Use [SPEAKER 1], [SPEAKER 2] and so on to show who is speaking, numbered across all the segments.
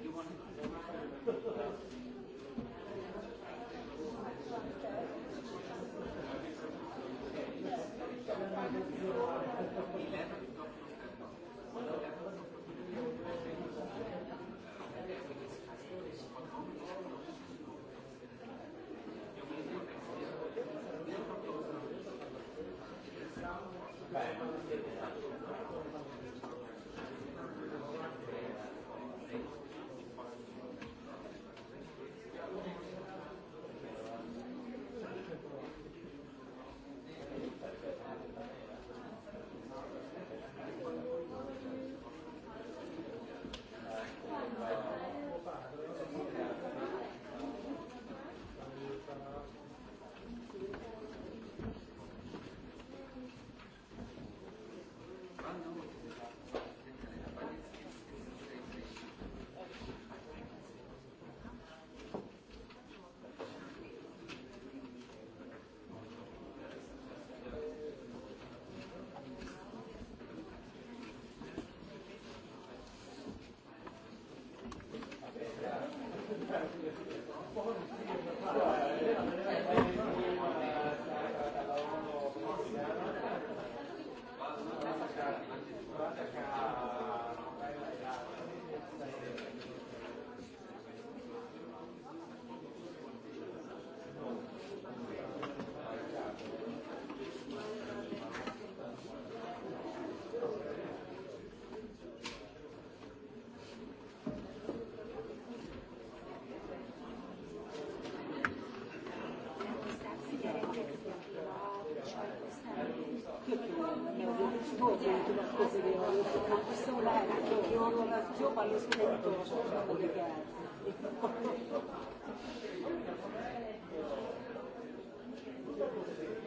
[SPEAKER 1] you want to
[SPEAKER 2] να πεις σε όλα και, και όλο
[SPEAKER 1] ένα πιο παλιός κρέδιτος όσο θα λέγα.
[SPEAKER 2] Thank you.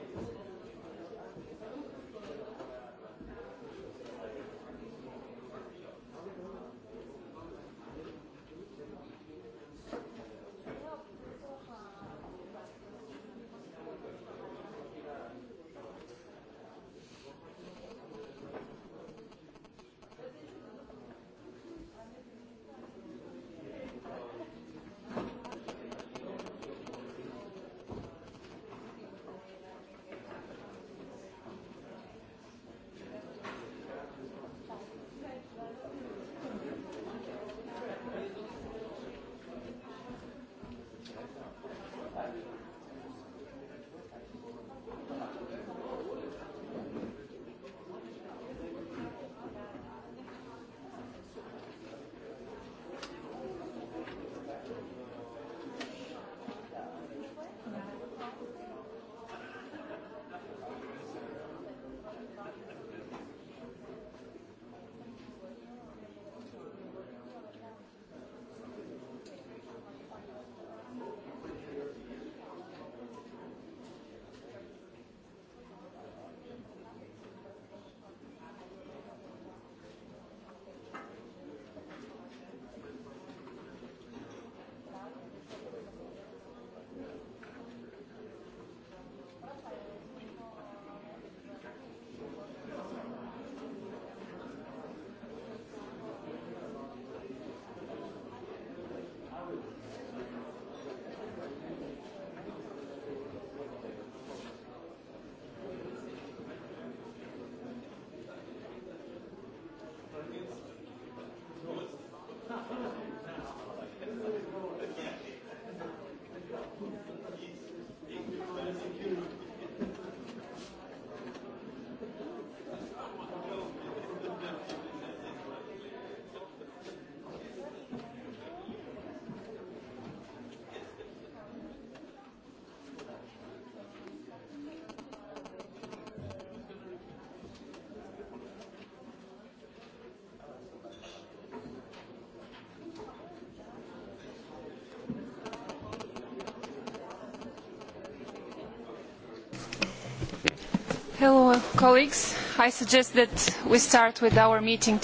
[SPEAKER 2] Hello colleagues, I suggest that we start with our meeting.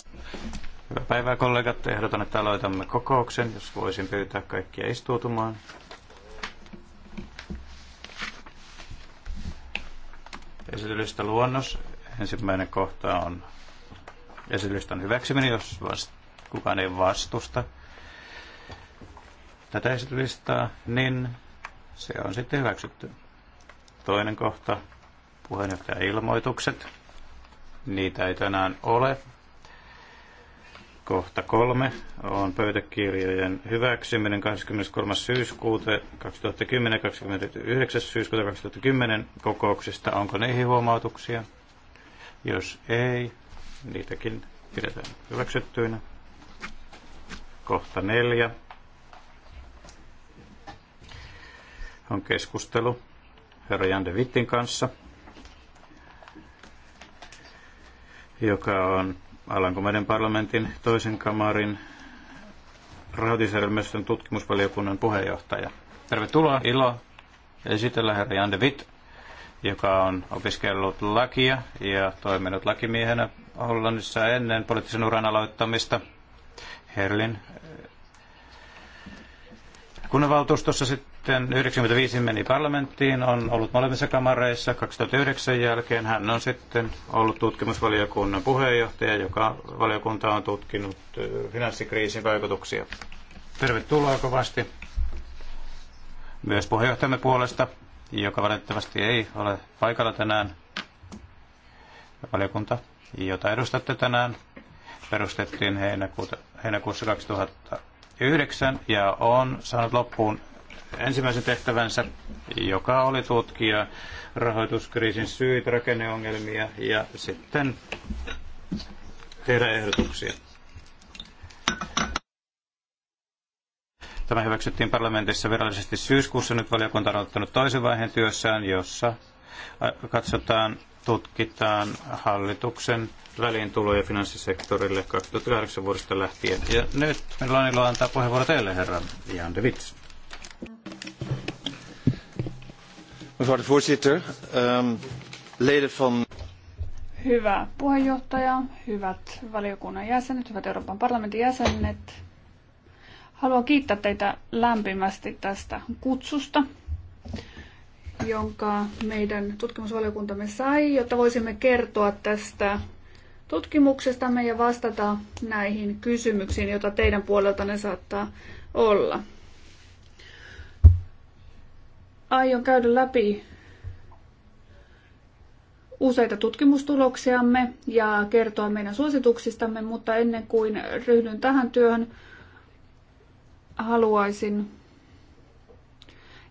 [SPEAKER 3] Hyvää päivää kollegat, ehdotan, että aloitamme kokouksen, jos voisin pyytää kaikkia istuutumaan. Esitystä luonnos. Ensimmäinen kohta on esityslistan hyväksyminen, jos kukaan ei vastusta tätä esitystä, niin se on sitten hyväksytty. Toinen kohta Puheenjohtajan ilmoitukset. Niitä ei tänään ole. Kohta kolme on pöytäkirjojen hyväksyminen 23. syyskuuta 2010 29. syyskuuta 2010 kokouksista. Onko niihin huomautuksia? Jos ei, niitäkin pidetään hyväksyttyinä. Kohta neljä on keskustelu herra Jande Vittin kanssa. joka on Alankomaiden parlamentin toisen kamarin rahoitusjärjestelmän tutkimusvaliokunnan puheenjohtaja. Tervetuloa, ilo esitellä herra Jan de Witt, joka on opiskellut lakia ja toiminut lakimiehenä Hollannissa ennen poliittisen uran aloittamista Herlin eh, kunnanvaltuustossa sitten sitten 95 meni parlamenttiin, on ollut molemmissa kamareissa. 2009 jälkeen hän on sitten ollut tutkimusvaliokunnan puheenjohtaja, joka valiokunta on tutkinut finanssikriisin vaikutuksia. Tervetuloa kovasti myös puheenjohtajamme puolesta, joka valitettavasti ei ole paikalla tänään. Valiokunta, jota edustatte tänään, perustettiin heinäkuuta, heinäkuussa 2009 ja on saanut loppuun ensimmäisen tehtävänsä, joka oli tutkia rahoituskriisin syyt, rakenneongelmia ja sitten tehdä ehdotuksia. Tämä hyväksyttiin parlamentissa virallisesti syyskuussa. Nyt valiokunta on ottanut toisen vaiheen työssään, jossa katsotaan, tutkitaan hallituksen väliintuloja finanssisektorille 2008 vuodesta lähtien. Ja nyt meillä on ilo antaa puheenvuoro teille, herra Jan de Vits. Mevrouw de voorzitter, ehm, leden van...
[SPEAKER 2] Hyvä puheenjohtaja, hyvät valiokunnan jäsenet, hyvät Euroopan parlamentin jäsenet. Haluan kiittää teitä lämpimästi tästä kutsusta, jonka meidän tutkimusvaliokuntamme sai, jotta voisimme kertoa tästä tutkimuksestamme ja vastata näihin kysymyksiin, joita teidän puoleltanne saattaa olla aion käydä läpi useita tutkimustuloksiamme ja kertoa meidän suosituksistamme, mutta ennen kuin ryhdyn tähän työhön, haluaisin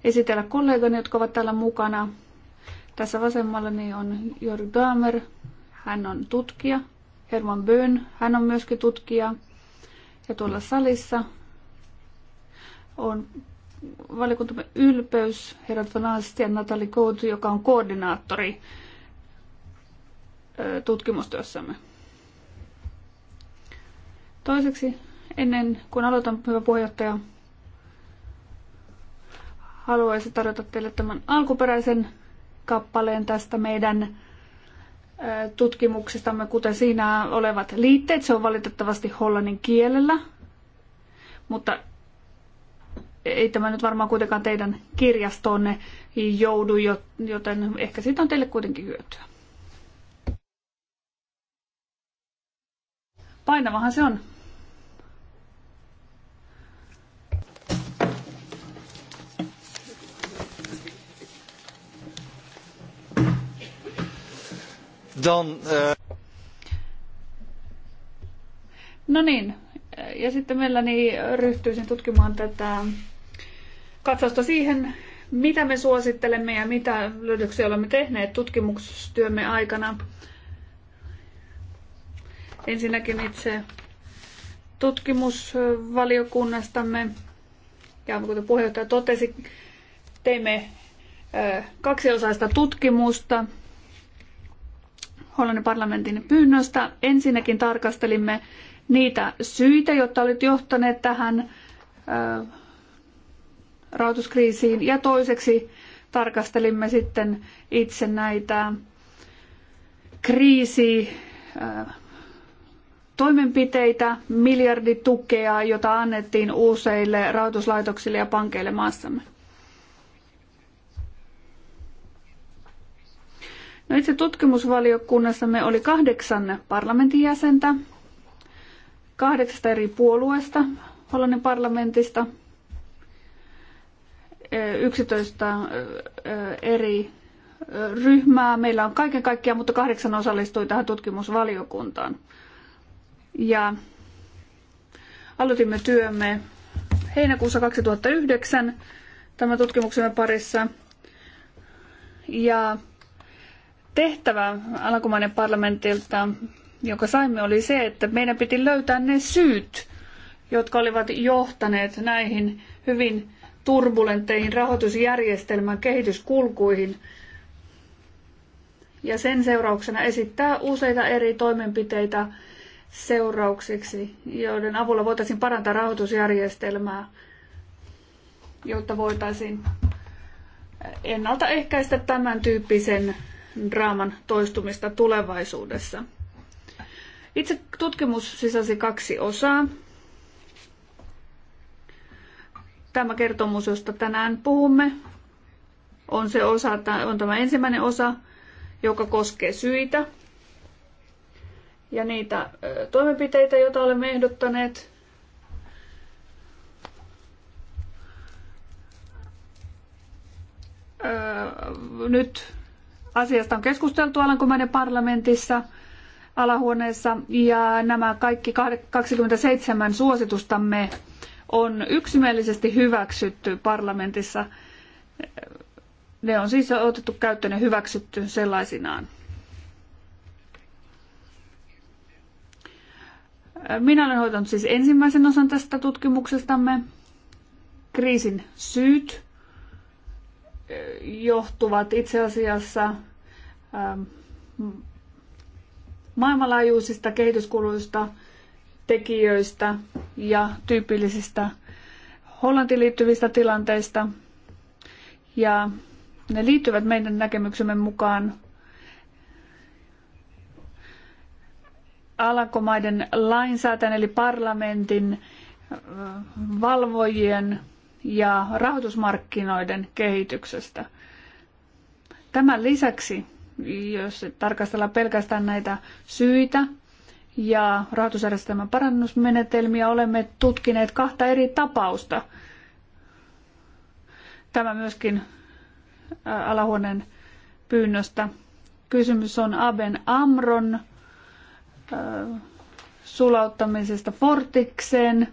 [SPEAKER 2] esitellä kollegani, jotka ovat täällä mukana. Tässä vasemmallani on Jörg Dahmer, hän on tutkija. Herman Böhn, hän on myöskin tutkija. Ja tuolla salissa on valiokuntamme ylpeys, herra Fanasti ja Natali Koutu, joka on koordinaattori tutkimustyössämme. Toiseksi, ennen kuin aloitan, hyvä puheenjohtaja, haluaisin tarjota teille tämän alkuperäisen kappaleen tästä meidän tutkimuksestamme, kuten siinä olevat liitteet. Se on valitettavasti hollannin kielellä, mutta ei tämä nyt varmaan kuitenkaan teidän kirjastoonne joudu, joten ehkä siitä on teille kuitenkin hyötyä. Painavahan se on.
[SPEAKER 3] Dan, uh...
[SPEAKER 2] No niin, ja sitten mielelläni ryhtyisin tutkimaan tätä katsausta siihen, mitä me suosittelemme ja mitä löydöksiä olemme tehneet tutkimustyömme aikana. Ensinnäkin itse tutkimusvaliokunnastamme. Ja kuten puheenjohtaja totesi, teimme kaksiosaista tutkimusta Hollannin parlamentin pyynnöstä. Ensinnäkin tarkastelimme niitä syitä, jotka olivat johtaneet tähän rahoituskriisiin ja toiseksi tarkastelimme sitten itse näitä kriisi äh, toimenpiteitä, miljarditukea, jota annettiin useille rahoituslaitoksille ja pankeille maassamme. No itse tutkimusvaliokunnassamme oli kahdeksan parlamentin jäsentä, kahdeksasta eri puolueesta Hollannin parlamentista – 11 eri ryhmää. Meillä on kaiken kaikkiaan, mutta kahdeksan osallistui tähän tutkimusvaliokuntaan. Ja aloitimme työmme heinäkuussa 2009 tämän tutkimuksemme parissa. Ja tehtävä alankomainen parlamentilta, joka saimme, oli se, että meidän piti löytää ne syyt, jotka olivat johtaneet näihin hyvin turbulentteihin rahoitusjärjestelmän kehityskulkuihin ja sen seurauksena esittää useita eri toimenpiteitä seurauksiksi, joiden avulla voitaisiin parantaa rahoitusjärjestelmää, jotta voitaisiin ennaltaehkäistä tämän tyyppisen draaman toistumista tulevaisuudessa. Itse tutkimus sisälsi kaksi osaa. Tämä kertomus, josta tänään puhumme, on, se osa, on tämä ensimmäinen osa, joka koskee syitä ja niitä toimenpiteitä, joita olemme ehdottaneet. Nyt asiasta on keskusteltu Alankomainen parlamentissa alahuoneessa ja nämä kaikki 27 suositustamme on yksimielisesti hyväksytty parlamentissa. Ne on siis otettu käyttöön ja hyväksytty sellaisinaan. Minä olen hoitanut siis ensimmäisen osan tästä tutkimuksestamme. Kriisin syyt johtuvat itse asiassa ähm, maailmanlaajuisista kehityskuluista – tekijöistä ja tyypillisistä Hollantiin liittyvistä tilanteista. Ja ne liittyvät meidän näkemyksemme mukaan Alankomaiden lainsäätäjän eli parlamentin äh, valvojien ja rahoitusmarkkinoiden kehityksestä. Tämän lisäksi, jos tarkastellaan pelkästään näitä syitä, ja rahoitusjärjestelmän parannusmenetelmiä olemme tutkineet kahta eri tapausta. Tämä myöskin alahuoneen pyynnöstä. Kysymys on Aben Amron sulauttamisesta Fortikseen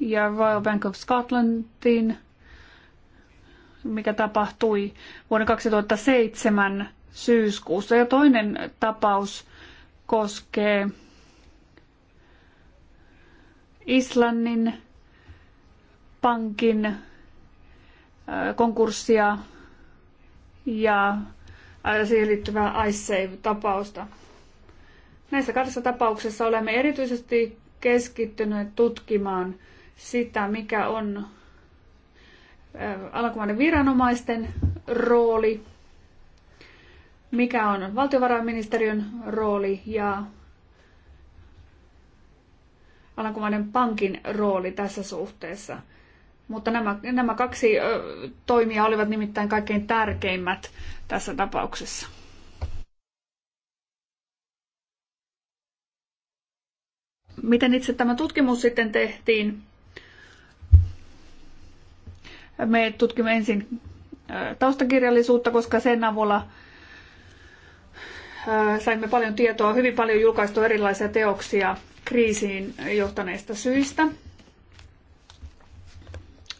[SPEAKER 2] ja Royal Bank of Scotlandin mikä tapahtui vuonna 2007 syyskuussa. Ja toinen tapaus koskee Islannin pankin konkurssia ja siihen liittyvää isave tapausta Näissä kahdessa tapauksessa olemme erityisesti keskittyneet tutkimaan sitä, mikä on alankomaiden viranomaisten rooli mikä on valtiovarainministeriön rooli ja Alankomaiden pankin rooli tässä suhteessa. Mutta nämä, nämä kaksi toimia olivat nimittäin kaikkein tärkeimmät tässä tapauksessa. Miten itse tämä tutkimus sitten tehtiin? Me tutkimme ensin taustakirjallisuutta, koska sen avulla Äh, saimme paljon tietoa, hyvin paljon julkaistu erilaisia teoksia kriisiin johtaneista syistä.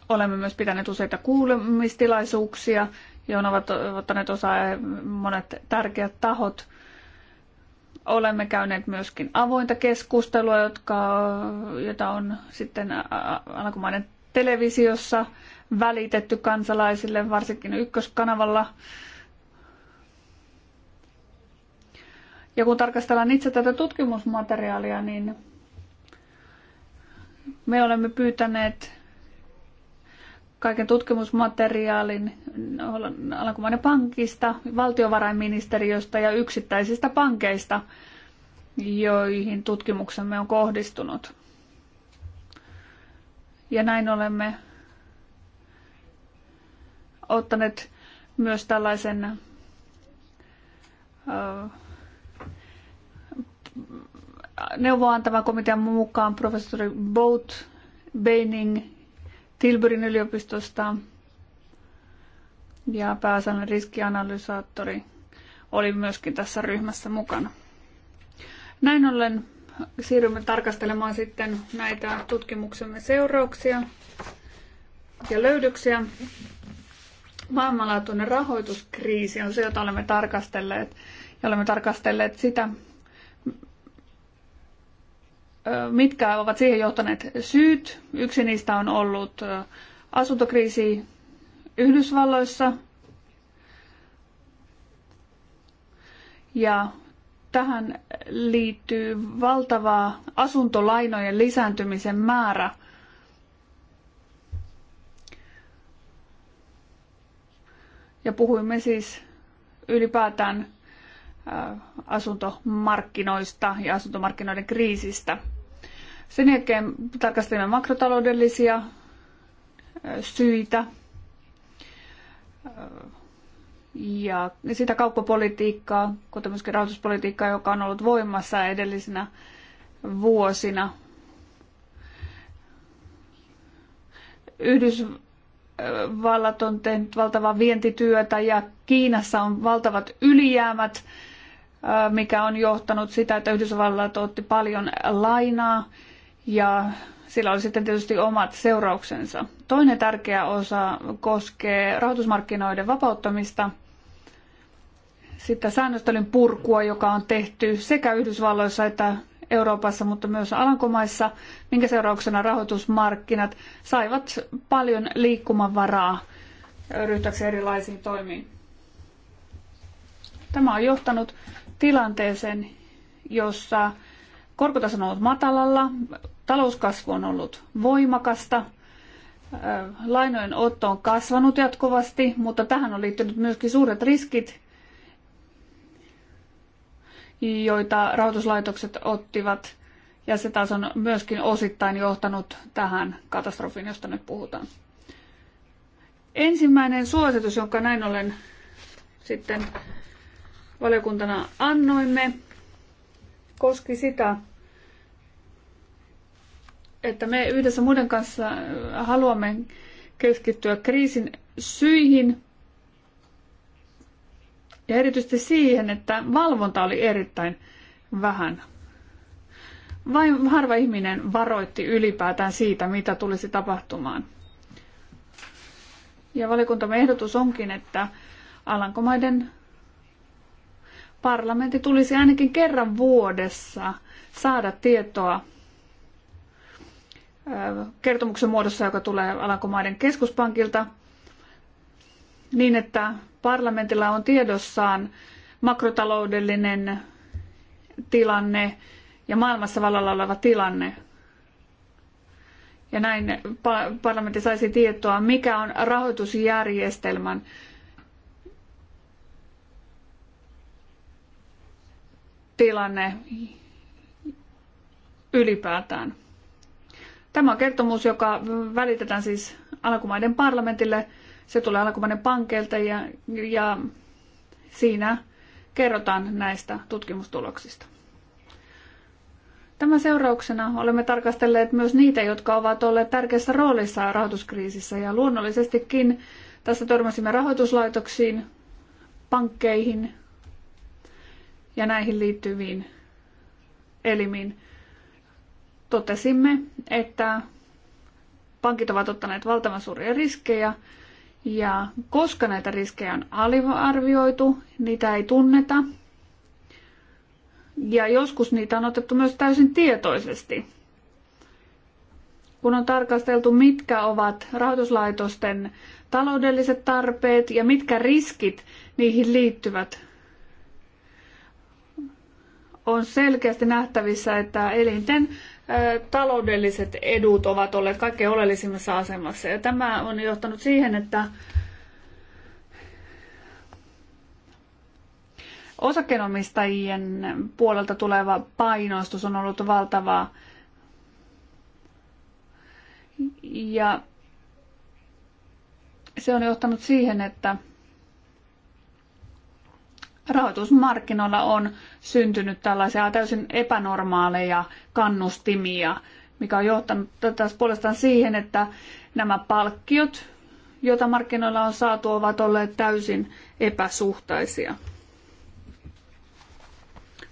[SPEAKER 2] Olemme myös pitäneet useita kuulemistilaisuuksia, johon ovat ottaneet osaa monet tärkeät tahot – olemme käyneet myöskin avointa keskustelua, jotka, jota on sitten alkumainen televisiossa välitetty kansalaisille, varsinkin ykköskanavalla. Ja kun tarkastellaan itse tätä tutkimusmateriaalia, niin me olemme pyytäneet kaiken tutkimusmateriaalin Alankomainen pankista, valtiovarainministeriöstä ja yksittäisistä pankeista, joihin tutkimuksemme on kohdistunut. Ja näin olemme ottaneet myös tällaisen neuvoa antavan komitean mukaan professori Boat Beining Tilburin yliopistosta ja pääsäännön riskianalysaattori oli myöskin tässä ryhmässä mukana. Näin ollen siirrymme tarkastelemaan sitten näitä tutkimuksemme seurauksia ja löydöksiä. Maailmanlaatuinen rahoituskriisi on se, jota olemme tarkastelleet. Ja olemme tarkastelleet sitä, mitkä ovat siihen johtaneet syyt. Yksi niistä on ollut asuntokriisi Yhdysvalloissa. Ja tähän liittyy valtava asuntolainojen lisääntymisen määrä. Ja puhuimme siis ylipäätään asuntomarkkinoista ja asuntomarkkinoiden kriisistä. Sen jälkeen tarkastelimme makrotaloudellisia syitä ja sitä kauppapolitiikkaa, kuten myöskin rahoituspolitiikkaa, joka on ollut voimassa edellisinä vuosina. Yhdysvallat on tehnyt valtavaa vientityötä ja Kiinassa on valtavat ylijäämät mikä on johtanut sitä, että Yhdysvallat otti paljon lainaa ja sillä oli sitten tietysti omat seurauksensa. Toinen tärkeä osa koskee rahoitusmarkkinoiden vapauttamista, sitten säännöstelyn purkua, joka on tehty sekä Yhdysvalloissa että Euroopassa, mutta myös Alankomaissa, minkä seurauksena rahoitusmarkkinat saivat paljon liikkumavaraa ryhtyäkseen erilaisiin toimiin. Tämä on johtanut tilanteeseen, jossa korkotaso on ollut matalalla, talouskasvu on ollut voimakasta, lainojen otto on kasvanut jatkuvasti, mutta tähän on liittynyt myöskin suuret riskit, joita rahoituslaitokset ottivat, ja se taas on myöskin osittain johtanut tähän katastrofiin, josta nyt puhutaan. Ensimmäinen suositus, jonka näin ollen sitten valiokuntana annoimme, koski sitä, että me yhdessä muiden kanssa haluamme keskittyä kriisin syihin ja erityisesti siihen, että valvonta oli erittäin vähän. Vain harva ihminen varoitti ylipäätään siitä, mitä tulisi tapahtumaan. Ja valiokuntamme ehdotus onkin, että Alankomaiden parlamentti tulisi ainakin kerran vuodessa saada tietoa kertomuksen muodossa, joka tulee Alankomaiden keskuspankilta, niin että parlamentilla on tiedossaan makrotaloudellinen tilanne ja maailmassa vallalla oleva tilanne. Ja näin parlamentti saisi tietoa, mikä on rahoitusjärjestelmän tilanne ylipäätään. Tämä on kertomus, joka välitetään siis alkumaiden parlamentille. Se tulee alkumaiden pankeilta ja, ja siinä kerrotaan näistä tutkimustuloksista. Tämän seurauksena olemme tarkastelleet myös niitä, jotka ovat olleet tärkeässä roolissa rahoituskriisissä ja luonnollisestikin tässä törmäsimme rahoituslaitoksiin, pankkeihin, ja näihin liittyviin elimiin. Totesimme, että pankit ovat ottaneet valtavan suuria riskejä ja koska näitä riskejä on aliarvioitu, niitä ei tunneta ja joskus niitä on otettu myös täysin tietoisesti. Kun on tarkasteltu, mitkä ovat rahoituslaitosten taloudelliset tarpeet ja mitkä riskit niihin liittyvät, on selkeästi nähtävissä, että elinten taloudelliset edut ovat olleet kaikkein oleellisimmassa asemassa. Ja tämä on johtanut siihen, että osakkeenomistajien puolelta tuleva painostus on ollut valtavaa. Ja se on johtanut siihen, että rahoitusmarkkinoilla on syntynyt tällaisia täysin epänormaaleja kannustimia, mikä on johtanut taas puolestaan siihen, että nämä palkkiot, joita markkinoilla on saatu, ovat olleet täysin epäsuhtaisia.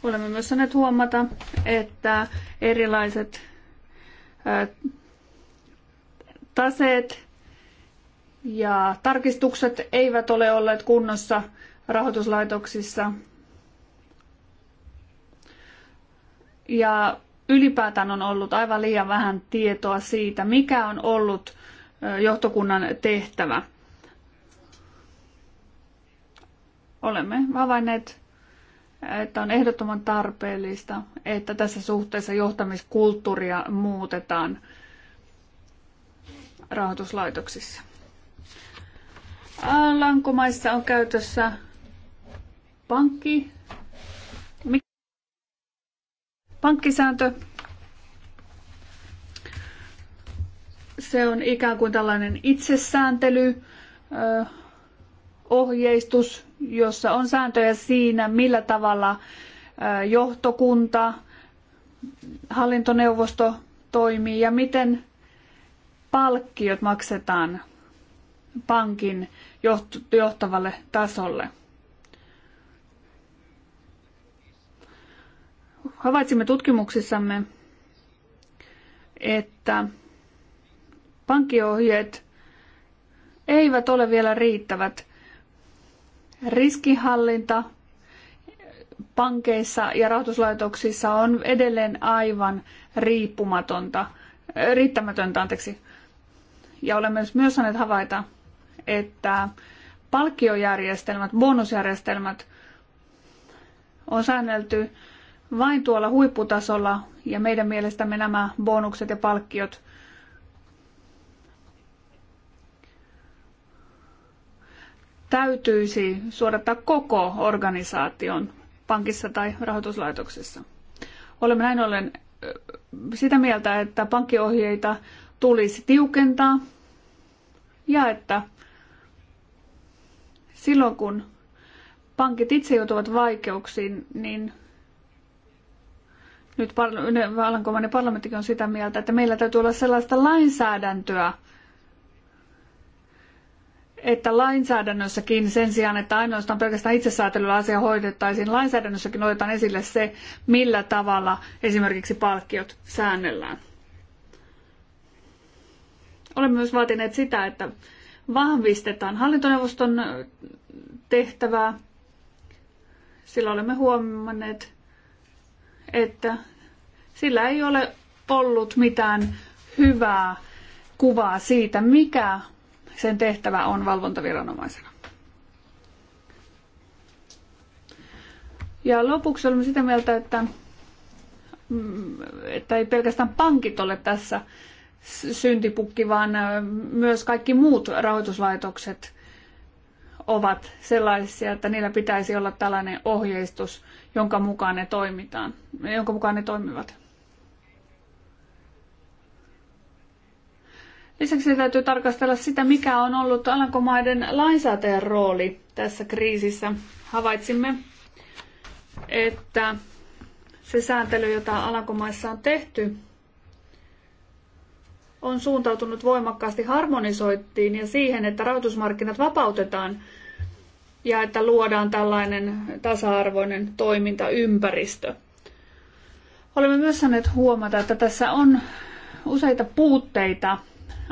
[SPEAKER 2] Olemme myös saaneet huomata, että erilaiset taseet ja tarkistukset eivät ole olleet kunnossa – rahoituslaitoksissa. Ja ylipäätään on ollut aivan liian vähän tietoa siitä, mikä on ollut johtokunnan tehtävä. Olemme havainneet, että on ehdottoman tarpeellista, että tässä suhteessa johtamiskulttuuria muutetaan rahoituslaitoksissa. Lankomaissa on käytössä pankki, pankkisääntö, se on ikään kuin tällainen itsesääntely, ohjeistus, jossa on sääntöjä siinä, millä tavalla johtokunta, hallintoneuvosto toimii ja miten palkkiot maksetaan pankin johtavalle tasolle. Havaitsimme tutkimuksissamme, että pankkiohjeet eivät ole vielä riittävät. Riskihallinta pankeissa ja rahoituslaitoksissa on edelleen aivan riippumatonta, riittämätöntä, anteeksi. Ja olemme myös saaneet havaita, että palkkiojärjestelmät, bonusjärjestelmät on säännelty vain tuolla huipputasolla ja meidän mielestämme nämä bonukset ja palkkiot täytyisi suodattaa koko organisaation pankissa tai rahoituslaitoksessa. Olemme näin ollen sitä mieltä, että pankkiohjeita tulisi tiukentaa ja että silloin kun pankit itse joutuvat vaikeuksiin, niin nyt Alankomainen parlamenttikin on sitä mieltä, että meillä täytyy olla sellaista lainsäädäntöä, että lainsäädännössäkin sen sijaan, että ainoastaan pelkästään itsesäätelyllä asia hoidettaisiin, lainsäädännössäkin otetaan esille se, millä tavalla esimerkiksi palkkiot säännellään. Olemme myös vaatineet sitä, että vahvistetaan hallintoneuvoston tehtävää, sillä olemme huomanneet, että sillä ei ole ollut mitään hyvää kuvaa siitä, mikä sen tehtävä on valvontaviranomaisena. Ja lopuksi olemme sitä mieltä, että, mm, että ei pelkästään pankit ole tässä syntipukki, vaan myös kaikki muut rahoituslaitokset ovat sellaisia, että niillä pitäisi olla tällainen ohjeistus, jonka mukaan ne, toimitaan, jonka mukaan ne toimivat. Lisäksi täytyy tarkastella sitä, mikä on ollut Alankomaiden lainsäätäjän rooli tässä kriisissä. Havaitsimme, että se sääntely, jota Alankomaissa on tehty, on suuntautunut voimakkaasti harmonisoittiin ja siihen, että rahoitusmarkkinat vapautetaan ja että luodaan tällainen tasa-arvoinen toimintaympäristö. Olemme myös saaneet huomata, että tässä on useita puutteita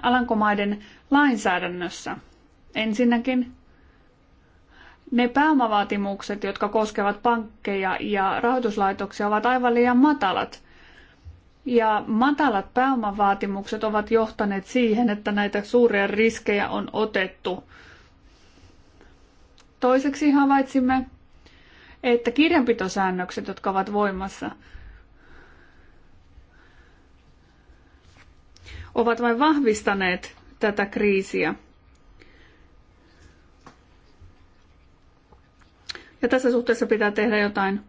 [SPEAKER 2] Alankomaiden lainsäädännössä. Ensinnäkin ne pääomavaatimukset, jotka koskevat pankkeja ja rahoituslaitoksia, ovat aivan liian matalat. Ja matalat pääomavaatimukset ovat johtaneet siihen, että näitä suuria riskejä on otettu Toiseksi havaitsimme, että kirjanpitosäännökset, jotka ovat voimassa, ovat vain vahvistaneet tätä kriisiä. Ja tässä suhteessa pitää tehdä jotain.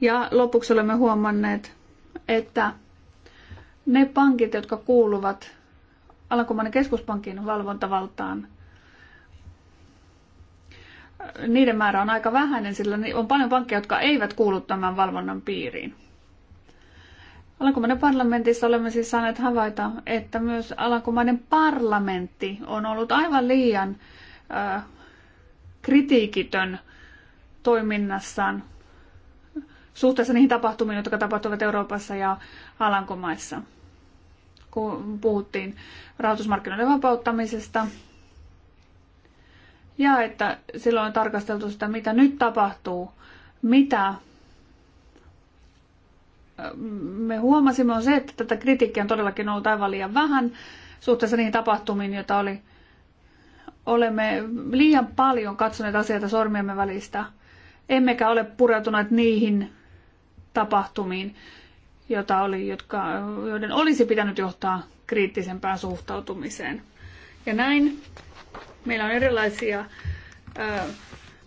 [SPEAKER 2] Ja lopuksi olemme huomanneet, että ne pankit, jotka kuuluvat Alankomainen keskuspankin valvontavaltaan, niiden määrä on aika vähäinen, sillä on paljon pankkeja, jotka eivät kuulu tämän valvonnan piiriin. Alankomainen parlamentissa olemme siis saaneet havaita, että myös alankomainen parlamentti on ollut aivan liian äh, kritiikitön toiminnassaan suhteessa niihin tapahtumiin, jotka tapahtuvat Euroopassa ja Alankomaissa. Kun puhuttiin rahoitusmarkkinoiden vapauttamisesta, ja että silloin on tarkasteltu sitä, mitä nyt tapahtuu, mitä me huomasimme on se, että tätä kritiikkiä on todellakin ollut aivan liian vähän suhteessa niihin tapahtumiin, joita oli. Olemme liian paljon katsoneet asioita sormiemme välistä, emmekä ole pureutuneet niihin tapahtumiin, jota oli, jotka, joiden olisi pitänyt johtaa kriittisempään suhtautumiseen. Ja näin Meillä on erilaisia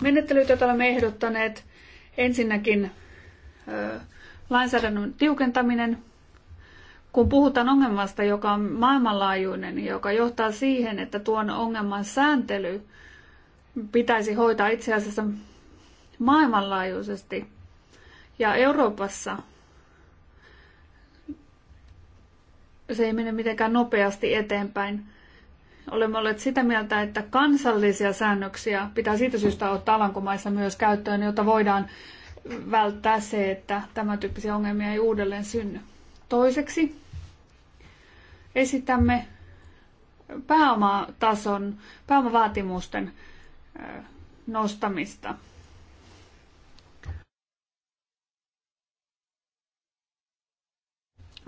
[SPEAKER 2] menettelyitä, joita olemme ehdottaneet. Ensinnäkin lainsäädännön tiukentaminen, kun puhutaan ongelmasta, joka on maailmanlaajuinen, joka johtaa siihen, että tuon ongelman sääntely pitäisi hoitaa itse asiassa maailmanlaajuisesti ja Euroopassa se ei mene mitenkään nopeasti eteenpäin olemme olleet sitä mieltä, että kansallisia säännöksiä pitää siitä syystä ottaa Alankomaissa myös käyttöön, jotta voidaan välttää se, että tämän tyyppisiä ongelmia ei uudelleen synny. Toiseksi esitämme pääomatason, pääomavaatimusten nostamista.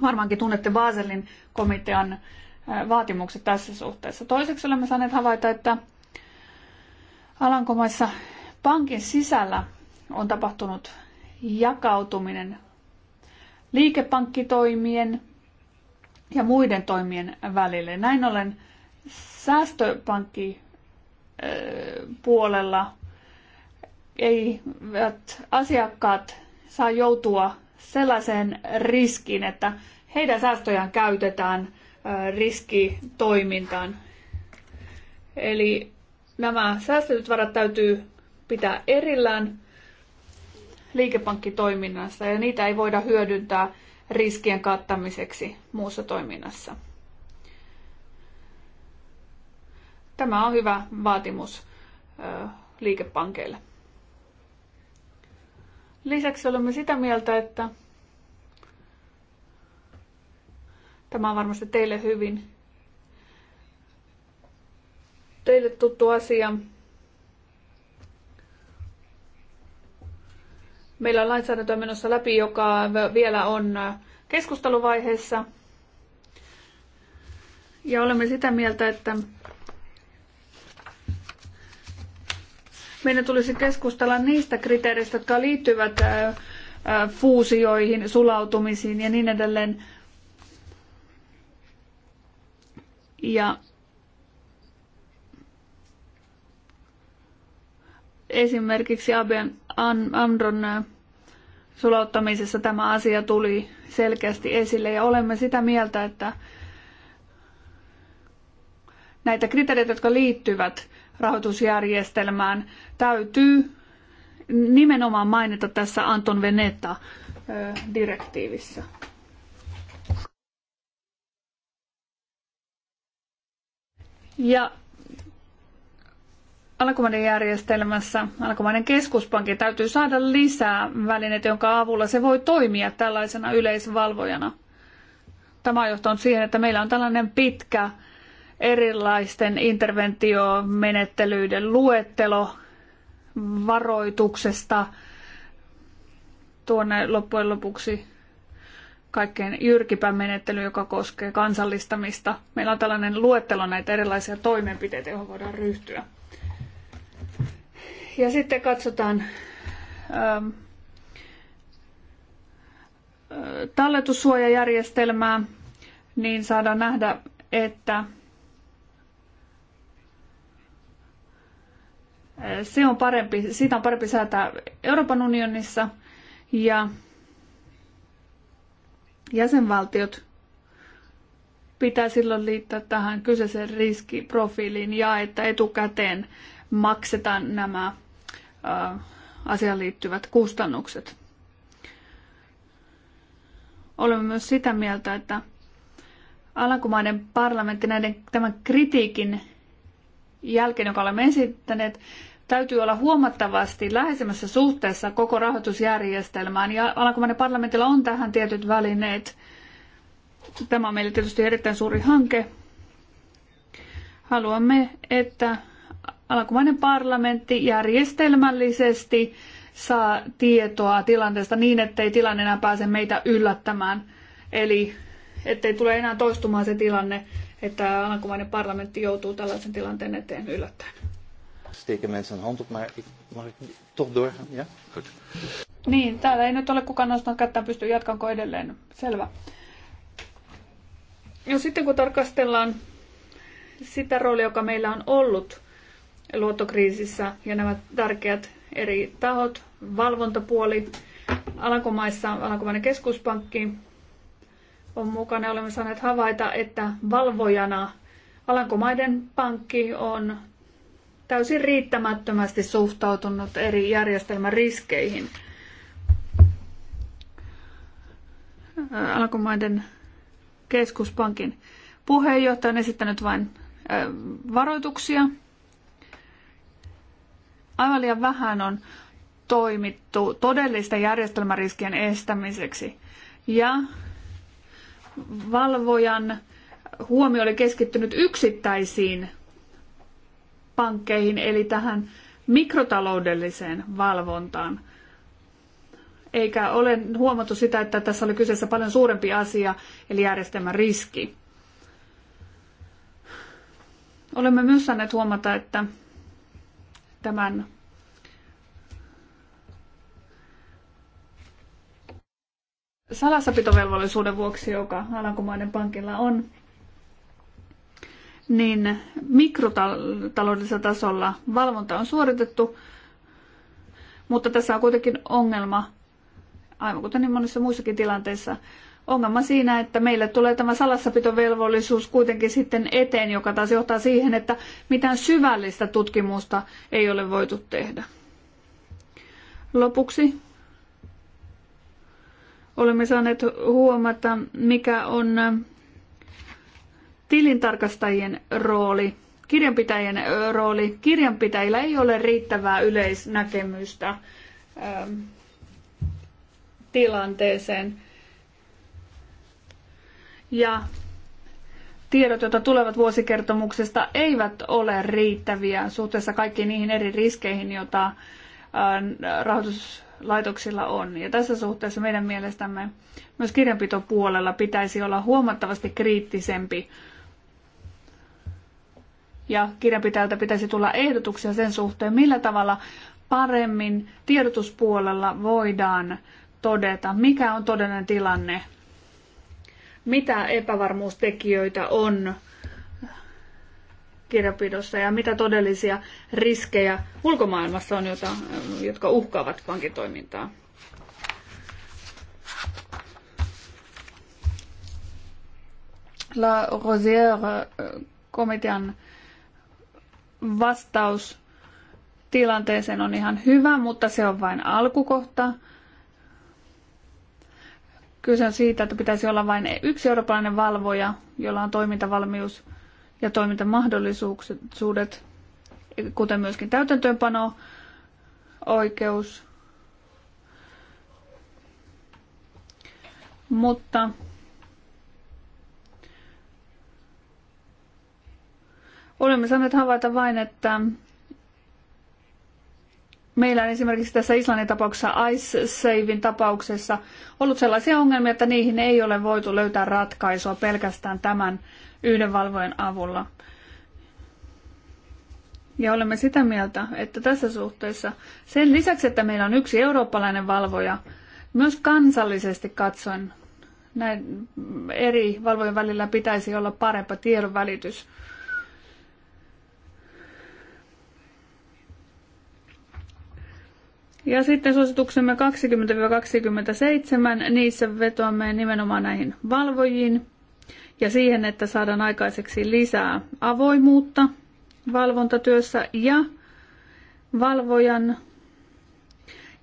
[SPEAKER 2] Varmaankin tunnette Baselin komitean vaatimukset tässä suhteessa. Toiseksi olemme saaneet havaita, että Alankomaissa pankin sisällä on tapahtunut jakautuminen liikepankkitoimien ja muiden toimien välille. Näin ollen säästöpankki puolella ei asiakkaat saa joutua sellaiseen riskiin, että heidän säästöjään käytetään – riskitoimintaan. Eli nämä säästetyt varat täytyy pitää erillään liikepankkitoiminnassa ja niitä ei voida hyödyntää riskien kattamiseksi muussa toiminnassa. Tämä on hyvä vaatimus liikepankeille. Lisäksi olemme sitä mieltä, että Tämä on varmasti teille hyvin teille tuttu asia. Meillä on lainsäädäntöä menossa läpi, joka vielä on keskusteluvaiheessa. Ja olemme sitä mieltä, että meidän tulisi keskustella niistä kriteereistä, jotka liittyvät fuusioihin, sulautumisiin ja niin edelleen. Ja esimerkiksi Aben Andron äh, sulauttamisessa tämä asia tuli selkeästi esille ja olemme sitä mieltä, että näitä kriteereitä, jotka liittyvät rahoitusjärjestelmään, täytyy nimenomaan mainita tässä Anton Veneta-direktiivissä. Äh, Ja Alkomaiden järjestelmässä Alkomaiden keskuspankki täytyy saada lisää välineitä, jonka avulla se voi toimia tällaisena yleisvalvojana. Tämä on johtanut siihen, että meillä on tällainen pitkä erilaisten interventiomenettelyiden luettelo varoituksesta tuonne loppujen lopuksi kaikkein jyrkipän menettely, joka koskee kansallistamista. Meillä on tällainen luettelo näitä erilaisia toimenpiteitä, joihin voidaan ryhtyä. Ja sitten katsotaan ähm, äh, talletussuojajärjestelmää, niin saadaan nähdä, että äh, se on parempi, siitä on parempi säätää Euroopan unionissa ja Jäsenvaltiot pitää silloin liittää tähän kyseiseen riskiprofiiliin ja että etukäteen maksetaan nämä asiaan liittyvät kustannukset. Olemme myös sitä mieltä, että Alankomaiden parlamentti näiden, tämän kritiikin jälkeen, joka olemme esittäneet, täytyy olla huomattavasti läheisemmässä suhteessa koko rahoitusjärjestelmään ja Alankomainen parlamentilla on tähän tietyt välineet. Tämä on meille tietysti erittäin suuri hanke. Haluamme, että Alankomainen parlamentti järjestelmällisesti saa tietoa tilanteesta niin, ettei tilanne enää pääse meitä yllättämään. Eli ettei tule enää toistumaan se tilanne, että Alankomainen parlamentti joutuu tällaisen tilanteen eteen yllättäen
[SPEAKER 3] steken mensen een hand op, maar ik, mag ik toch doorgaan? Ja? Goed.
[SPEAKER 2] Niin, täällä ei nyt ole kukaan nostanut kättään, pystyy jatkanko edelleen. Selvä. No sitten kun tarkastellaan sitä roolia, joka meillä on ollut luottokriisissä ja nämä tärkeät eri tahot, valvontapuoli, Alankomaissa Alankomainen keskuspankki on mukana. Olemme saaneet havaita, että valvojana Alankomaiden pankki on täysin riittämättömästi suhtautunut eri järjestelmän riskeihin. Alkumaiden keskuspankin puheenjohtaja on esittänyt vain varoituksia. Aivan liian vähän on toimittu todellista järjestelmäriskien estämiseksi. Ja valvojan huomio oli keskittynyt yksittäisiin pankkeihin, eli tähän mikrotaloudelliseen valvontaan. Eikä ole huomattu sitä, että tässä oli kyseessä paljon suurempi asia, eli järjestelmän riski. Olemme myös saaneet huomata, että tämän salassapitovelvollisuuden vuoksi, joka Alankomaiden pankilla on, niin mikrotaloudellisella tasolla valvonta on suoritettu, mutta tässä on kuitenkin ongelma, aivan kuten niin monissa muissakin tilanteissa, ongelma siinä, että meille tulee tämä salassapitovelvollisuus kuitenkin sitten eteen, joka taas johtaa siihen, että mitään syvällistä tutkimusta ei ole voitu tehdä. Lopuksi olemme saaneet huomata, mikä on tilintarkastajien rooli, kirjanpitäjien rooli. Kirjanpitäjillä ei ole riittävää yleisnäkemystä ähm, tilanteeseen. Ja tiedot, joita tulevat vuosikertomuksesta, eivät ole riittäviä suhteessa kaikkiin niihin eri riskeihin, joita ähm, rahoituslaitoksilla on. Ja tässä suhteessa meidän mielestämme myös kirjanpitopuolella pitäisi olla huomattavasti kriittisempi ja kirjanpitäjältä pitäisi tulla ehdotuksia sen suhteen, millä tavalla paremmin tiedotuspuolella voidaan todeta, mikä on todellinen tilanne, mitä epävarmuustekijöitä on kirjapidossa ja mitä todellisia riskejä ulkomaailmassa on, jota, jotka uhkaavat pankitoimintaa. La Rosière komitean vastaus tilanteeseen on ihan hyvä, mutta se on vain alkukohta. Kyse on siitä, että pitäisi olla vain yksi eurooppalainen valvoja, jolla on toimintavalmius ja toimintamahdollisuudet, kuten myöskin täytäntöönpano, oikeus. Mutta Olemme saaneet havaita vain, että meillä on esimerkiksi tässä Islannin tapauksessa Ice Savin tapauksessa ollut sellaisia ongelmia, että niihin ei ole voitu löytää ratkaisua pelkästään tämän yhden valvojen avulla. Ja olemme sitä mieltä, että tässä suhteessa sen lisäksi, että meillä on yksi eurooppalainen valvoja, myös kansallisesti katsoen näin eri valvojen välillä pitäisi olla parempi tiedonvälitys. välitys Ja sitten suosituksemme 20-27, niissä vetoamme nimenomaan näihin valvojiin ja siihen, että saadaan aikaiseksi lisää avoimuutta valvontatyössä ja valvojan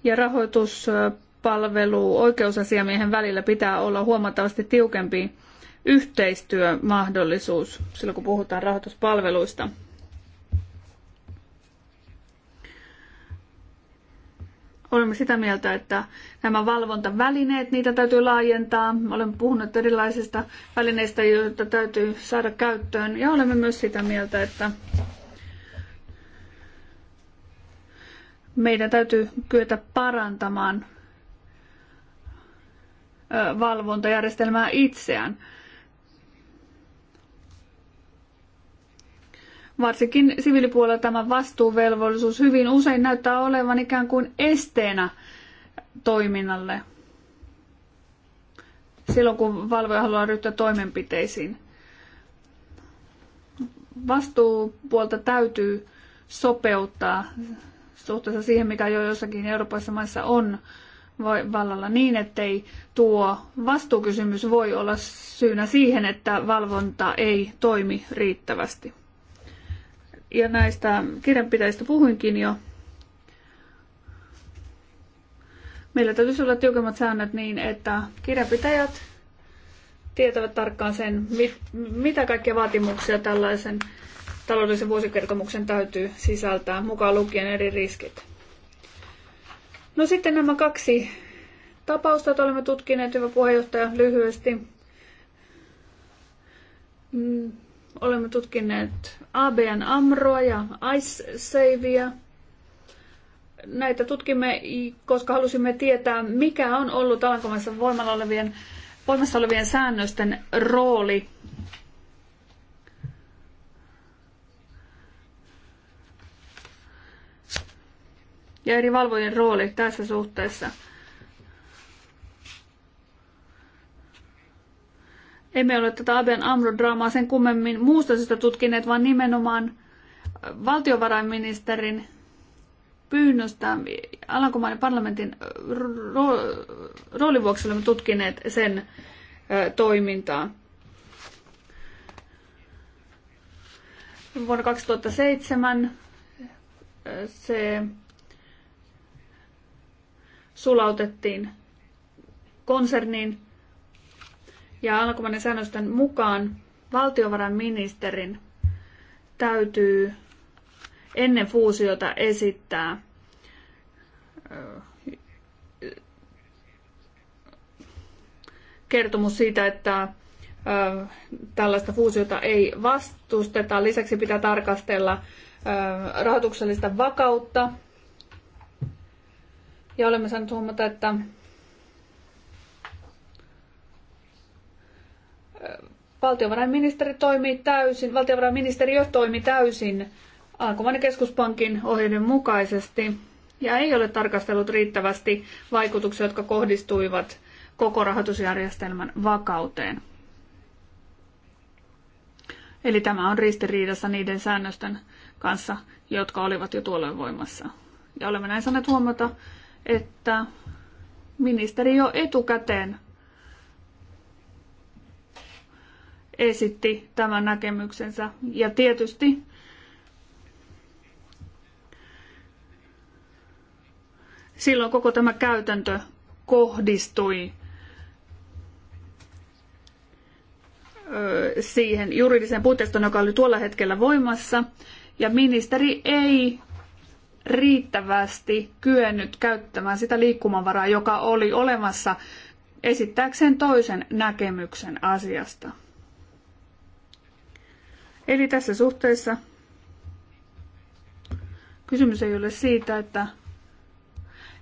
[SPEAKER 2] ja rahoituspalvelu oikeusasiamiehen välillä pitää olla huomattavasti tiukempi yhteistyömahdollisuus silloin, kun puhutaan rahoituspalveluista. Olemme sitä mieltä, että nämä valvontavälineet, niitä täytyy laajentaa. Olemme puhuneet erilaisista välineistä, joita täytyy saada käyttöön. Ja olemme myös sitä mieltä, että meidän täytyy kyetä parantamaan valvontajärjestelmää itseään. Varsinkin siviilipuolella tämä vastuuvelvollisuus hyvin usein näyttää olevan ikään kuin esteenä toiminnalle. Silloin kun valvoja haluaa ryhtyä toimenpiteisiin. Vastuupuolta täytyy sopeuttaa suhteessa siihen, mikä jo jossakin Euroopassa maissa on vallalla niin, ettei tuo vastuukysymys voi olla syynä siihen, että valvonta ei toimi riittävästi. Ja näistä kirjanpitäjistä puhuinkin jo. Meillä täytyisi olla tiukemmat säännöt niin, että kirjanpitäjät tietävät tarkkaan sen, mit, mitä kaikkia vaatimuksia tällaisen taloudellisen vuosikertomuksen täytyy sisältää, mukaan lukien eri riskit. No sitten nämä kaksi tapausta, joita olemme tutkineet, hyvä puheenjohtaja, lyhyesti. Mm, Olemme tutkineet ABN Amroa ja Savea. Näitä tutkimme, koska halusimme tietää, mikä on ollut Alankomaissa voimalla olevien, voimassa olevien säännösten rooli ja eri valvojen rooli tässä suhteessa – Emme ole tätä Aben Amro-draamaa sen kummemmin muusta syystä tutkineet, vaan nimenomaan valtiovarainministerin pyynnöstä Alankomaiden parlamentin roolin vuoksi olemme tutkineet sen toimintaa. Vuonna 2007 se sulautettiin konserniin ja alkuperäinen säännösten mukaan valtiovarainministerin täytyy ennen fuusiota esittää kertomus siitä, että tällaista fuusiota ei vastusteta. Lisäksi pitää tarkastella rahoituksellista vakautta. Ja olemme saaneet huomata, että valtiovarainministeri toimii täysin, valtiovarainministeriö toimi täysin Alkomainen keskuspankin ohjeiden mukaisesti ja ei ole tarkastellut riittävästi vaikutuksia, jotka kohdistuivat koko rahoitusjärjestelmän vakauteen. Eli tämä on ristiriidassa niiden säännösten kanssa, jotka olivat jo tuolloin voimassa. Ja olemme näin saaneet huomata, että ministeri jo etukäteen esitti tämän näkemyksensä. Ja tietysti silloin koko tämä käytäntö kohdistui siihen juridiseen puitteistoon, joka oli tuolla hetkellä voimassa, ja ministeri ei riittävästi kyennyt käyttämään sitä liikkumavaraa, joka oli olemassa esittääkseen toisen näkemyksen asiasta. Eli tässä suhteessa kysymys ei ole siitä, että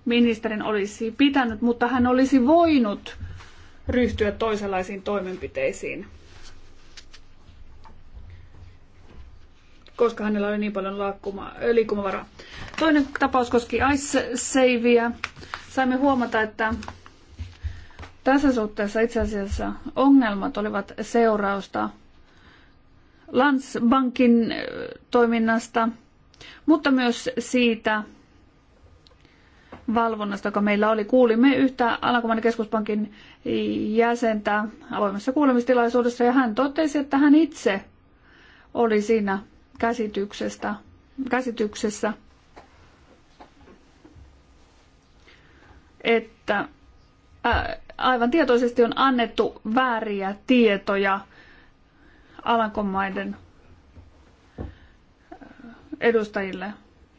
[SPEAKER 2] ministerin olisi pitänyt, mutta hän olisi voinut ryhtyä toisenlaisiin toimenpiteisiin. koska hänellä oli niin paljon laakkuma, liikkumavaraa. Toinen tapaus koski Ice Saveä. Saimme huomata, että tässä suhteessa itse asiassa ongelmat olivat seurausta Landsbankin toiminnasta, mutta myös siitä valvonnasta, joka meillä oli. Kuulimme yhtä Alankomaiden keskuspankin jäsentä avoimessa kuulemistilaisuudessa ja hän totesi, että hän itse oli siinä käsityksestä, käsityksessä, että aivan tietoisesti on annettu vääriä tietoja – Alankomaiden äh, edustajille.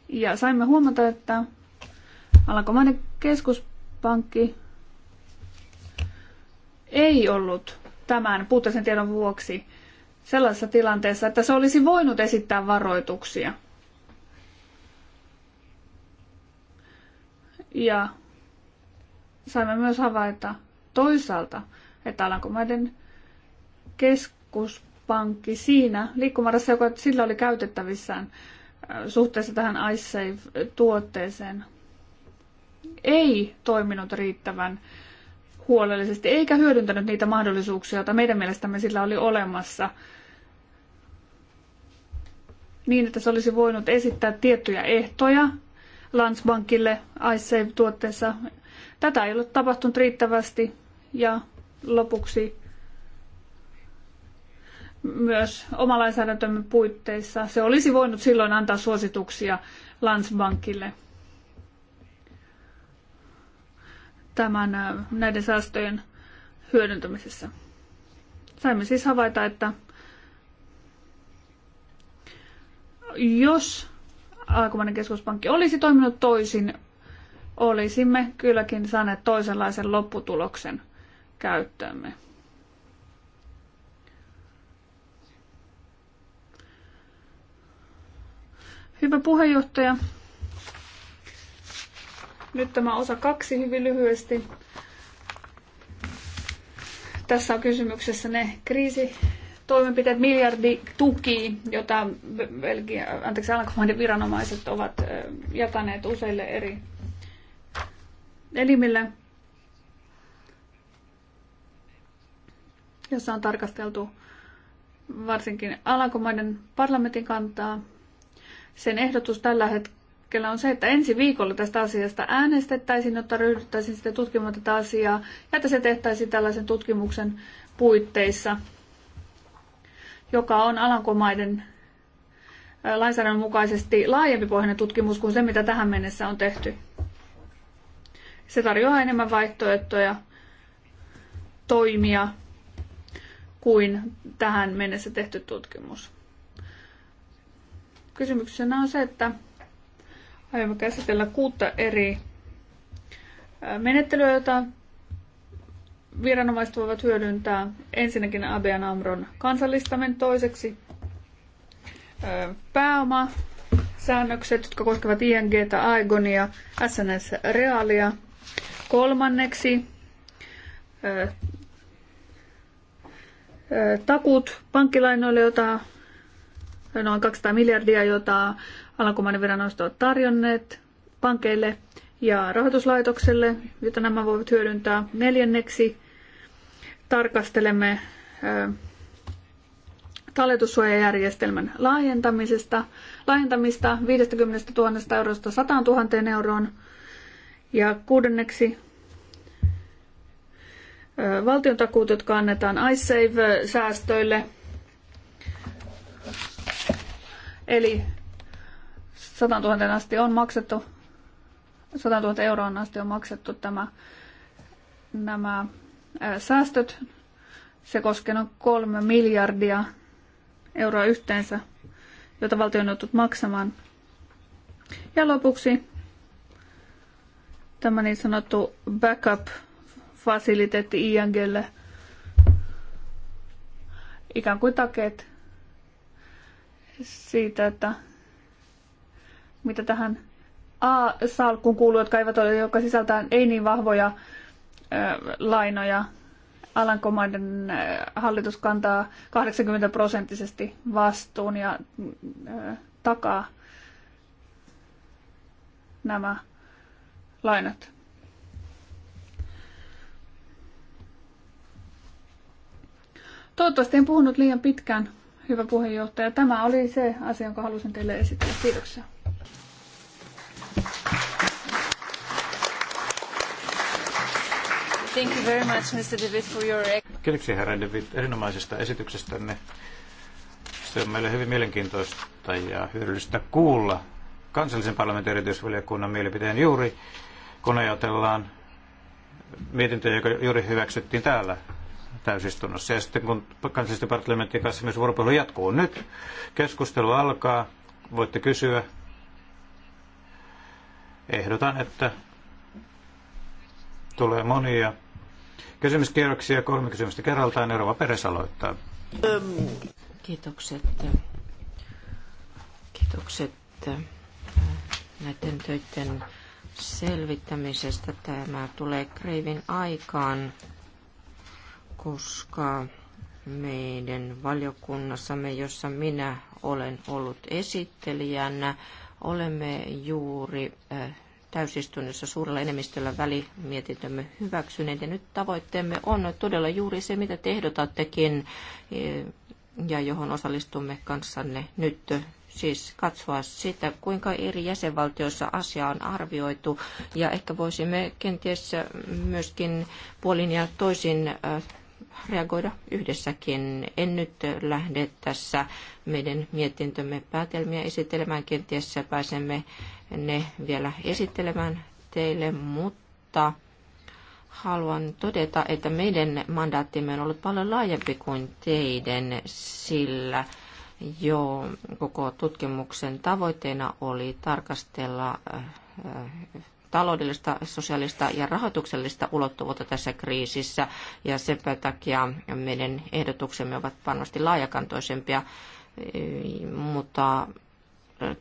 [SPEAKER 2] Ja saimme huomata, että Alankomaiden keskuspankki ei ollut tämän puutteisen tiedon vuoksi sellaisessa tilanteessa, että se olisi voinut esittää varoituksia. Ja saimme myös havaita toisaalta, että Alankomaiden keskus pankki siinä liikkumarassa, joka sillä oli käytettävissään äh, suhteessa tähän iSafe-tuotteeseen, ei toiminut riittävän huolellisesti eikä hyödyntänyt niitä mahdollisuuksia, joita meidän mielestämme sillä oli olemassa niin, että se olisi voinut esittää tiettyjä ehtoja Landsbankille iSave-tuotteessa. Tätä ei ole tapahtunut riittävästi ja lopuksi myös oma lainsäädäntömme puitteissa. Se olisi voinut silloin antaa suosituksia Landsbankille tämän, näiden säästöjen hyödyntämisessä. Saimme siis havaita, että jos alkuperäinen keskuspankki olisi toiminut toisin, olisimme kylläkin saaneet toisenlaisen lopputuloksen käyttöömme. Hyvä puheenjohtaja. Nyt tämä osa kaksi hyvin lyhyesti. Tässä on kysymyksessä ne kriisitoimenpiteet, miljardituki, jota Belgia, anteeksi, Alankomaiden viranomaiset ovat jakaneet useille eri elimille, jossa on tarkasteltu varsinkin Alankomaiden parlamentin kantaa sen ehdotus tällä hetkellä on se, että ensi viikolla tästä asiasta äänestettäisiin, jotta ryhdyttäisiin sitten tutkimaan tätä asiaa ja että se tehtäisiin tällaisen tutkimuksen puitteissa, joka on Alankomaiden lainsäädännön mukaisesti laajempi pohjainen tutkimus kuin se, mitä tähän mennessä on tehty. Se tarjoaa enemmän vaihtoehtoja toimia kuin tähän mennessä tehty tutkimus. Kysymyksenä on se, että aiomme käsitellä kuutta eri menettelyä, joita viranomaiset voivat hyödyntää. Ensinnäkin ABN Amron kansallistamen, toiseksi pääoma säännökset, jotka koskevat ING, Aegonia, SNS Realia. Kolmanneksi takut pankkilainoille, joita noin 200 miljardia, jota alankomainen viranomaiset ovat tarjonneet pankeille ja rahoituslaitokselle, jota nämä voivat hyödyntää. Neljänneksi tarkastelemme talletussuojajärjestelmän laajentamisesta, laajentamista 50 000 eurosta 100 000 euroon. Ja kuudenneksi valtiontakuut, jotka annetaan iSave-säästöille Eli 100 000 asti on maksettu, 100 000 euroon asti on maksettu tämä, nämä ää, säästöt. Se koskee noin kolme miljardia euroa yhteensä, jota valtio on joutunut maksamaan. Ja lopuksi tämä niin sanottu backup-fasiliteetti INGlle. Ikään kuin takeet siitä, että mitä tähän A-salkkuun kuuluu, jotka eivät ole, joka sisältää ei niin vahvoja ö, lainoja. Alankomaiden ö, hallitus kantaa 80 prosenttisesti vastuun ja ö, takaa nämä lainat. Toivottavasti en puhunut liian pitkään hyvä puheenjohtaja. Tämä oli se asia, jonka halusin teille esitellä. Kiitoksia. Thank you very much, Mr. David, for your...
[SPEAKER 3] Kiitoksia, herra David, erinomaisesta esityksestänne. Se on meille hyvin mielenkiintoista ja hyödyllistä kuulla kansallisen parlamentin erityisvaliokunnan mielipiteen juuri, kun ajatellaan mietintöjä, joka juuri hyväksyttiin täällä täysistunnossa. Ja sitten kun kansallisten parlamenttien kanssa myös vuoropuhelu jatkuu nyt, keskustelu alkaa, voitte kysyä. Ehdotan, että tulee monia kysymyskierroksia, kolme kysymystä kerraltaan. Eurova Peres aloittaa.
[SPEAKER 1] Kiitokset. Kiitokset äh, näiden töiden selvittämisestä. Tämä tulee kreivin aikaan koska meidän valiokunnassamme, jossa minä olen ollut esittelijänä, olemme juuri äh, täysistunnossa suurella enemmistöllä välimietintömme hyväksyneet. Ja nyt tavoitteemme on todella juuri se, mitä te ehdotattekin äh, ja johon osallistumme kanssanne nyt siis katsoa sitä, kuinka eri jäsenvaltioissa asia on arvioitu ja ehkä voisimme kenties myöskin puolin ja toisin äh, reagoida yhdessäkin. En nyt lähde tässä meidän mietintömme päätelmiä esittelemään. Kenties pääsemme ne vielä esittelemään teille, mutta haluan todeta, että meidän mandaattimme on ollut paljon laajempi kuin teidän, sillä jo koko tutkimuksen tavoitteena oli tarkastella äh, äh, taloudellista, sosiaalista ja rahoituksellista ulottuvuutta tässä kriisissä ja sen takia meidän ehdotuksemme ovat varmasti laajakantoisempia, mutta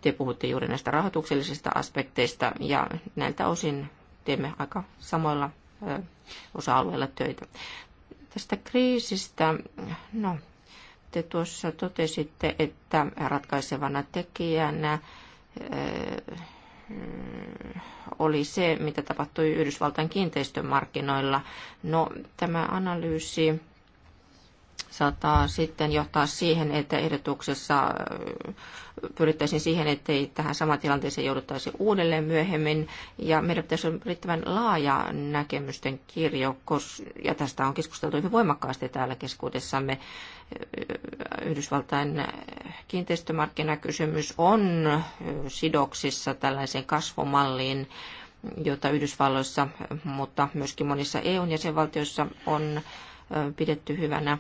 [SPEAKER 1] te puhutte juuri näistä rahoituksellisista aspekteista ja näiltä osin teemme aika samoilla osa-alueilla töitä. Tästä kriisistä, no, te tuossa totesitte, että ratkaisevana tekijänä Mm, oli se, mitä tapahtui Yhdysvaltain kiinteistömarkkinoilla. No, tämä analyysi saattaa sitten johtaa siihen, että ehdotuksessa äh, pyrittäisiin siihen, ettei tähän samaan tilanteeseen jouduttaisi uudelleen myöhemmin. Ja meidän pitäisi olla riittävän laaja näkemysten kirjo, ja tästä on keskusteltu hyvin voimakkaasti täällä keskuudessamme. Äh, Yhdysvaltain kiinteistömarkkinakysymys on äh, sidoksissa tällaiseen kasvomalliin, jota Yhdysvalloissa, mutta myöskin monissa EUn jäsenvaltioissa on pidetty hyvänä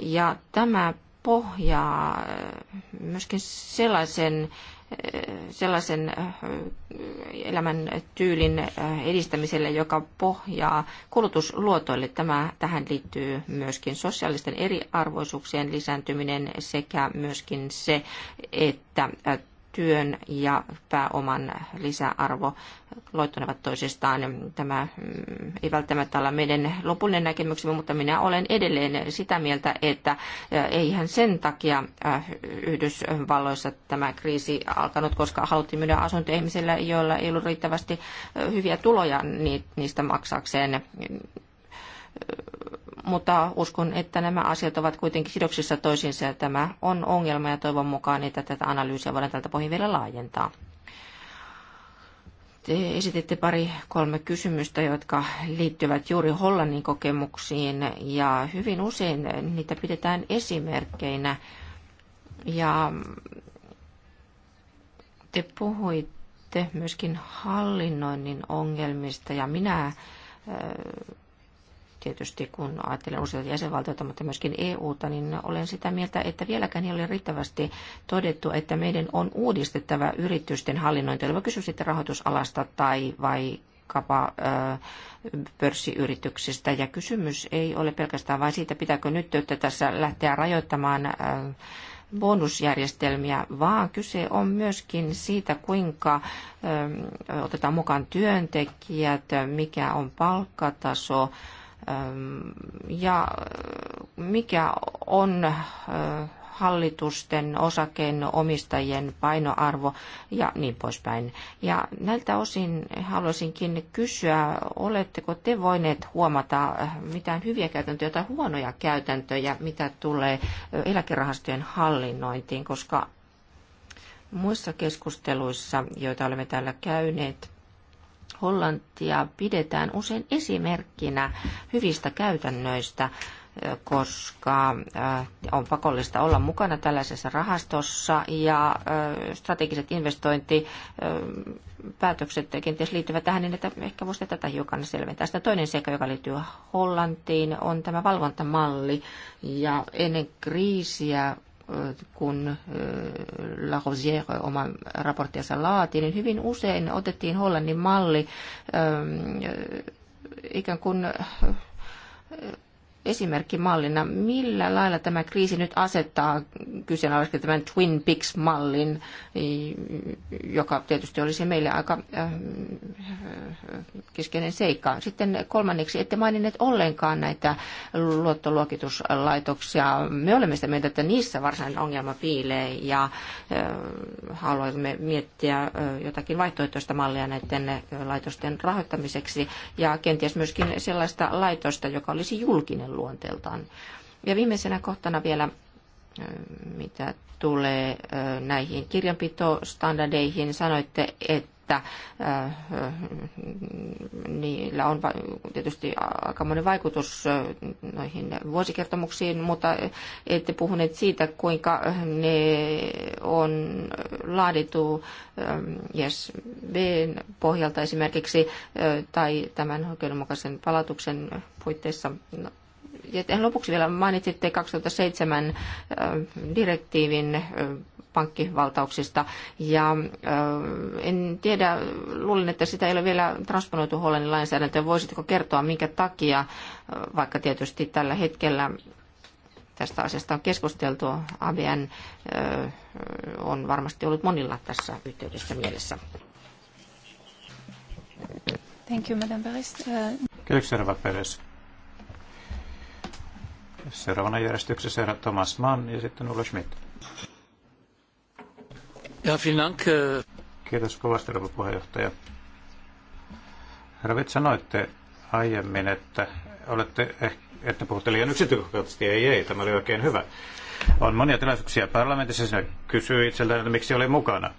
[SPEAKER 1] ja tämä pohjaa äh, myöskin sellaisen, äh, sellaisen äh, tyylin edistämiselle, joka pohjaa kulutusluotoille. Tämä, tähän liittyy myöskin sosiaalisten eriarvoisuuksien lisääntyminen sekä myöskin se, että työn ja pääoman lisäarvo loittunevat toisistaan. Tämä mm, ei välttämättä ole meidän lopullinen näkemyksemme, mutta minä olen edelleen sitä mieltä, että äh, eihän sen takia äh, Yhdysvalloissa tämä kriisi alkanut, koska haluttiin myydä asuntoja ihmisillä, joilla ei ollut riittävästi äh, hyviä tuloja niistä maksakseen mutta uskon, että nämä asiat ovat kuitenkin sidoksissa toisiinsa ja tämä on ongelma ja toivon mukaan, että tätä analyysiä voidaan tältä pohjin vielä laajentaa. Te esititte pari kolme kysymystä, jotka liittyvät juuri Hollannin kokemuksiin ja hyvin usein niitä pidetään esimerkkeinä. Ja te puhuitte myöskin hallinnoinnin ongelmista ja minä tietysti kun ajattelen useita jäsenvaltioita, mutta myöskin EUta, niin olen sitä mieltä, että vieläkään ei ole riittävästi todettu, että meidän on uudistettava yritysten hallinnointi, olipa kysy sitten rahoitusalasta tai vai vaikkapa pörssiyrityksistä. Ja kysymys ei ole pelkästään vain siitä, pitääkö nyt että tässä lähteä rajoittamaan bonusjärjestelmiä, vaan kyse on myöskin siitä, kuinka otetaan mukaan työntekijät, mikä on palkkataso, Ähm, ja mikä on äh, hallitusten, osakeen omistajien painoarvo ja niin poispäin. Ja näiltä osin haluaisinkin kysyä, oletteko te voineet huomata äh, mitään hyviä käytäntöjä tai huonoja käytäntöjä, mitä tulee eläkerahastojen hallinnointiin, koska muissa keskusteluissa, joita olemme täällä käyneet, Hollantia pidetään usein esimerkkinä hyvistä käytännöistä, koska on pakollista olla mukana tällaisessa rahastossa ja strategiset investointipäätökset kenties liittyvät tähän, niin että ehkä voisi tätä hiukan selventää. Sitä toinen seikka, joka liittyy Hollantiin, on tämä valvontamalli ja ennen kriisiä kun äh, La Rosière oma raporttiansa laati, niin hyvin usein otettiin Hollannin malli ähm, ikään kuin äh, esimerkkimallina. Millä lailla tämä kriisi nyt asettaa kyseenalaisesti tämän Twin Peaks-mallin, joka tietysti olisi meille aika äh, keskeinen seikka. Sitten kolmanneksi, ette maininneet ollenkaan näitä luottoluokituslaitoksia. Me olemme sitä mieltä, että niissä varsinainen ongelma piilee ja äh, haluaisimme miettiä äh, jotakin vaihtoehtoista mallia näiden laitosten rahoittamiseksi ja kenties myöskin sellaista laitosta, joka olisi julkinen luonteeltaan. Ja viimeisenä kohtana vielä, mitä tulee näihin kirjanpitostandardeihin, sanoitte, että että niillä on tietysti monen vaikutus noihin vuosikertomuksiin, mutta ette puhuneet siitä, kuinka ne on laadittu ISBn pohjalta esimerkiksi tai tämän oikeudenmukaisen palautuksen puitteissa no, ja lopuksi vielä mainitsitte 2007 direktiivin pankkivaltauksista. Ja en tiedä, luulin, että sitä ei ole vielä transponoitu Hollannin lainsäädäntöön. Voisitko kertoa, minkä takia, vaikka tietysti tällä hetkellä tästä asiasta on keskusteltu, ABN on varmasti ollut monilla tässä yhteydessä mielessä.
[SPEAKER 2] Thank you, Madame Peres.
[SPEAKER 3] Kiitoksia, Rava Peres. Seuraavana järjestyksessä herra Thomas Mann ja sitten Ulla Schmidt. Ja, dank. Äh, Kiitos kovasti, rouva puheenjohtaja. Herra Witt, sanoitte aiemmin, että olette eh, että puhutte liian yksityiskohtaisesti. Ei, ei, tämä oli oikein hyvä. On monia tilaisuuksia parlamentissa, sinä kysyy itseltään, että miksi olin mukana.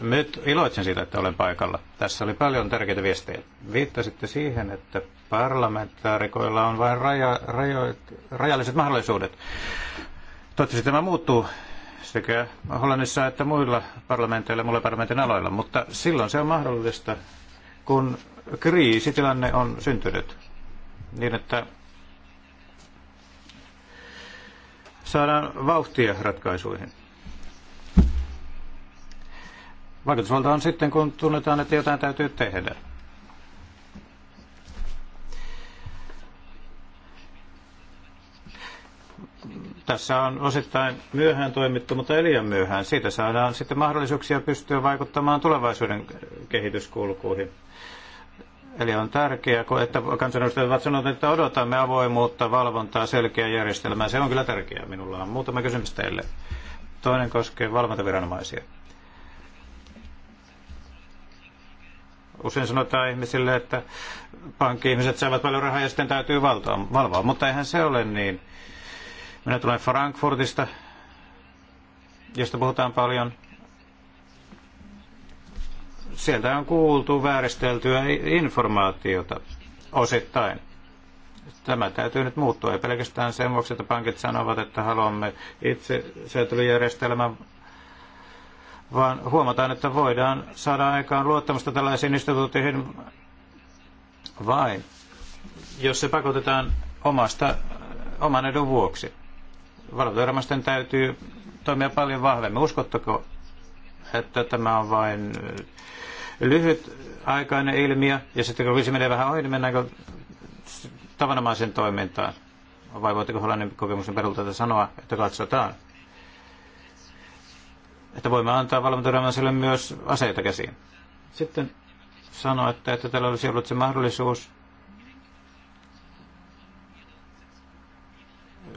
[SPEAKER 3] Nyt iloitsen siitä, että olen paikalla. Tässä oli paljon tärkeitä viestejä. Viittasitte siihen, että parlamentaarikoilla on vain raja, rajo, rajalliset mahdollisuudet. Toivottavasti tämä muuttuu sekä Hollannissa että muilla parlamenteilla ja muilla parlamentin aloilla, mutta silloin se on mahdollista, kun kriisitilanne on syntynyt. Niin, että saadaan vauhtia ratkaisuihin. Vaikutusvalta on sitten, kun tunnetaan, että jotain täytyy tehdä. tässä on osittain myöhään toimittu, mutta ei liian myöhään. Siitä saadaan sitten mahdollisuuksia pystyä vaikuttamaan tulevaisuuden kehityskulkuihin. Eli on tärkeää, että kansanedustajat ovat sanoneet, että odotamme avoimuutta, valvontaa, selkeää järjestelmää. Se on kyllä tärkeää. Minulla on muutama kysymys teille. Toinen koskee valvontaviranomaisia. usein sanotaan ihmisille, että pankki-ihmiset saavat paljon rahaa ja sitten täytyy valtaa, valvoa, mutta eihän se ole niin. Minä tulen Frankfurtista, josta puhutaan paljon. Sieltä on kuultu vääristeltyä informaatiota osittain. Tämä täytyy nyt muuttua, ei pelkästään sen vuoksi, että pankit sanovat, että haluamme itse säätelyjärjestelmän, vaan huomataan, että voidaan saada aikaan luottamusta tällaisiin instituutioihin vain, jos se pakotetaan omasta, oman edun vuoksi valvontaviranomaisten täytyy toimia paljon vahvemmin. Uskotteko, että tämä on vain äh, lyhyt aikainen ilmiö, ja sitten kun se menee vähän ohi, niin mennäänkö tavanomaisen toimintaan? Vai voitteko Hollannin kokemuksen perulta sanoa, että katsotaan? Että voimme antaa valvontaviranomaiselle myös aseita käsiin. Sitten sanoa, että, että täällä olisi ollut se mahdollisuus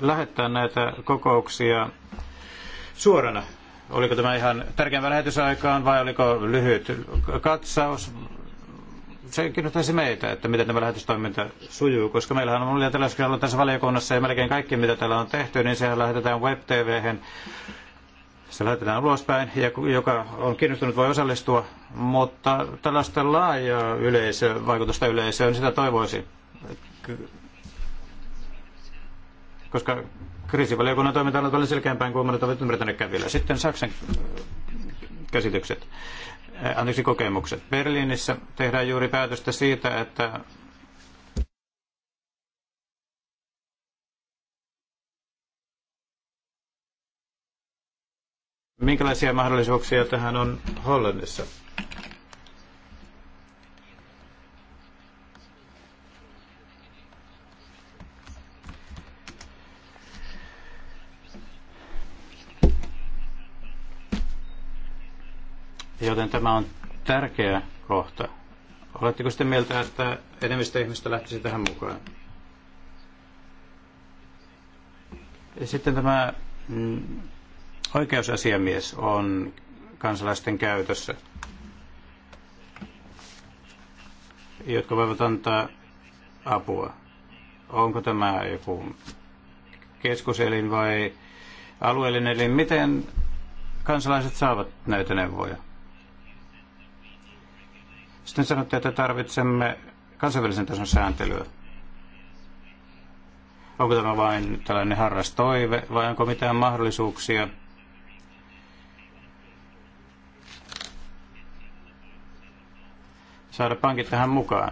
[SPEAKER 3] lähettää näitä kokouksia suorana. Oliko tämä ihan tärkeämpää lähetysaikaan vai oliko lyhyt katsaus? se kiinnostaisi meitä, että miten tämä lähetystoiminta sujuu, koska meillähän on ollut tällä hetkellä tässä valiokunnassa ja melkein kaikki, mitä täällä on tehty, niin sehän lähetetään web tvhen se lähetetään ulospäin, ja joka on kiinnostunut voi osallistua, mutta tällaista laajaa yleisö, vaikutusta yleisöön, sitä toivoisi koska kriisivaliokunnan toiminta on paljon selkeämpään kuin monet ovat ymmärtäneetkään vielä. Sitten Saksan käsitykset, äh, anteeksi kokemukset. Berliinissä tehdään juuri päätöstä siitä, että Minkälaisia mahdollisuuksia tähän on Hollannissa? Joten tämä on tärkeä kohta. Oletteko sitten mieltä, että enemmistö ihmistä lähtisi tähän mukaan? Ja Sitten tämä mm, oikeusasiamies on kansalaisten käytössä, jotka voivat antaa apua. Onko tämä joku keskuselin vai alueellinen elin? Miten kansalaiset saavat näitä neuvoja? Sitten sanotte, että tarvitsemme kansainvälisen tason sääntelyä. Onko tämä vain tällainen harras toive vai onko mitään mahdollisuuksia saada pankit tähän mukaan?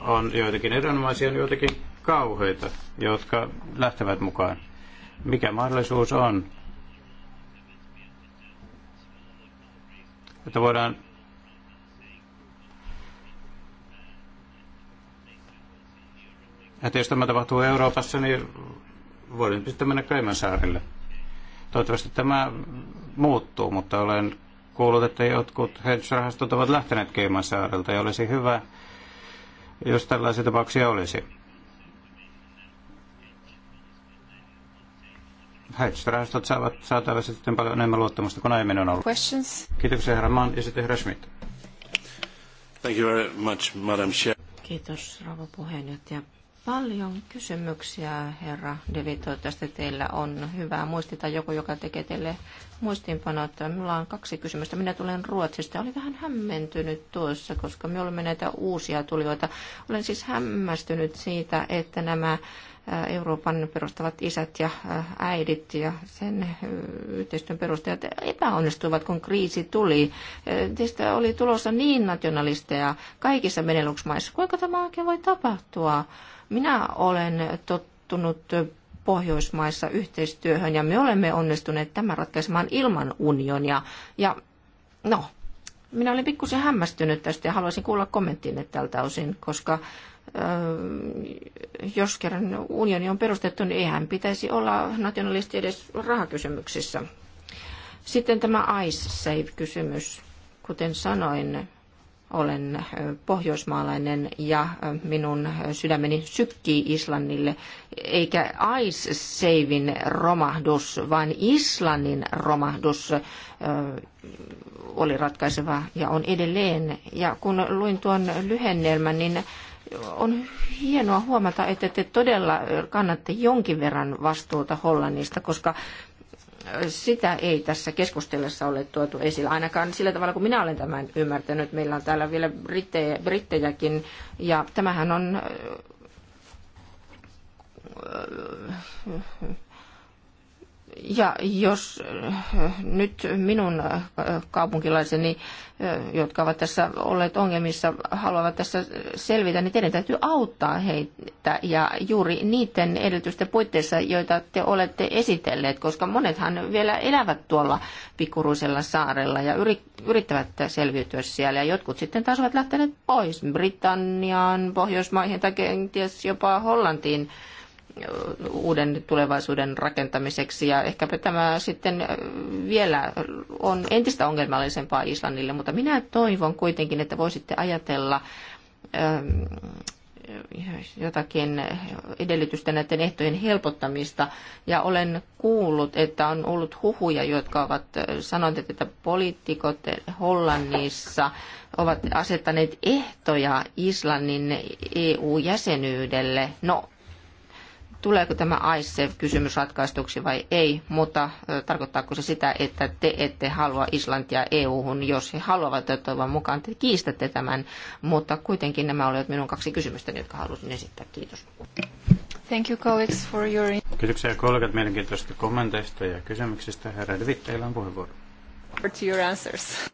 [SPEAKER 3] On joitakin erinomaisia, on joitakin kauheita, jotka lähtevät mukaan. Mikä mahdollisuus on? että voidaan että jos tämä tapahtuu Euroopassa, niin voidaan sitten mennä saarille. Toivottavasti tämä muuttuu, mutta olen kuullut, että jotkut hedge-rahastot ovat lähteneet Kaimansaarelta ja olisi hyvä, jos tällaisia tapauksia olisi. hedge-rahastot saavat saatavat sitten paljon enemmän luottamusta kuin aiemmin on ollut.
[SPEAKER 1] Questions?
[SPEAKER 3] Kiitoksia herra Mann ja sitten herra Schmidt. Thank you very much, Madam Chair.
[SPEAKER 1] Kiitos rouva puheenjohtaja. Paljon kysymyksiä, herra Devi. Toivottavasti teillä on hyvää muisti tai joku, joka tekee teille muistiinpanot. Minulla on kaksi kysymystä. Minä tulen Ruotsista. Olin vähän hämmentynyt tuossa, koska me olemme näitä uusia tulijoita. Olen siis hämmästynyt siitä, että nämä Euroopan perustavat isät ja äidit ja sen yhteistyön perustajat epäonnistuivat, kun kriisi tuli. Teistä oli tulossa niin nationalisteja kaikissa Benelux-maissa. Kuinka tämä oikein voi tapahtua? Minä olen tottunut Pohjoismaissa yhteistyöhön ja me olemme onnistuneet tämän ratkaisemaan ilman unionia. Ja no, minä olin pikkusen hämmästynyt tästä ja haluaisin kuulla kommenttinne tältä osin, koska jos kerran unioni on perustettu, niin eihän pitäisi olla nationalisti edes rahakysymyksissä. Sitten tämä Ice Save-kysymys. Kuten sanoin, olen pohjoismaalainen ja minun sydämeni sykkii Islannille. Eikä Ice Savein romahdus, vaan Islannin romahdus oli ratkaiseva ja on edelleen. Ja kun luin tuon lyhennelmän, niin on hienoa huomata, että te todella kannatte jonkin verran vastuuta Hollannista, koska sitä ei tässä keskustelussa ole tuotu esille, ainakaan sillä tavalla kuin minä olen tämän ymmärtänyt. Meillä on täällä vielä brittejä, brittejäkin, ja tämähän on ja jos äh, nyt minun äh, kaupunkilaiseni, äh, jotka ovat tässä olleet ongelmissa, haluavat tässä selvitä, niin teidän täytyy auttaa heitä ja juuri niiden edellytysten puitteissa, joita te olette esitelleet, koska monethan vielä elävät tuolla pikkuruisella saarella ja yrittävät selviytyä siellä ja jotkut sitten taas ovat lähteneet pois Britanniaan, Pohjoismaihin tai kenties jopa Hollantiin uuden tulevaisuuden rakentamiseksi. Ja ehkäpä tämä sitten vielä on entistä ongelmallisempaa Islannille, mutta minä toivon kuitenkin, että voisitte ajatella jotakin edellytystä näiden ehtojen helpottamista. Ja olen kuullut, että on ollut huhuja, jotka ovat sanoneet, että poliitikot Hollannissa ovat asettaneet ehtoja Islannin EU-jäsenyydelle. No, tuleeko tämä ICE-kysymys ratkaistuksi vai ei, mutta tarkoittaako se sitä, että te ette halua Islantia EU-hun, jos he haluavat toivon mukaan, te kiistätte tämän, mutta kuitenkin nämä olivat minun kaksi kysymystäni, jotka halusin esittää. Kiitos. Thank you colleagues for your...
[SPEAKER 3] Kiitoksia kollegat mielenkiintoisista kommenteista ja kysymyksistä. Herra Edvit, teillä on puheenvuoro.
[SPEAKER 1] To your answers.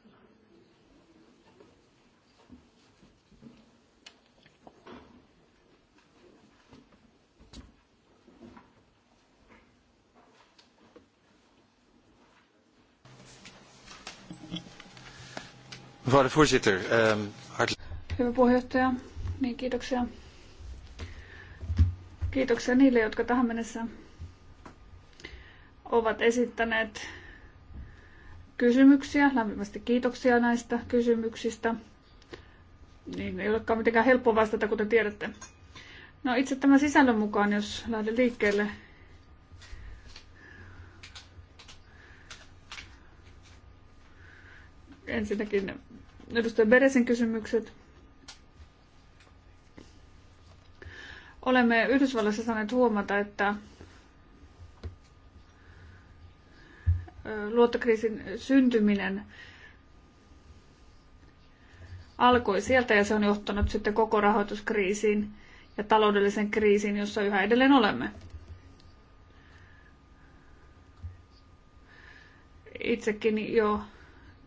[SPEAKER 3] Mevrouw de voorzitter, um, ehm, hartelijk...
[SPEAKER 2] Hyvä puheenjohtaja, niin kiitoksia. Kiitoksia niille, jotka tähän mennessä ovat esittäneet kysymyksiä. Lämpimästi kiitoksia näistä kysymyksistä. Niin ei olekaan mitenkään helppo vastata, kuten tiedätte. No itse tämän sisällön mukaan, jos lähden liikkeelle, ensinnäkin edustaja Beresen kysymykset. Olemme Yhdysvalloissa saaneet huomata, että luottokriisin syntyminen alkoi sieltä ja se on johtanut sitten koko rahoituskriisiin ja taloudellisen kriisiin, jossa yhä edelleen olemme. Itsekin jo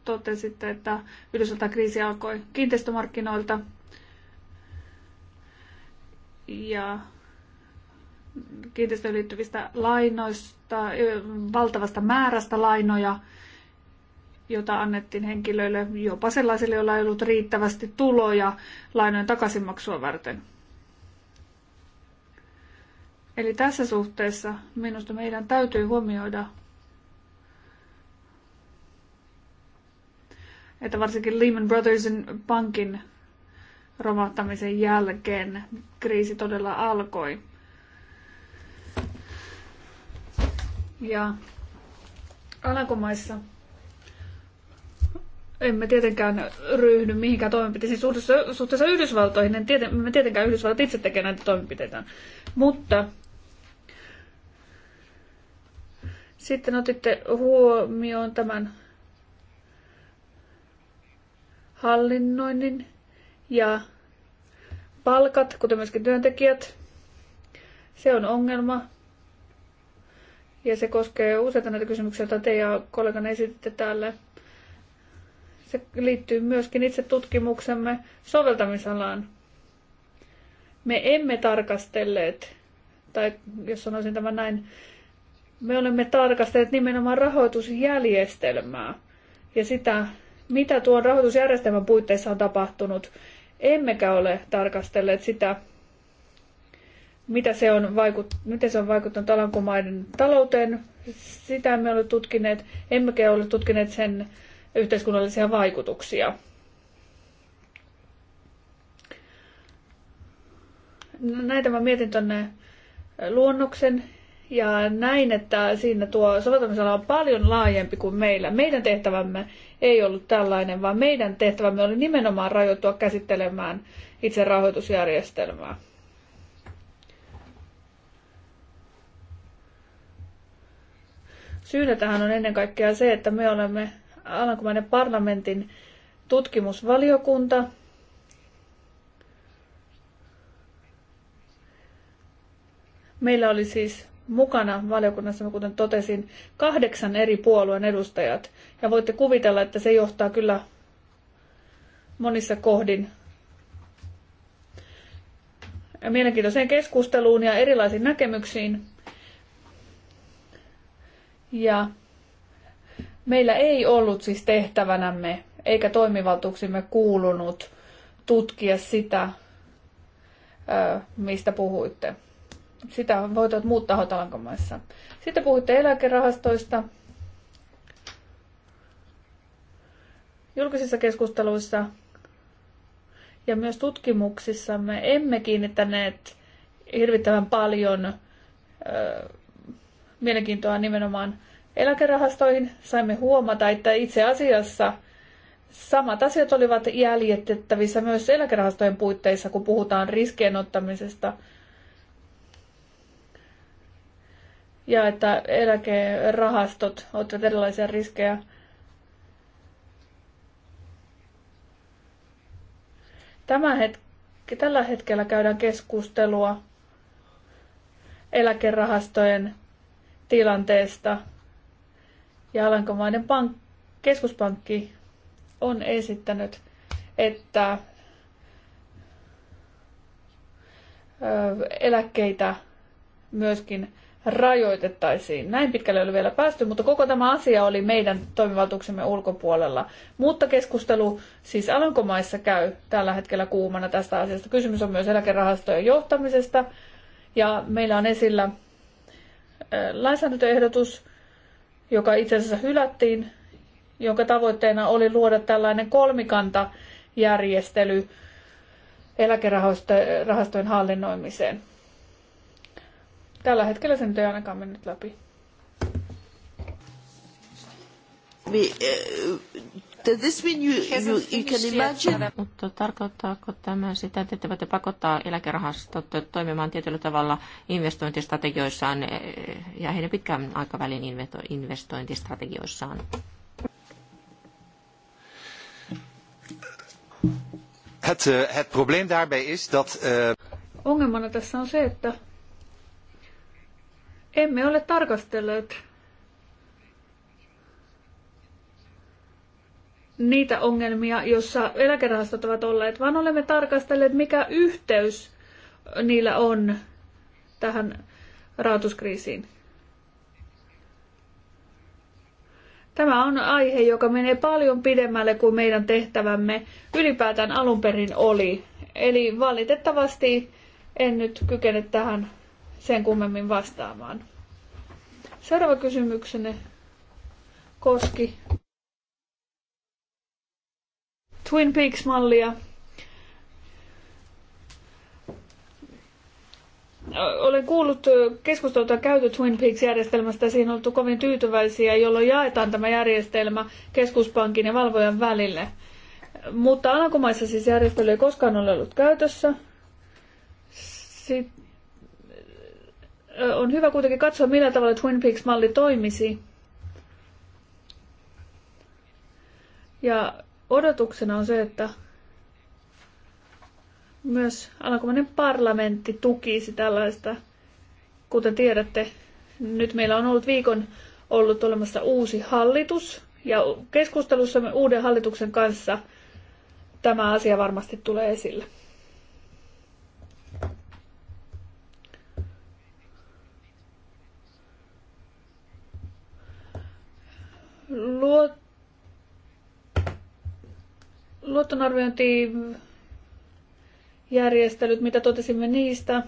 [SPEAKER 2] totesitte, että Yhdysvaltain kriisi alkoi kiinteistömarkkinoilta. Ja kiinteistöön liittyvistä lainoista, valtavasta määrästä lainoja, jota annettiin henkilöille, jopa sellaisille, joilla ei ollut riittävästi tuloja lainojen takaisinmaksua varten. Eli tässä suhteessa minusta meidän täytyy huomioida että varsinkin Lehman Brothersin pankin romahtamisen jälkeen kriisi todella alkoi. Ja Alankomaissa emme tietenkään ryhdy mihinkään toimenpiteisiin suhteessa, suhteessa Yhdysvaltoihin. En tieten, emme tietenkään Yhdysvallat itse tekee näitä toimenpiteitä. Mutta sitten otitte huomioon tämän hallinnoinnin ja palkat, kuten myöskin työntekijät. Se on ongelma. Ja se koskee useita näitä kysymyksiä, joita te ja kollegan esititte täällä. Se liittyy myöskin itse tutkimuksemme soveltamisalaan. Me emme tarkastelleet, tai jos sanoisin tämän näin, me olemme tarkastelleet nimenomaan rahoitusjäljestelmää ja sitä, mitä tuon rahoitusjärjestelmän puitteissa on tapahtunut, emmekä ole tarkastelleet sitä, mitä se on, vaikut- miten se on vaikuttanut alankomaiden talouteen. Sitä emme ole tutkineet, emmekä ole tutkineet sen yhteiskunnallisia vaikutuksia. Näitä mä mietin tuonne luonnoksen ja näin, että siinä tuo soveltamisala on paljon laajempi kuin meillä. Meidän tehtävämme ei ollut tällainen, vaan meidän tehtävämme oli nimenomaan rajoittua käsittelemään itse rahoitusjärjestelmää. Syynä tähän on ennen kaikkea se, että me olemme Alankomainen parlamentin tutkimusvaliokunta, Meillä oli siis mukana valiokunnassa, kuten totesin, kahdeksan eri puolueen edustajat. Ja voitte kuvitella, että se johtaa kyllä monissa kohdin ja mielenkiintoiseen keskusteluun ja erilaisiin näkemyksiin. Ja meillä ei ollut siis tehtävänämme eikä toimivaltuuksimme kuulunut tutkia sitä, mistä puhuitte sitä voivat muut tahot Alankomaissa. Sitten puhutte eläkerahastoista. Julkisissa keskusteluissa ja myös tutkimuksissa me emme kiinnittäneet hirvittävän paljon ö, mielenkiintoa nimenomaan eläkerahastoihin. Saimme huomata, että itse asiassa samat asiat olivat jäljitettävissä myös eläkerahastojen puitteissa, kun puhutaan riskien ottamisesta – ja että eläkerahastot ottavat erilaisia riskejä. Tämä hetki, tällä hetkellä käydään keskustelua eläkerahastojen tilanteesta ja Alankomainen pank- keskuspankki on esittänyt, että eläkkeitä myöskin rajoitettaisiin. Näin pitkälle oli vielä päästy, mutta koko tämä asia oli meidän toimivaltuuksemme ulkopuolella. Mutta keskustelu siis Alankomaissa käy tällä hetkellä kuumana tästä asiasta. Kysymys on myös eläkerahastojen johtamisesta. Ja meillä on esillä lainsäädäntöehdotus, joka itse asiassa hylättiin, jonka tavoitteena oli luoda tällainen kolmikantajärjestely eläkerahastojen hallinnoimiseen. Tällä hetkellä sen ei ainakaan mennyt läpi.
[SPEAKER 1] Mutta tarkoittaako tämä sitä, että voitte pakottaa eläkerahastot toimimaan tietyllä tavalla investointistrategioissaan eh, ja heidän pitkän aikavälin investointistrategioissaan? Het,
[SPEAKER 3] eh, het probleem daarbij is dat... Eh,
[SPEAKER 2] Ongelmana tässä on se, että emme ole tarkastelleet niitä ongelmia, joissa eläkerahastot ovat olleet, vaan olemme tarkastelleet, mikä yhteys niillä on tähän rahoituskriisiin. Tämä on aihe, joka menee paljon pidemmälle kuin meidän tehtävämme ylipäätään alun perin oli. Eli valitettavasti en nyt kykene tähän sen kummemmin vastaamaan. Seuraava kysymyksenne koski Twin Peaks-mallia. Olen kuullut keskustelua käyty Twin Peaks-järjestelmästä siinä on oltu kovin tyytyväisiä, jolloin jaetaan tämä järjestelmä keskuspankin ja valvojan välille. Mutta Alankomaissa siis järjestely ei koskaan ole ollut käytössä. Sitten on hyvä kuitenkin katsoa, millä tavalla Twin Peaks-malli toimisi. Ja odotuksena on se, että myös alankomainen parlamentti tukisi tällaista. Kuten tiedätte, nyt meillä on ollut viikon ollut olemassa uusi hallitus, ja keskustelussamme uuden hallituksen kanssa tämä asia varmasti tulee esille. Luot... Luottonarviointijärjestelyt, mitä totesimme niistä,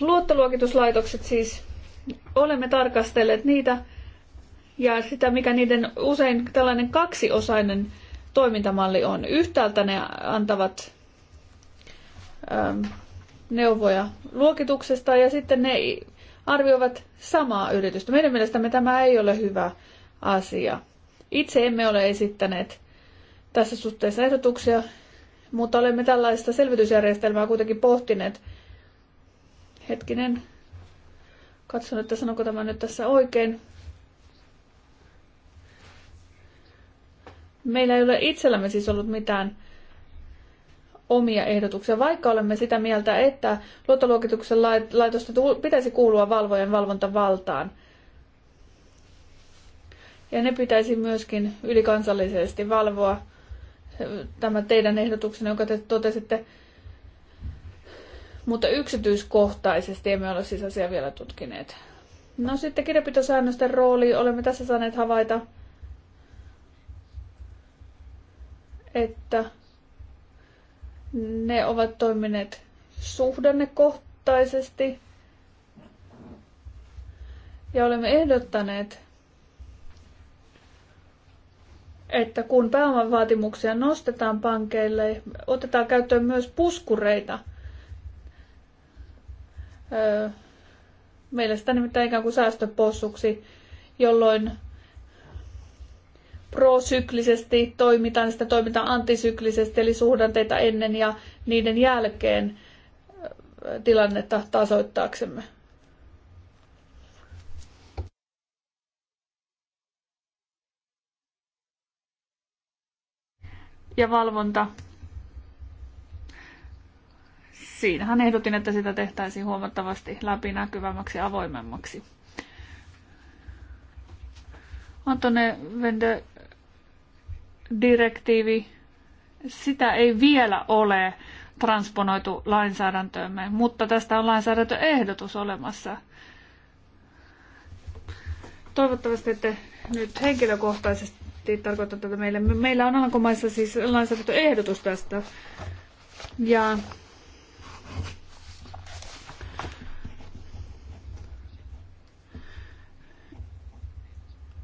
[SPEAKER 2] luottoluokituslaitokset siis, olemme tarkastelleet niitä ja sitä, mikä niiden usein tällainen kaksiosainen toimintamalli on. Yhtäältä ne antavat ähm, neuvoja luokituksesta ja sitten ne arvioivat samaa yritystä. Meidän mielestämme tämä ei ole hyvä asia. Itse emme ole esittäneet tässä suhteessa ehdotuksia, mutta olemme tällaista selvitysjärjestelmää kuitenkin pohtineet. Hetkinen, katson, että sanonko tämä nyt tässä oikein. Meillä ei ole itsellämme siis ollut mitään omia ehdotuksia, vaikka olemme sitä mieltä, että luottoluokituksen laitosta pitäisi kuulua valvojen valvontavaltaan. Ja ne pitäisi myöskin ylikansallisesti valvoa tämä teidän ehdotuksenne, jonka te totesitte, mutta yksityiskohtaisesti emme ole siis asiaa vielä tutkineet. No sitten kirjapitosäännösten rooli. Olemme tässä saaneet havaita, että ne ovat toimineet suhdannekohtaisesti ja olemme ehdottaneet, että kun pääoman vaatimuksia nostetaan pankeille, otetaan käyttöön myös puskureita. Öö, mielestäni nimittäin ikään kuin säästöpossuksi, jolloin prosyklisesti toimitaan, sitä toimitaan antisyklisesti, eli suhdanteita ennen ja niiden jälkeen äh, tilannetta tasoittaaksemme. Ja valvonta. Siinähän ehdotin, että sitä tehtäisiin huomattavasti läpinäkyvämmäksi ja avoimemmaksi. Antone Vende direktiivi, sitä ei vielä ole transponoitu lainsäädäntöömme, mutta tästä on lainsäädäntöehdotus olemassa. Toivottavasti että nyt henkilökohtaisesti tarkoita tätä meille. Meillä on alankomaissa siis lainsäädäntöehdotus tästä. Ja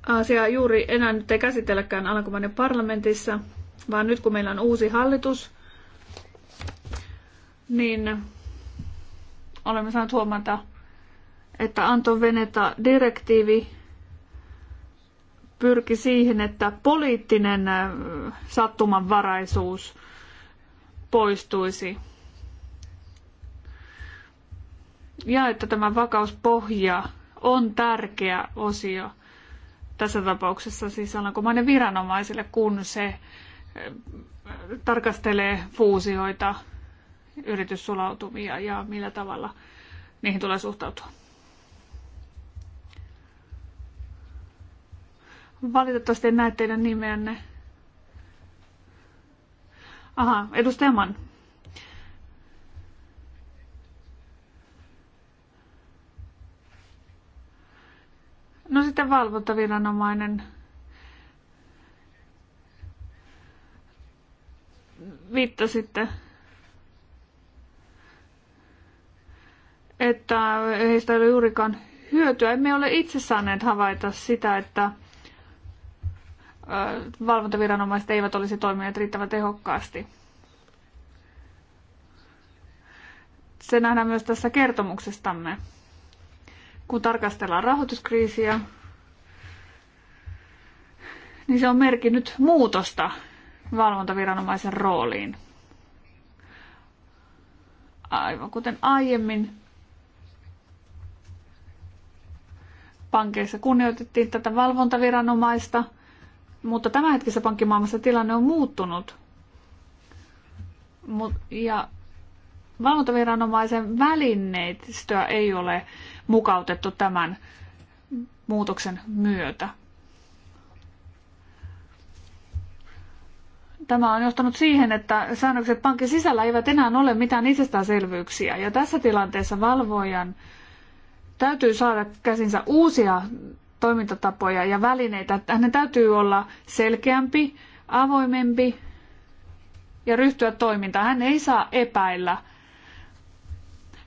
[SPEAKER 2] asiaa juuri enää nyt ei käsitelläkään Alankomainen parlamentissa, vaan nyt kun meillä on uusi hallitus, niin olemme saaneet huomata, että Anton Veneta-direktiivi pyrki siihen, että poliittinen äh, sattumanvaraisuus poistuisi. Ja että tämä vakauspohja on tärkeä osio – tässä tapauksessa siis alankomainen viranomaisille, kun se eh, tarkastelee fuusioita, yrityssulautumia ja millä tavalla niihin tulee suhtautua. Valitettavasti en näe teidän nimeänne. Aha, edustaja Mann. No sitten valvontaviranomainen. sitten, että heistä ei ole juurikaan hyötyä. Emme ole itse saaneet havaita sitä, että valvontaviranomaiset eivät olisi toimineet riittävän tehokkaasti. Se nähdään myös tässä kertomuksestamme kun tarkastellaan rahoituskriisiä, niin se on merkinnyt muutosta valvontaviranomaisen rooliin. Aivan kuten aiemmin pankeissa kunnioitettiin tätä valvontaviranomaista, mutta hetkessä pankkimaailmassa tilanne on muuttunut. Ja valvontaviranomaisen välineistöä ei ole mukautettu tämän muutoksen myötä. Tämä on johtanut siihen, että säännökset pankin sisällä eivät enää ole mitään itsestäänselvyyksiä. Ja tässä tilanteessa valvojan täytyy saada käsinsä uusia toimintatapoja ja välineitä. Hänen täytyy olla selkeämpi, avoimempi ja ryhtyä toimintaan. Hän ei saa epäillä.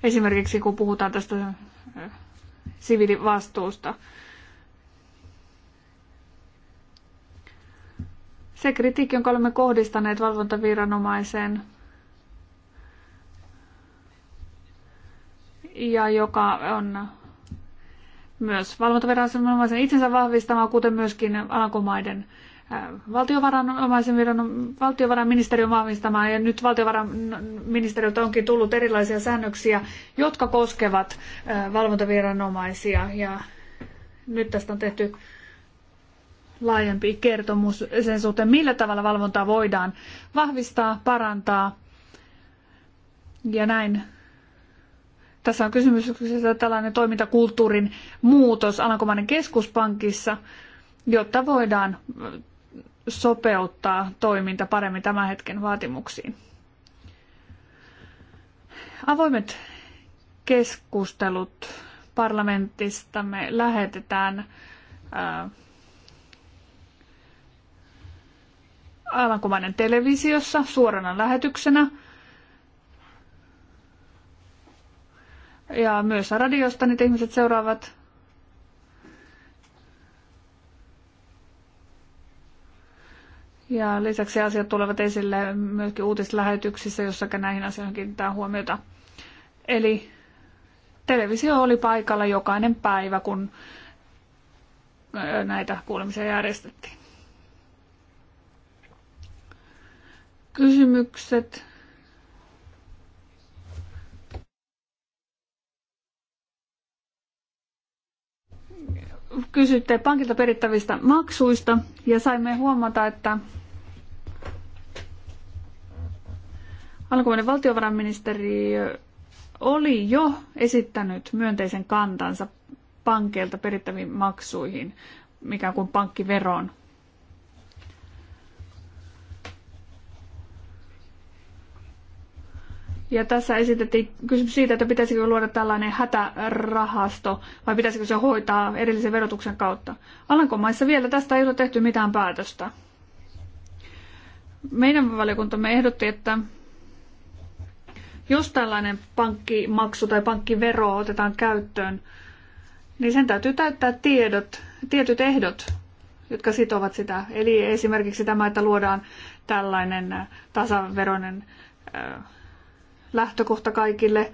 [SPEAKER 2] Esimerkiksi kun puhutaan tästä siviilivastuusta. Se kritiikki, jonka olemme kohdistaneet valvontaviranomaiseen ja joka on myös valvontaviranomaisen itsensä vahvistama, kuten myöskin alankomaiden valtiovarainomaisen viran, valtiovarainministeriön vahvistamaan ja nyt valtiovarainministeriöltä onkin tullut erilaisia säännöksiä, jotka koskevat valvontaviranomaisia ja nyt tästä on tehty laajempi kertomus sen suhteen, millä tavalla valvontaa voidaan vahvistaa, parantaa ja näin. Tässä on kysymys tällainen toimintakulttuurin muutos Alankomainen keskuspankissa, jotta voidaan sopeuttaa toiminta paremmin tämän hetken vaatimuksiin. Avoimet keskustelut parlamentistamme lähetetään alankomainen televisiossa suorana lähetyksenä. Ja myös radiosta niitä ihmiset seuraavat Ja lisäksi asiat tulevat esille myöskin uutislähetyksissä, jossa näihin asioihin kiinnitetään huomiota. Eli televisio oli paikalla jokainen päivä, kun näitä kuulemisia järjestettiin. Kysymykset kysytte pankilta perittävistä maksuista ja saimme huomata, että alkuvuoden valtiovarainministeri oli jo esittänyt myönteisen kantansa pankeilta perittäviin maksuihin, mikä kuin pankkiveroon. Ja tässä esitettiin kysymys siitä, että pitäisikö luoda tällainen hätärahasto vai pitäisikö se hoitaa erillisen verotuksen kautta. Alankomaissa vielä tästä ei ole tehty mitään päätöstä. Meidän valiokuntamme ehdotti, että jos tällainen pankkimaksu tai pankkivero otetaan käyttöön, niin sen täytyy täyttää tiedot, tietyt ehdot, jotka sitovat sitä. Eli esimerkiksi tämä, että luodaan tällainen tasaveroinen lähtökohta kaikille.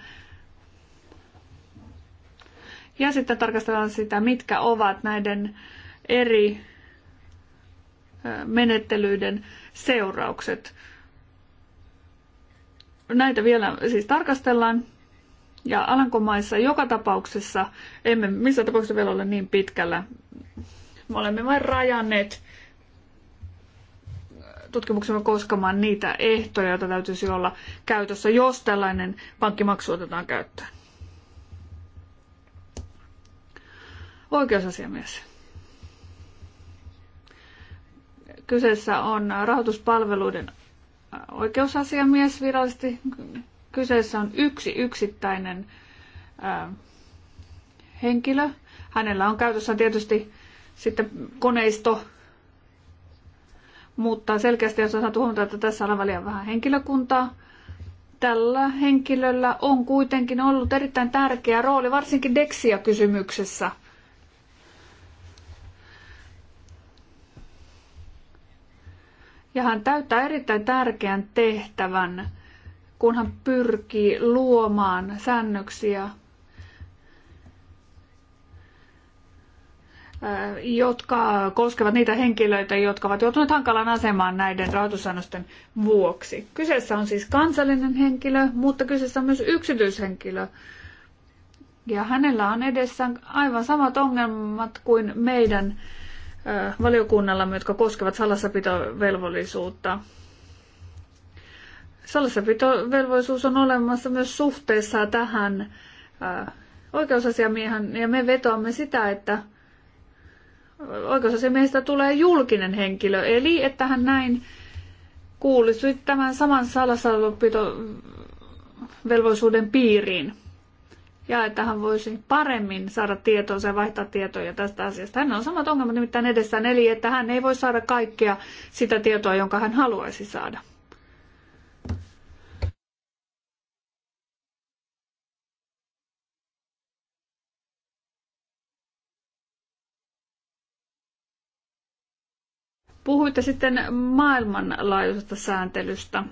[SPEAKER 2] Ja sitten tarkastellaan sitä, mitkä ovat näiden eri menettelyiden seuraukset. Näitä vielä siis tarkastellaan. Ja Alankomaissa joka tapauksessa, emme missä tapauksessa vielä ole niin pitkällä. Me olemme vain rajanneet tutkimuksemme koskemaan niitä ehtoja, joita täytyisi olla käytössä, jos tällainen pankkimaksu otetaan käyttöön. Oikeusasiamies. Kyseessä on rahoituspalveluiden oikeusasiamies virallisesti. Kyseessä on yksi yksittäinen henkilö. Hänellä on käytössä tietysti sitten koneisto, mutta selkeästi, jos osaat huomata, että tässä on liian vähän henkilökuntaa, tällä henkilöllä on kuitenkin ollut erittäin tärkeä rooli, varsinkin Dexia-kysymyksessä. Ja hän täyttää erittäin tärkeän tehtävän, kun hän pyrkii luomaan säännöksiä Äh, jotka koskevat niitä henkilöitä, jotka ovat joutuneet hankalaan asemaan näiden rahoitussäännösten vuoksi. Kyseessä on siis kansallinen henkilö, mutta kyseessä on myös yksityishenkilö. Ja hänellä on edessään aivan samat ongelmat kuin meidän äh, valiokunnallamme, jotka koskevat salassapitovelvollisuutta. Salassapitovelvollisuus on olemassa myös suhteessa tähän äh, oikeusasiamiehen, ja me vetoamme sitä, että oikeusasiamiehestä tulee julkinen henkilö, eli että hän näin kuulisi tämän saman velvollisuuden piiriin. Ja että hän voisi paremmin saada tietoa, ja vaihtaa tietoja tästä asiasta. Hän on samat ongelmat nimittäin edessään, eli että hän ei voi saada kaikkea sitä tietoa, jonka hän haluaisi saada. Puhuitte sitten maailmanlaajuisesta sääntelystä.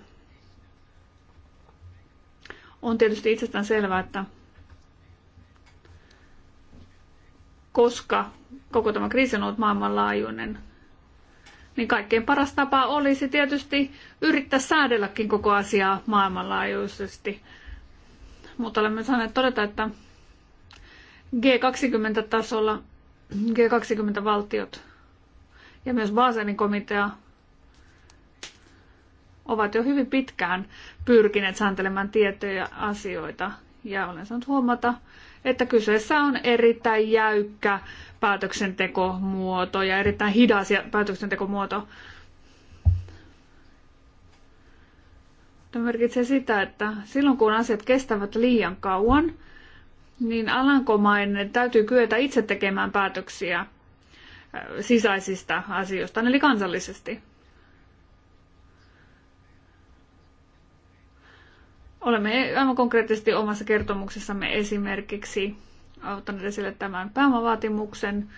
[SPEAKER 2] On tietysti itsestään selvää, että koska koko tämä kriisi on ollut maailmanlaajuinen, niin kaikkein paras tapa olisi tietysti yrittää säädelläkin koko asiaa maailmanlaajuisesti. Mutta olemme saaneet todeta, että G20-tasolla G20-valtiot ja myös Baselin komitea ovat jo hyvin pitkään pyrkineet sääntelemään tiettyjä asioita. Ja olen saanut huomata, että kyseessä on erittäin jäykkä päätöksentekomuoto ja erittäin hidas päätöksentekomuoto. Tämä merkitsee sitä, että silloin kun asiat kestävät liian kauan, niin alankomainen täytyy kyetä itse tekemään päätöksiä – sisäisistä asioista, eli kansallisesti. Olemme aivan konkreettisesti omassa kertomuksessamme esimerkiksi ottaneet esille tämän pääomavaatimuksen,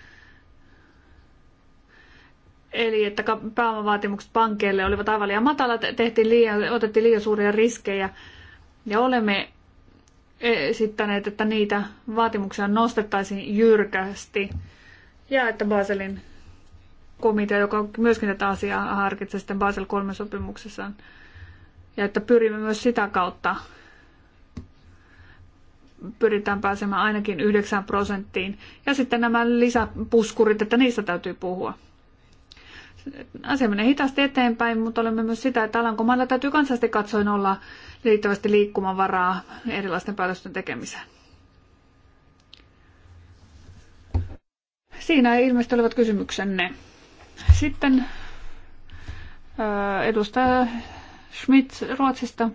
[SPEAKER 2] Eli että pääomavaatimukset pankeille olivat aivan liian matalat, tehtiin liian, otettiin liian suuria riskejä. Ja olemme esittäneet, että niitä vaatimuksia nostettaisiin jyrkästi ja että Baselin komitea, joka myöskin tätä asiaa harkitsee sitten Basel 3 sopimuksessaan. Ja että pyrimme myös sitä kautta, pyritään pääsemään ainakin 9 prosenttiin. Ja sitten nämä lisäpuskurit, että niistä täytyy puhua. Asia menee hitaasti eteenpäin, mutta olemme myös sitä, että Alankomailla täytyy kansallisesti katsoen olla riittävästi liikkumavaraa erilaisten päätösten tekemiseen. Siinä ilmeisesti olivat kysymyksenne. Sitten äh, edustaja Schmidt Ruotsista.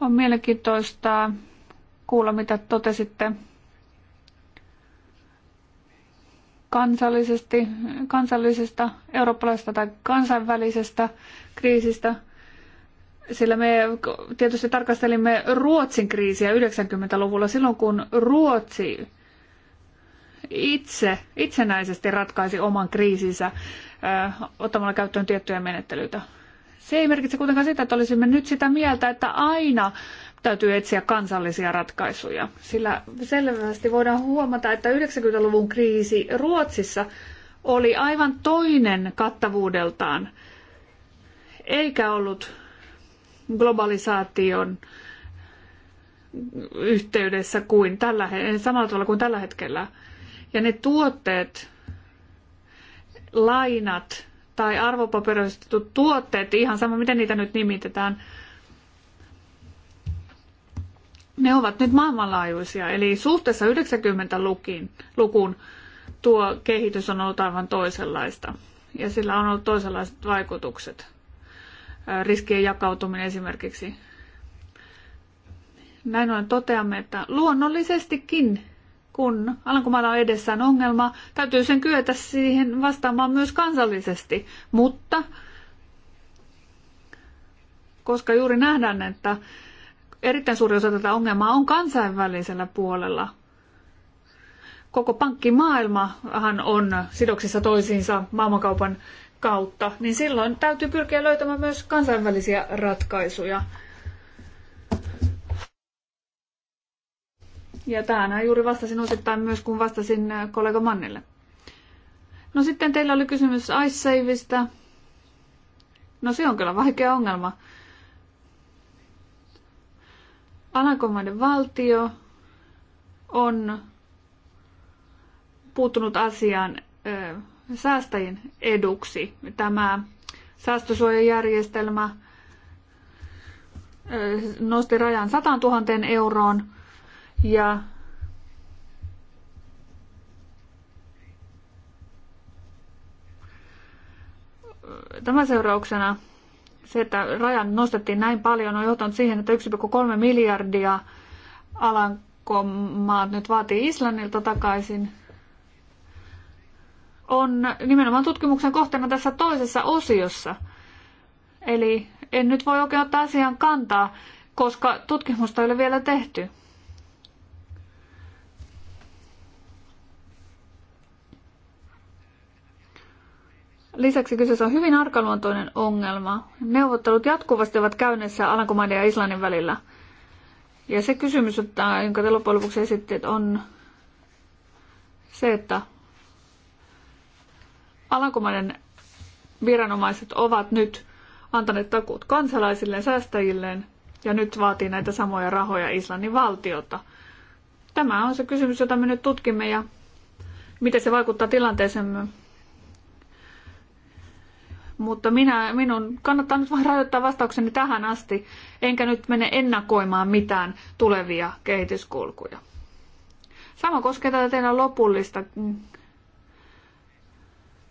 [SPEAKER 2] On mielenkiintoista kuulla, mitä totesitte kansallisesti, kansallisesta, eurooppalaisesta tai kansainvälisestä kriisistä. Sillä me tietysti tarkastelimme Ruotsin kriisiä 90-luvulla silloin, kun Ruotsi itse itsenäisesti ratkaisi oman kriisinsä ö, ottamalla käyttöön tiettyjä menettelyitä. Se ei merkitse kuitenkaan sitä, että olisimme nyt sitä mieltä, että aina täytyy etsiä kansallisia ratkaisuja. Sillä selvästi voidaan huomata, että 90-luvun kriisi Ruotsissa oli aivan toinen kattavuudeltaan, eikä ollut globalisaation yhteydessä kuin tällä, samalla tavalla kuin tällä hetkellä. Ja ne tuotteet, lainat tai arvopaperistetut tuotteet, ihan sama miten niitä nyt nimitetään, ne ovat nyt maailmanlaajuisia. Eli suhteessa 90 lukiin, lukuun, tuo kehitys on ollut aivan toisenlaista. Ja sillä on ollut toisenlaiset vaikutukset. Riskien jakautuminen esimerkiksi. Näin ollen toteamme, että luonnollisestikin kun Alankomailla on edessään ongelma, täytyy sen kyetä siihen vastaamaan myös kansallisesti. Mutta koska juuri nähdään, että erittäin suuri osa tätä ongelmaa on kansainvälisellä puolella, koko pankkimaailmahan on sidoksissa toisiinsa maailmankaupan kautta, niin silloin täytyy pyrkiä löytämään myös kansainvälisiä ratkaisuja. Ja tähän juuri vastasin osittain myös, kun vastasin äh, kollega Mannille. No sitten teillä oli kysymys iSaveista. No se on kyllä vaikea ongelma. Alankomaiden valtio on puuttunut asiaan ö, säästäjien eduksi. Tämä säästösuojajärjestelmä ö, nosti rajan 100 000 euroon – ja tämän seurauksena se, että rajan nostettiin näin paljon, on johtanut siihen, että 1,3 miljardia Alankomaat nyt vaatii Islannilta takaisin. On nimenomaan tutkimuksen kohteena tässä toisessa osiossa. Eli en nyt voi oikein ottaa asian kantaa, koska tutkimusta ei ole vielä tehty. Lisäksi kyseessä on hyvin arkaluontoinen ongelma. Neuvottelut jatkuvasti ovat käynnissä Alankomaiden ja Islannin välillä. Ja se kysymys, jonka te loppujen lopuksi esitteet, on se, että Alankomaiden viranomaiset ovat nyt antaneet takuut kansalaisilleen, säästäjilleen ja nyt vaatii näitä samoja rahoja Islannin valtiota. Tämä on se kysymys, jota me nyt tutkimme ja miten se vaikuttaa tilanteeseen mutta minä, minun kannattaa nyt vain rajoittaa vastaukseni tähän asti, enkä nyt mene ennakoimaan mitään tulevia kehityskulkuja. Sama koskee tätä teidän lopullista mm,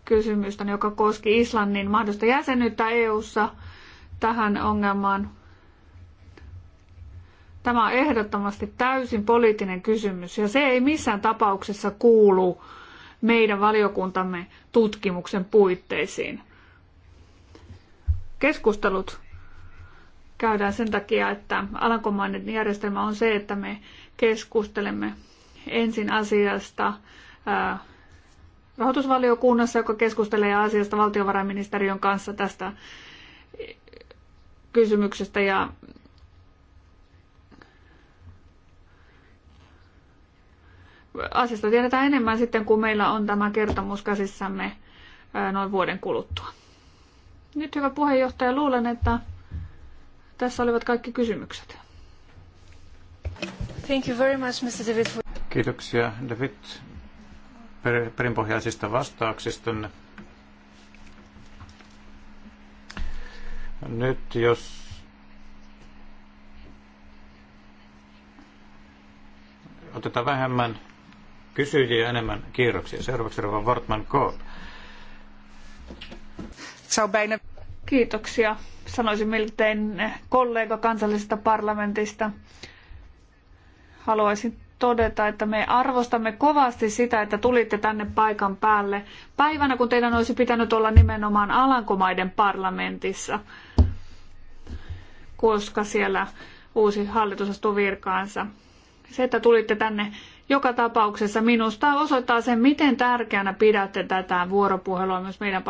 [SPEAKER 2] kysymystä, joka koski Islannin mahdollista jäsenyyttä EU-ssa tähän ongelmaan. Tämä on ehdottomasti täysin poliittinen kysymys ja se ei missään tapauksessa kuulu meidän valiokuntamme tutkimuksen puitteisiin keskustelut käydään sen takia, että alankomainen järjestelmä on se, että me keskustelemme ensin asiasta rahoitusvaliokunnassa, joka keskustelee asiasta valtiovarainministeriön kanssa tästä kysymyksestä ja asiasta tiedetään enemmän sitten, kun meillä on tämä kertomus käsissämme noin vuoden kuluttua. Nyt hyvä puheenjohtaja, luulen, että tässä olivat kaikki kysymykset. Thank you very much, Mr. David.
[SPEAKER 3] Kiitoksia David per, perinpohjaisista vastauksista. Nyt jos otetaan vähemmän kysyjiä enemmän kierroksia. Seuraavaksi Rova Wortman Kool.
[SPEAKER 2] Kiitoksia. Sanoisin miltei kollega kansallisesta parlamentista. Haluaisin todeta, että me arvostamme kovasti sitä, että tulitte tänne paikan päälle päivänä, kun teidän olisi pitänyt olla nimenomaan Alankomaiden parlamentissa, koska siellä uusi hallitus astuu virkaansa. Se, että tulitte tänne joka tapauksessa minusta osoittaa sen, miten tärkeänä pidätte tätä vuoropuhelua myös meidän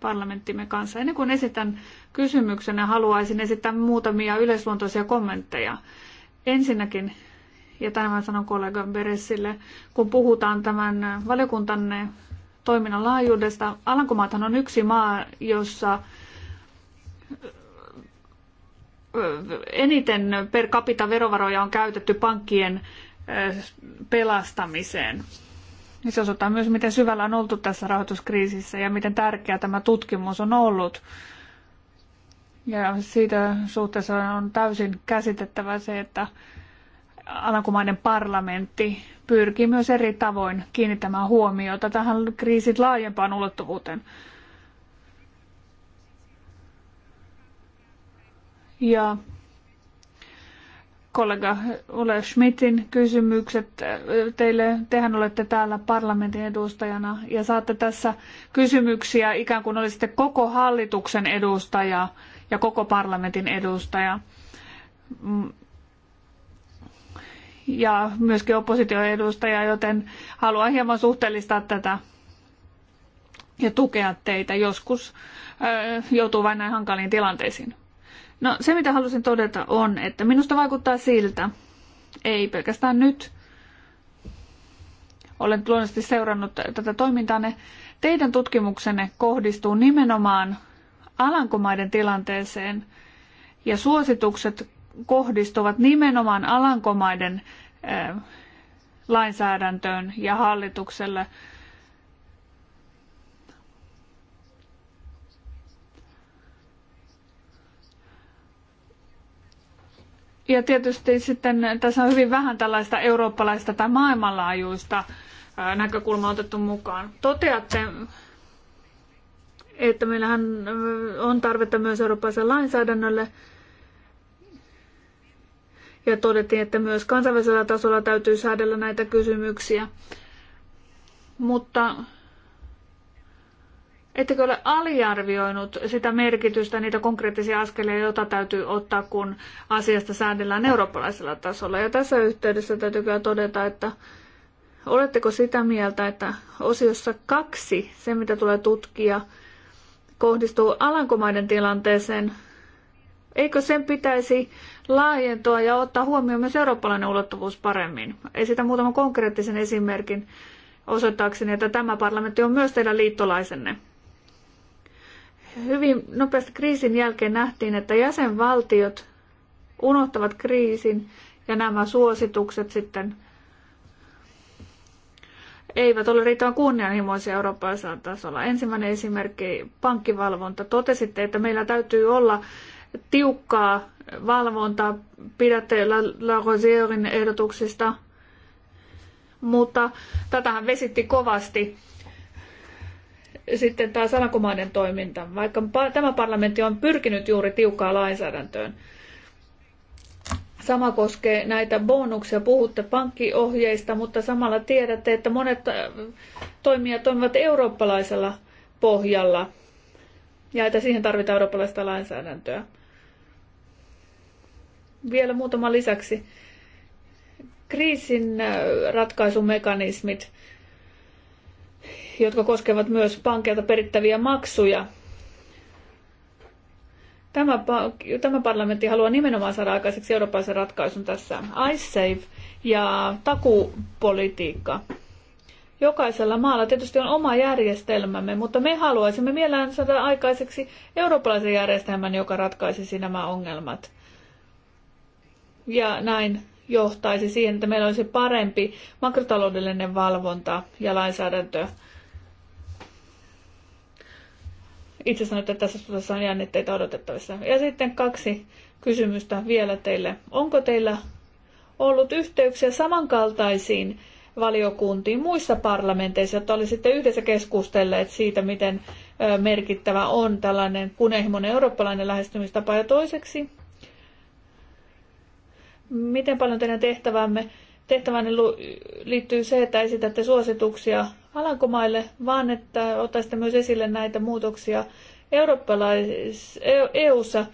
[SPEAKER 2] parlamenttimme kanssa. Ennen kuin esitän kysymyksenä, haluaisin esittää muutamia yleisluontoisia kommentteja. Ensinnäkin, ja tämän sanon kollega Beresille, kun puhutaan tämän valiokuntanne toiminnan laajuudesta, Alankomaathan on yksi maa, jossa eniten per capita verovaroja on käytetty pankkien pelastamiseen. Se osoittaa myös, miten syvällä on oltu tässä rahoituskriisissä ja miten tärkeä tämä tutkimus on ollut. Ja siitä suhteessa on täysin käsitettävä se, että alankomainen parlamentti pyrkii myös eri tavoin kiinnittämään huomiota tähän kriisin laajempaan ulottuvuuteen. Ja kollega Ole Schmidtin kysymykset äh, teille. Tehän olette täällä parlamentin edustajana ja saatte tässä kysymyksiä ikään kuin olisitte koko hallituksen edustaja ja koko parlamentin edustaja. Mm. Ja myöskin opposition edustaja, joten haluan hieman suhteellistaa tätä ja tukea teitä. Joskus äh, joutuu vain näin hankaliin tilanteisiin. No se, mitä halusin todeta on, että minusta vaikuttaa siltä, ei pelkästään nyt, olen luonnollisesti seurannut tätä toimintaa, ne teidän tutkimuksenne kohdistuu nimenomaan Alankomaiden tilanteeseen ja suositukset kohdistuvat nimenomaan Alankomaiden eh, lainsäädäntöön ja hallitukselle – Ja tietysti sitten tässä on hyvin vähän tällaista eurooppalaista tai maailmanlaajuista näkökulmaa otettu mukaan. Toteatte, että meillähän on tarvetta myös eurooppalaisen lainsäädännölle. Ja todettiin, että myös kansainvälisellä tasolla täytyy säädellä näitä kysymyksiä. Mutta ettekö ole aliarvioinut sitä merkitystä, niitä konkreettisia askelia, joita täytyy ottaa, kun asiasta säädellään eurooppalaisella tasolla. Ja tässä yhteydessä täytyy kyllä todeta, että oletteko sitä mieltä, että osiossa kaksi, se mitä tulee tutkia, kohdistuu Alankomaiden tilanteeseen, eikö sen pitäisi laajentua ja ottaa huomioon myös eurooppalainen ulottuvuus paremmin? Esitän muutaman konkreettisen esimerkin osoittaakseni, että tämä parlamentti on myös teidän liittolaisenne hyvin nopeasti kriisin jälkeen nähtiin, että jäsenvaltiot unohtavat kriisin ja nämä suositukset sitten eivät ole riittävän kunnianhimoisia eurooppalaisella tasolla. Ensimmäinen esimerkki, pankkivalvonta. Totesitte, että meillä täytyy olla tiukkaa valvontaa, pidätte La, Rosierin ehdotuksista, mutta tätähän vesitti kovasti sitten taas alankomaiden toiminta, vaikka tämä parlamentti on pyrkinyt juuri tiukkaan lainsäädäntöön. Sama koskee näitä bonuksia. Puhutte pankkiohjeista, mutta samalla tiedätte, että monet äh, toimijat toimivat eurooppalaisella pohjalla ja että siihen tarvitaan eurooppalaista lainsäädäntöä. Vielä muutama lisäksi. Kriisin äh, ratkaisumekanismit jotka koskevat myös pankeilta perittäviä maksuja. Tämä, tämä parlamentti haluaa nimenomaan saada aikaiseksi eurooppalaisen ratkaisun tässä. ISAFE ja takupolitiikka. Jokaisella maalla tietysti on oma järjestelmämme, mutta me haluaisimme mielellään saada aikaiseksi eurooppalaisen järjestelmän, joka ratkaisisi nämä ongelmat. Ja näin johtaisi siihen, että meillä olisi parempi makrotaloudellinen valvonta ja lainsäädäntö itse sanoin, että tässä suhteessa on jännitteitä odotettavissa. Ja sitten kaksi kysymystä vielä teille. Onko teillä ollut yhteyksiä samankaltaisiin valiokuntiin muissa parlamenteissa, että olisitte yhdessä keskustelleet siitä, miten merkittävä on tällainen kunnianhimoinen eurooppalainen lähestymistapa. Ja toiseksi, miten paljon teidän tehtävänne liittyy se, että esitätte suosituksia Alankomaille, vaan että ottaisitte myös esille näitä muutoksia EU-ssa. E-, e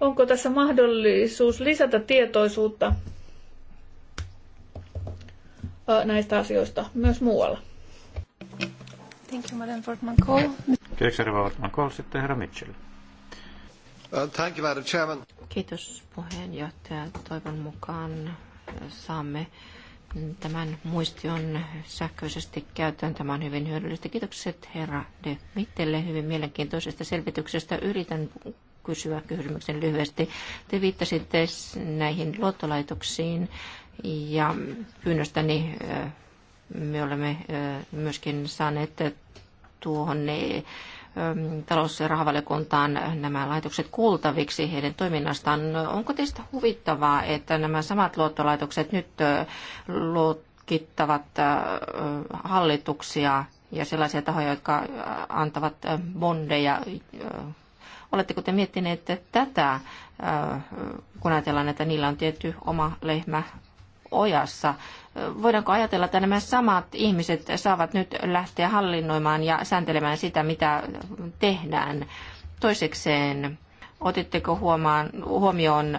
[SPEAKER 2] Onko tässä mahdollisuus lisätä tietoisuutta näistä asioista myös muualla? Thank you, Madam Fortman Cole.
[SPEAKER 3] Kiitoksia, Fortman Cole. Sitten herra Mitchell. Uh, thank you, Madam Chairman.
[SPEAKER 1] Kiitos puheenjohtaja. Toivon mukaan saamme tämän muistion sähköisesti käyttöön. Tämä on hyvin hyödyllistä. Kiitokset herra De Mittelle hyvin mielenkiintoisesta selvityksestä. Yritän kysyä kysymyksen lyhyesti. Te viittasitte näihin luottolaitoksiin ja pyynnöstäni me olemme myöskin saaneet tuohon Ähm, talous- ja rahavaliokuntaan nämä laitokset kuultaviksi heidän toiminnastaan. Onko teistä huvittavaa, että nämä samat luottolaitokset nyt äh, luokittavat äh, hallituksia ja sellaisia tahoja, jotka äh, antavat bondeja Oletteko te miettineet että tätä, kun ajatellaan, että niillä on tietty oma lehmä ojassa? voidaanko ajatella, että nämä samat ihmiset saavat nyt lähteä hallinnoimaan ja sääntelemään sitä, mitä tehdään? Toisekseen, otitteko huomaan, huomioon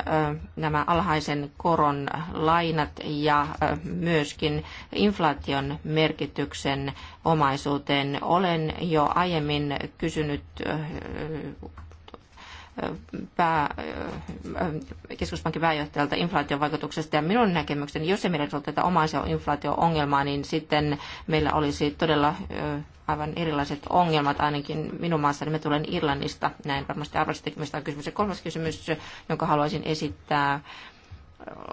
[SPEAKER 1] nämä alhaisen koron lainat ja myöskin inflaation merkityksen omaisuuteen? Olen jo aiemmin kysynyt pää, äh, keskuspankin pääjohtajalta inflaation vaikutuksesta. Ja minun näkemykseni, jos emme ole tätä omaisia inflaatio-ongelmaa, niin sitten meillä olisi todella äh, aivan erilaiset ongelmat, ainakin minun maassani. Mä tulen Irlannista, näin varmasti mistä on kysymys. Ja kolmas kysymys, jonka haluaisin esittää,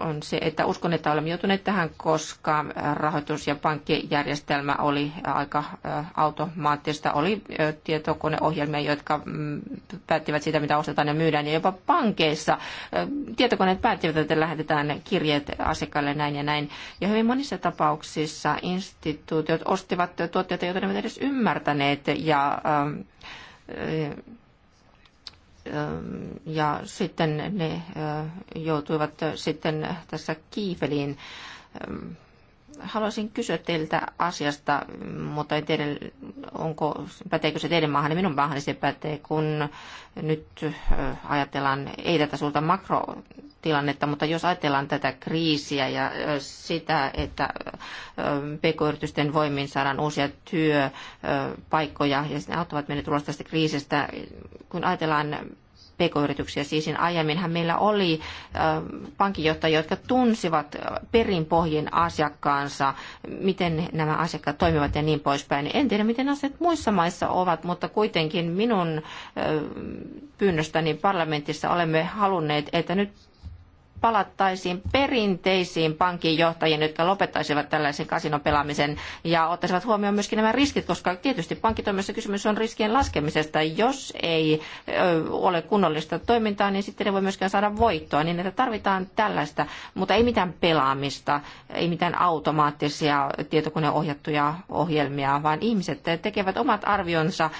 [SPEAKER 1] on se, että uskon, että olemme joutuneet tähän, koska rahoitus- ja pankkijärjestelmä oli äh, aika äh, automaattista. Oli äh, tietokoneohjelmia, jotka mm, päättivät sitä, mitä ostetaan ja myydään, ja jopa pankeissa tietokoneet päättivät, että lähetetään kirjeet asiakkaille näin ja näin. Ja hyvin monissa tapauksissa instituutiot ostivat tuotteita, joita ne eivät edes ymmärtäneet, ja ähm, ja sitten ne joutuivat sitten tässä kiipeliin. Haluaisin kysyä teiltä asiasta, mutta en tiedä, onko, päteekö se teidän maahan, minun maahan se pätee, kun nyt ajatellaan ei tätä suurta makro tilannetta, mutta jos ajatellaan tätä kriisiä ja sitä, että pk-yritysten voimin saadaan uusia työpaikkoja ja ne auttavat meitä tulosta tästä kriisistä, kun ajatellaan pk-yrityksiä. Siis aiemminhan meillä oli pankinjohtajia, jotka tunsivat perinpohjin asiakkaansa, miten nämä asiakkaat toimivat ja niin poispäin. En tiedä, miten asiat muissa maissa ovat, mutta kuitenkin minun pyynnöstäni parlamentissa olemme halunneet, että nyt palattaisiin perinteisiin pankinjohtajiin, jotka lopettaisivat tällaisen kasinopelaamisen ja ottaisivat huomioon myöskin nämä riskit, koska tietysti pankkitoimessa kysymys on riskien laskemisesta. Jos ei ole kunnollista toimintaa, niin sitten ei voi myöskään saada voittoa, niin että tarvitaan tällaista, mutta ei mitään pelaamista, ei mitään automaattisia tietokoneohjattuja ohjelmia, vaan ihmiset tekevät omat arvionsa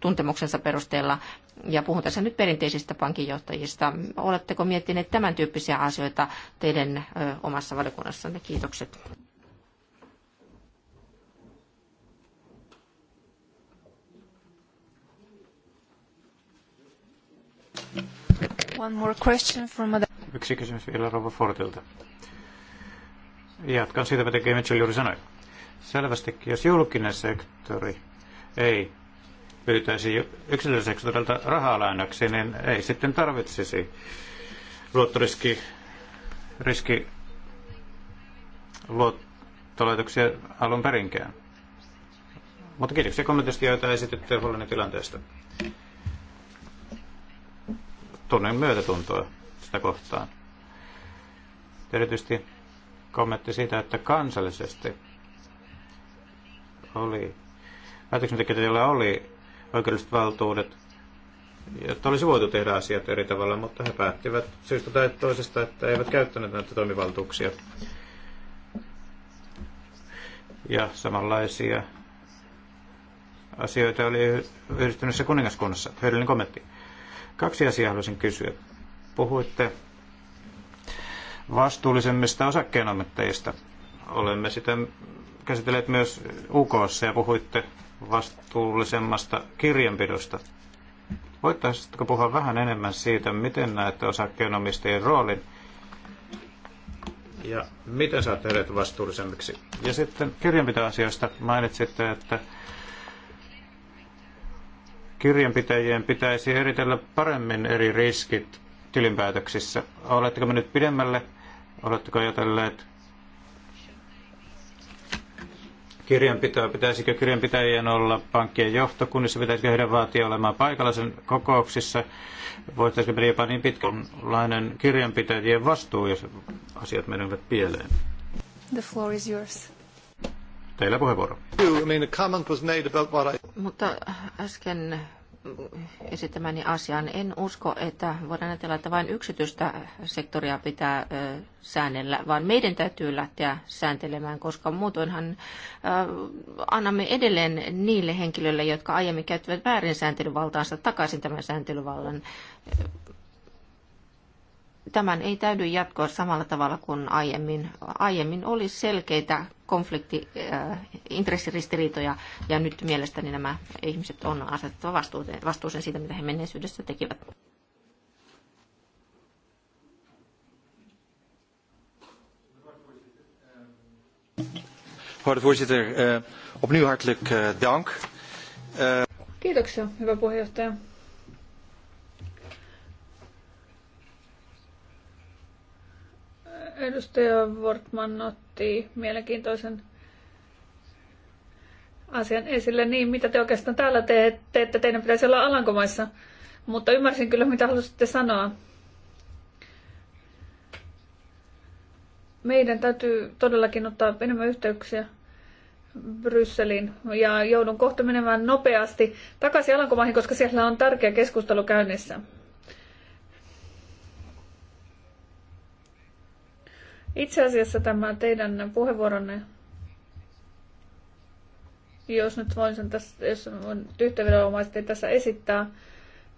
[SPEAKER 1] tuntemuksensa perusteella ja puhun tässä nyt perinteisistä pankinjohtajista. Oletteko miettineet tämän tyyppisiä asioita teidän omassa valiokunnassanne? Kiitokset. One more question from
[SPEAKER 3] Yksi kysymys vielä Rova Fortilta. Jatkan siitä, mitä Kemitsyl juuri sanoi. Selvästikin, jos julkinen sektori ei pyytäisi yksityissektorilta rahaa lainaksi, niin ei sitten tarvitsisi luottoriski riski luottolaitoksia alun perinkään. Mutta kiitoksia kommentista, joita esititte huolenne tilanteesta. Tunnen myötätuntoa sitä kohtaan. Erityisesti kommentti siitä, että kansallisesti oli päätöksentekijöillä oli oikeudelliset valtuudet, jotta olisi voitu tehdä asiat eri tavalla, mutta he päättivät syystä tai toisesta, että eivät käyttäneet näitä toimivaltuuksia. Ja samanlaisia asioita oli yhdistyneessä kuningaskunnassa. Hyödyllinen kommentti. Kaksi asiaa haluaisin kysyä. Puhuitte vastuullisemmista osakkeenomettajista. Olemme sitä käsitelleet myös UKssa ja puhuitte vastuullisemmasta kirjanpidosta. Voittaisitko puhua vähän enemmän siitä, miten näette osakkeenomistajien roolin ja miten saatte heidät vastuullisemmiksi? Ja sitten kirjanpitoasioista mainitsitte, että kirjanpitäjien pitäisi eritellä paremmin eri riskit tilinpäätöksissä. Oletteko me nyt pidemmälle? Oletteko ajatelleet kirjanpitoa, pitäisikö kirjanpitäjien olla pankkien johtokunnissa, pitäisikö heidän vaatia olemaan paikallisen kokouksissa, voitaisiko mennä jopa niin pitkänlainen kirjanpitäjien vastuu, jos asiat menevät pieleen. The floor is yours. Teillä puheenvuoro.
[SPEAKER 1] Mutta äsken esittämäni asiaan En usko, että voidaan ajatella, että vain yksityistä sektoria pitää säännellä, vaan meidän täytyy lähteä sääntelemään, koska muutoinhan annamme edelleen niille henkilöille, jotka aiemmin käyttivät väärin sääntelyvaltaansa takaisin tämän sääntelyvallan tämän ei täydy jatkoa samalla tavalla kuin aiemmin. Aiemmin oli selkeitä konflikti, äh, intressiristiriitoja ja nyt mielestäni nämä ihmiset on asetettava vastuuseen, vastuuseen siitä, mitä he menneisyydessä tekivät.
[SPEAKER 3] Eh, eh, eh,
[SPEAKER 2] Kiitoksia, hyvä puheenjohtaja. Edustaja Wortman otti mielenkiintoisen asian esille. Niin, mitä te oikeastaan täällä teette, että teidän pitäisi olla Alankomaissa. Mutta ymmärsin kyllä, mitä halusitte sanoa. Meidän täytyy todellakin ottaa enemmän yhteyksiä Brysseliin ja joudun kohta menemään nopeasti takaisin Alankomaihin, koska siellä on tärkeä keskustelu käynnissä. Itse asiassa tämä teidän puheenvuoronne, jos nyt voin sen tässä, jos voin yhteenvedonomaisesti tässä esittää,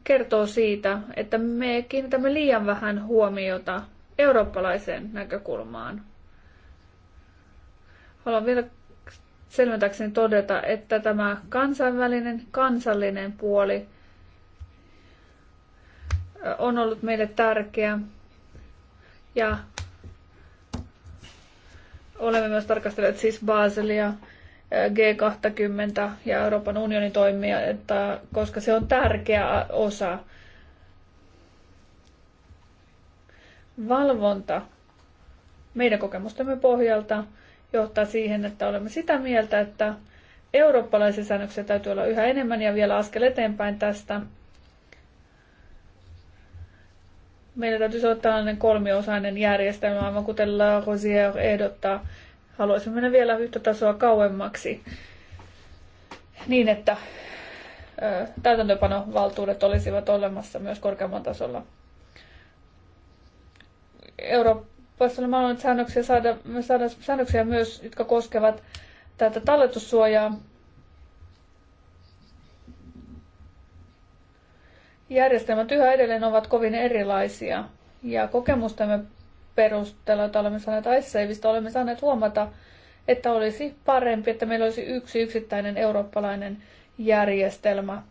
[SPEAKER 2] kertoo siitä, että me kiinnitämme liian vähän huomiota eurooppalaiseen näkökulmaan. Haluan vielä selventääkseni todeta, että tämä kansainvälinen, kansallinen puoli on ollut meille tärkeä. Ja Olemme myös tarkastelleet siis Baselia, eh, G20 ja Euroopan unionin toimia, että, koska se on tärkeä osa valvonta meidän kokemustemme pohjalta johtaa siihen, että olemme sitä mieltä, että eurooppalaisen säännöksiä täytyy olla yhä enemmän ja vielä askel eteenpäin tästä – meidän täytyy olla tällainen kolmiosainen järjestelmä, aivan kuten La Rosière ehdottaa. Haluaisin mennä vielä yhtä tasoa kauemmaksi niin, että täytäntöpanovaltuudet olisivat olemassa myös korkeamman tasolla. Euroopassa on maailman säännöksiä, saada, saada säännöksiä myös, jotka koskevat tätä talletussuojaa järjestelmät yhä edelleen ovat kovin erilaisia. Ja kokemustemme perusteella, joita olemme saaneet Aisseivista, olemme saaneet huomata, että olisi parempi, että meillä olisi yksi yksittäinen eurooppalainen järjestelmä,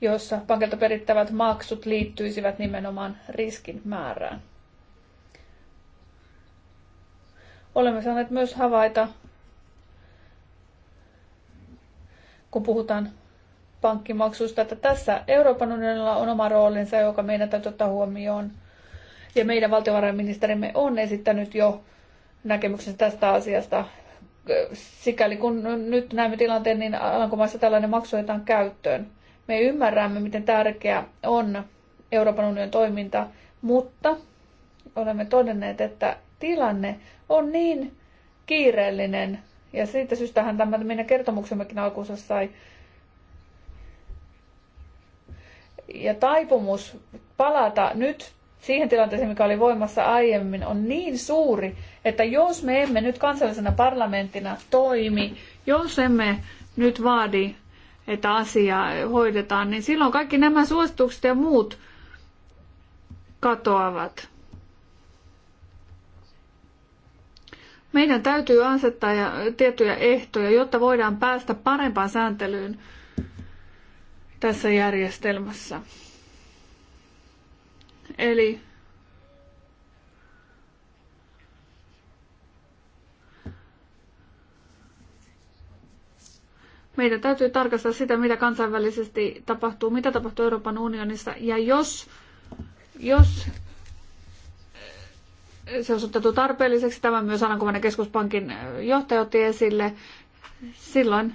[SPEAKER 2] jossa pankilta perittävät maksut liittyisivät nimenomaan riskin määrään. Olemme saaneet myös havaita, kun puhutaan pankkimaksuista, että tässä Euroopan unionilla on oma roolinsa, joka meidän täytyy ottaa huomioon. Ja meidän valtiovarainministerimme on esittänyt jo näkemyksensä tästä asiasta. Sikäli kun nyt näemme tilanteen, niin Alankomaissa tällainen maksu otetaan käyttöön. Me ymmärrämme, miten tärkeä on Euroopan unionin toiminta, mutta olemme todenneet, että tilanne on niin kiireellinen, ja siitä syystähän tämä meidän kertomuksemmekin alkuunsa sai, ja taipumus palata nyt siihen tilanteeseen, mikä oli voimassa aiemmin, on niin suuri, että jos me emme nyt kansallisena parlamenttina toimi, jos emme nyt vaadi, että asia hoidetaan, niin silloin kaikki nämä suositukset ja muut katoavat. Meidän täytyy asettaa tiettyjä ehtoja, jotta voidaan päästä parempaan sääntelyyn tässä järjestelmässä. Eli meidän täytyy tarkastaa sitä, mitä kansainvälisesti tapahtuu, mitä tapahtuu Euroopan unionissa. Ja jos, jos se osoitettu tarpeelliseksi, tämä myös Alankomainen keskuspankin johtaja otti esille, silloin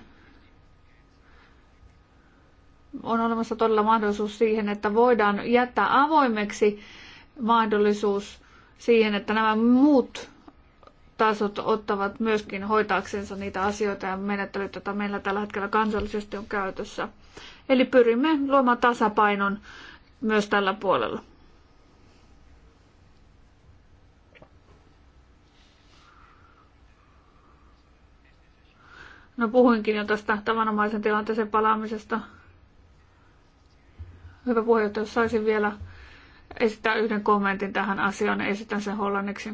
[SPEAKER 2] on olemassa todella mahdollisuus siihen, että voidaan jättää avoimeksi mahdollisuus siihen, että nämä muut tasot ottavat myöskin hoitaaksensa niitä asioita ja menettelyt, joita meillä tällä hetkellä kansallisesti on käytössä. Eli pyrimme luomaan tasapainon myös tällä puolella. No puhuinkin jo tästä tavanomaisen tilanteeseen palaamisesta. Hyvä puheenjohtaja, jos saisin vielä esittää yhden kommentin tähän asiaan, niin esitän sen hollanniksi.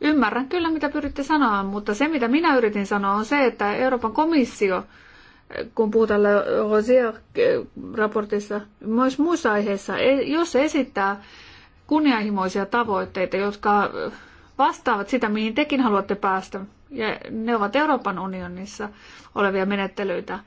[SPEAKER 2] Ymmärrän kyllä, mitä pyritte sanoa, mutta se, mitä minä yritin sanoa, on se, että Euroopan komissio, kun puhutaan Rosier-raportissa, myös muissa aiheissa, e- jos se esittää kunnianhimoisia tavoitteita, jotka vastaavat sitä, mihin tekin haluatte päästä, ja ne ovat Euroopan unionissa olevia menettelyitä,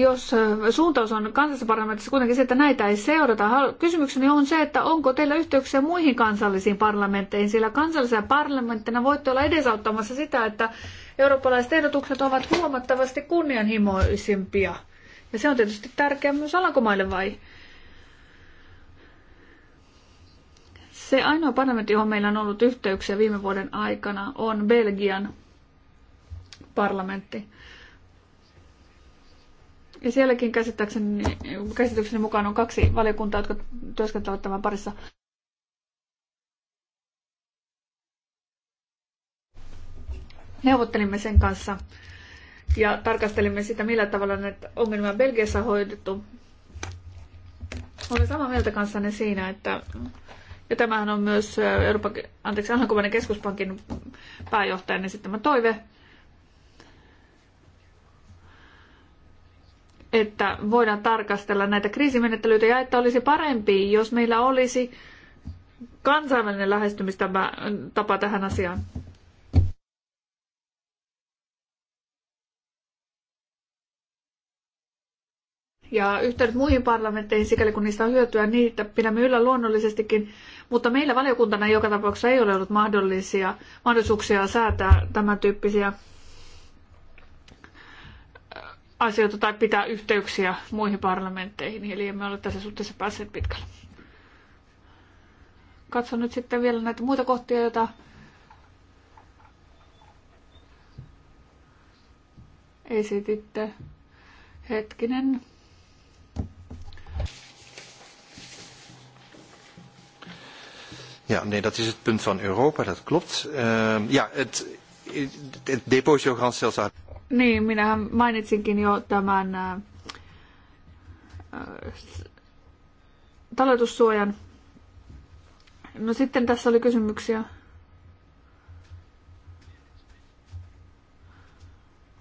[SPEAKER 2] jos äh, suuntaus on kansallisessa parlamentissa kuitenkin se, että näitä ei seurata, kysymykseni on se, että onko teillä yhteyksiä muihin kansallisiin parlamentteihin, sillä kansallisena parlamenttina voitte olla edesauttamassa sitä, että eurooppalaiset ehdotukset ovat huomattavasti kunnianhimoisempia. Ja se on tietysti tärkeää myös alankomaille vai? Se ainoa parlamentti, johon meillä on ollut yhteyksiä viime vuoden aikana, on Belgian parlamentti. Ja sielläkin käsittääkseni, käsitykseni mukaan on kaksi valiokuntaa, jotka työskentelevät tämän parissa. Neuvottelimme sen kanssa ja tarkastelimme sitä, millä tavalla näitä ongelmia on Belgiassa hoidettu. Olen samaa mieltä kanssanne siinä, että ja tämähän on myös Euroopan, anteeksi, Alankomainen keskuspankin pääjohtajan esittämä toive, että voidaan tarkastella näitä kriisimenettelyitä ja että olisi parempi, jos meillä olisi kansainvälinen lähestymistapa tähän asiaan. ja yhteydet muihin parlamentteihin, sikäli kun niistä on hyötyä, niitä pidämme yllä luonnollisestikin. Mutta meillä valiokuntana joka tapauksessa ei ole ollut mahdollisia, mahdollisuuksia säätää tämän tyyppisiä asioita tai pitää yhteyksiä muihin parlamentteihin, niin eli emme ole tässä suhteessa päässeet pitkälle. Katson nyt sitten vielä näitä muita kohtia, joita esititte. Hetkinen.
[SPEAKER 3] Ja, nee, dat is het punt van Europa, dat klopt. Uh, ja, het, het depositograntstelsel...
[SPEAKER 2] Niin, minähän mainitsinkin jo tämän äh, äh, talletussuojan. No sitten tässä oli kysymyksiä.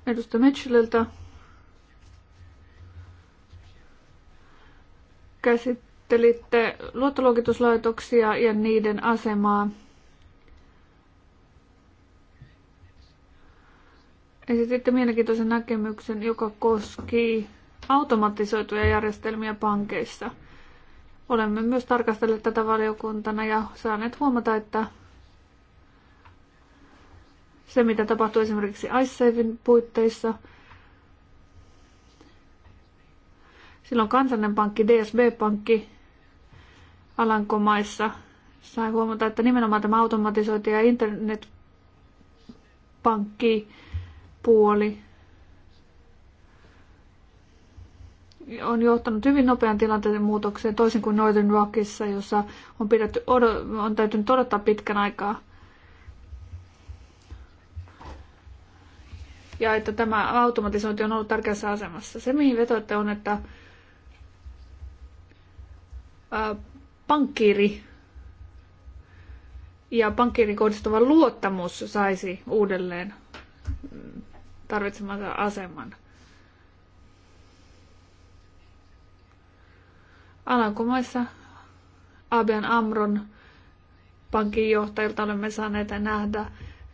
[SPEAKER 2] Edustaja Mitchelliltä. Käsittelitte luottoluokituslaitoksia ja niiden asemaa. esititte mielenkiintoisen näkemyksen, joka koski automatisoituja järjestelmiä pankeissa. Olemme myös tarkastelleet tätä valiokuntana ja saaneet huomata, että se mitä tapahtuu esimerkiksi iSavein puitteissa, silloin kansallinen pankki, DSB-pankki Alankomaissa sai huomata, että nimenomaan tämä automatisoitu ja internetpankki puoli on johtanut hyvin nopean tilanteen muutokseen, toisin kuin Northern Rockissa, jossa on, pidetty, on täytynyt odottaa pitkän aikaa. Ja että tämä automatisointi on ollut tärkeässä asemassa. Se, mihin vetoitte, on, että pankkiiri ja pankkiiriin kohdistuva luottamus saisi uudelleen tarvitsemansa aseman. Alankomaissa Abian Amron pankinjohtajilta olemme saaneet nähdä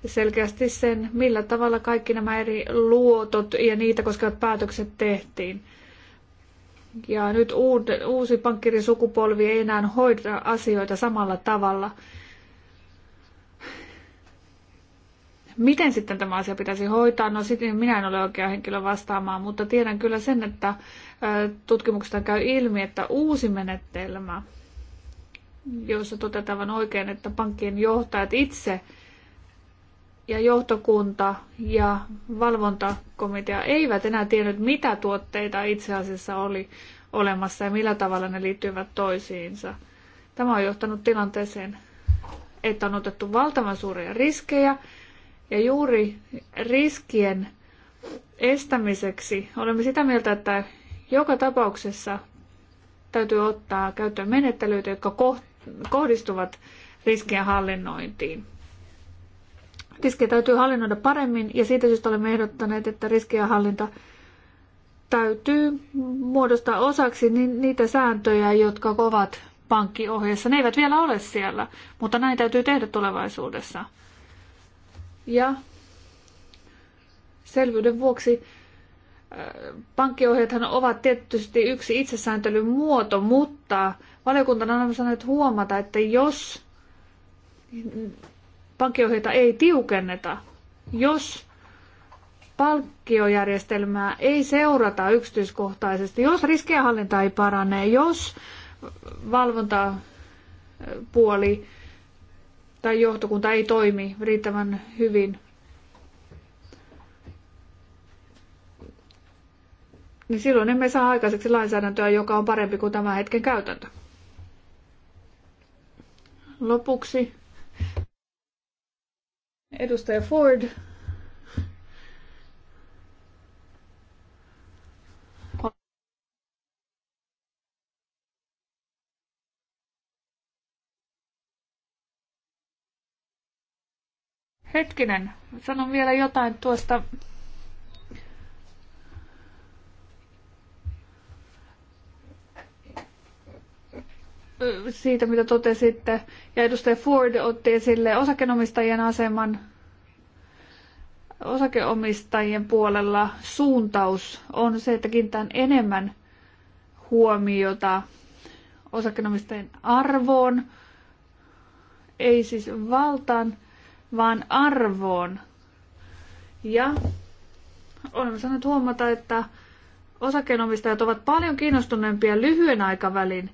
[SPEAKER 2] selkeästi sen, millä tavalla kaikki nämä eri luotot ja niitä koskevat päätökset tehtiin. Ja nyt uusi pankkirisukupolvi ei enää hoida asioita samalla tavalla. Miten sitten tämä asia pitäisi hoitaa? No sitten minä en ole oikea henkilö vastaamaan, mutta tiedän kyllä sen, että tutkimuksesta käy ilmi, että uusi menetelmä, jossa toteutetaan oikein, että pankkien johtajat itse ja johtokunta ja valvontakomitea eivät enää tiennyt, mitä tuotteita itse asiassa oli olemassa ja millä tavalla ne liittyvät toisiinsa. Tämä on johtanut tilanteeseen, että on otettu valtavan suuria riskejä, ja juuri riskien estämiseksi olemme sitä mieltä, että joka tapauksessa täytyy ottaa käyttöön menettelyitä, jotka kohdistuvat riskien hallinnointiin. Riskejä täytyy hallinnoida paremmin ja siitä syystä olemme ehdottaneet, että riskien hallinta täytyy muodostaa osaksi niitä sääntöjä, jotka ovat pankkiohjeessa. Ne eivät vielä ole siellä, mutta näin täytyy tehdä tulevaisuudessa. Ja selvyyden vuoksi äh, pankkiohjeethan ovat tietysti yksi itsesääntelyn muoto, mutta valiokunta on sanonut huomata, että jos pankkiohjeita ei tiukenneta, jos palkkiojärjestelmää ei seurata yksityiskohtaisesti, jos riskienhallinta ei parane, jos valvontapuoli tai johtokunta ei toimi riittävän hyvin, niin silloin emme saa aikaiseksi lainsäädäntöä, joka on parempi kuin tämän hetken käytäntö. Lopuksi edustaja Ford Hetkinen, sanon vielä jotain tuosta siitä, mitä totesitte. Ja edustaja Ford otti esille osakenomistajien aseman. Osakeomistajien puolella suuntaus on se, että kiinnitään enemmän huomiota osakenomistajien arvoon, ei siis valtaan, vaan arvoon. Ja olemme saaneet huomata, että osakkeenomistajat ovat paljon kiinnostuneempia lyhyen aikavälin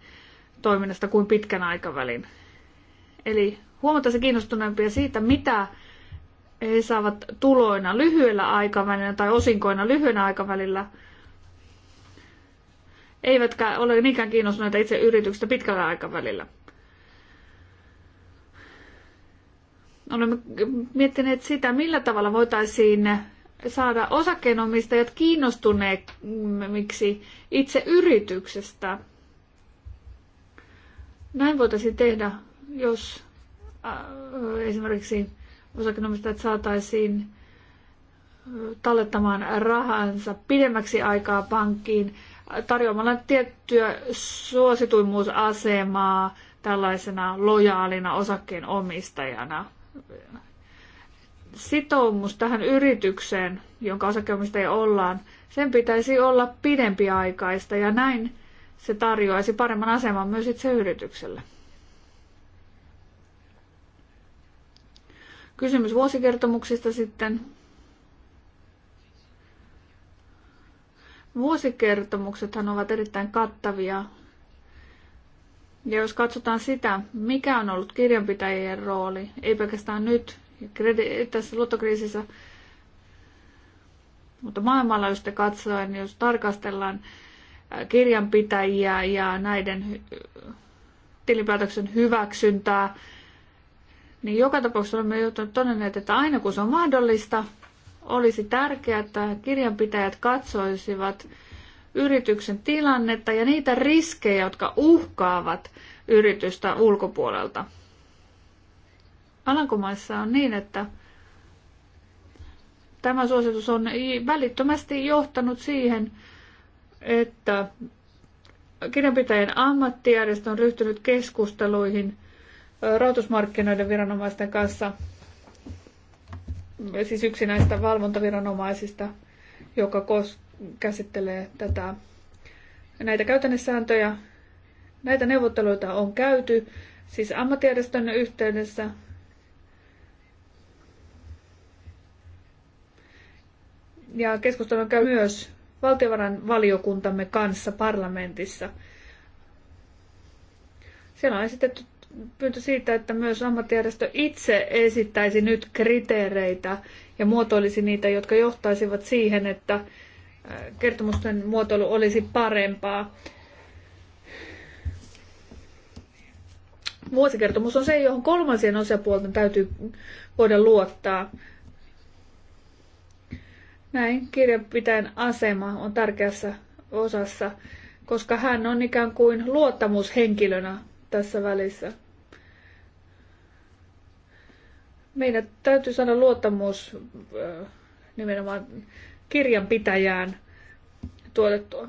[SPEAKER 2] toiminnasta kuin pitkän aikavälin. Eli huomattavasti kiinnostuneempia siitä, mitä he saavat tuloina lyhyellä aikavälillä tai osinkoina lyhyenä aikavälillä, eivätkä ole niinkään kiinnostuneita itse yrityksestä pitkällä aikavälillä. olemme miettineet sitä, millä tavalla voitaisiin saada osakkeenomistajat kiinnostuneemmiksi itse yrityksestä. Näin voitaisiin tehdä, jos esimerkiksi osakkeenomistajat saataisiin tallettamaan rahansa pidemmäksi aikaa pankkiin tarjoamalla tiettyä suosituimuusasemaa tällaisena lojaalina osakkeenomistajana sitoumus tähän yritykseen, jonka osakeomistajia ollaan, sen pitäisi olla pidempiaikaista ja näin se tarjoaisi paremman aseman myös itse yritykselle. Kysymys vuosikertomuksista sitten. Vuosikertomuksethan ovat erittäin kattavia ja jos katsotaan sitä, mikä on ollut kirjanpitäjien rooli, ei pelkästään nyt tässä luottokriisissä, mutta maailmalla jos katsoen, jos tarkastellaan äh, kirjanpitäjiä ja näiden tilinpäätöksen hyväksyntää, niin joka tapauksessa olemme joutuneet todenneet, että aina kun se on mahdollista, olisi tärkeää, että kirjanpitäjät katsoisivat yrityksen tilannetta ja niitä riskejä, jotka uhkaavat yritystä ulkopuolelta. Alankomaissa on niin, että tämä suositus on välittömästi johtanut siihen, että kirjanpitäjien ammattijärjestö on ryhtynyt keskusteluihin rahoitusmarkkinoiden viranomaisten kanssa, siis yksi näistä valvontaviranomaisista, joka kos- käsittelee tätä, näitä käytännössääntöjä. Näitä neuvotteluita on käyty siis ammattijärjestön yhteydessä. Ja keskustelun käy myös valtiovaran valiokuntamme kanssa parlamentissa. Siellä on esitetty pyyntö siitä, että myös ammattijärjestö itse esittäisi nyt kriteereitä ja muotoilisi niitä, jotka johtaisivat siihen, että kertomusten muotoilu olisi parempaa. Vuosikertomus on se, johon kolmansien osapuolten täytyy voida luottaa. Näin kirjanpitäjän asema on tärkeässä osassa, koska hän on ikään kuin luottamushenkilönä tässä välissä. Meidän täytyy saada luottamus nimenomaan kirjanpitäjään tuotettua.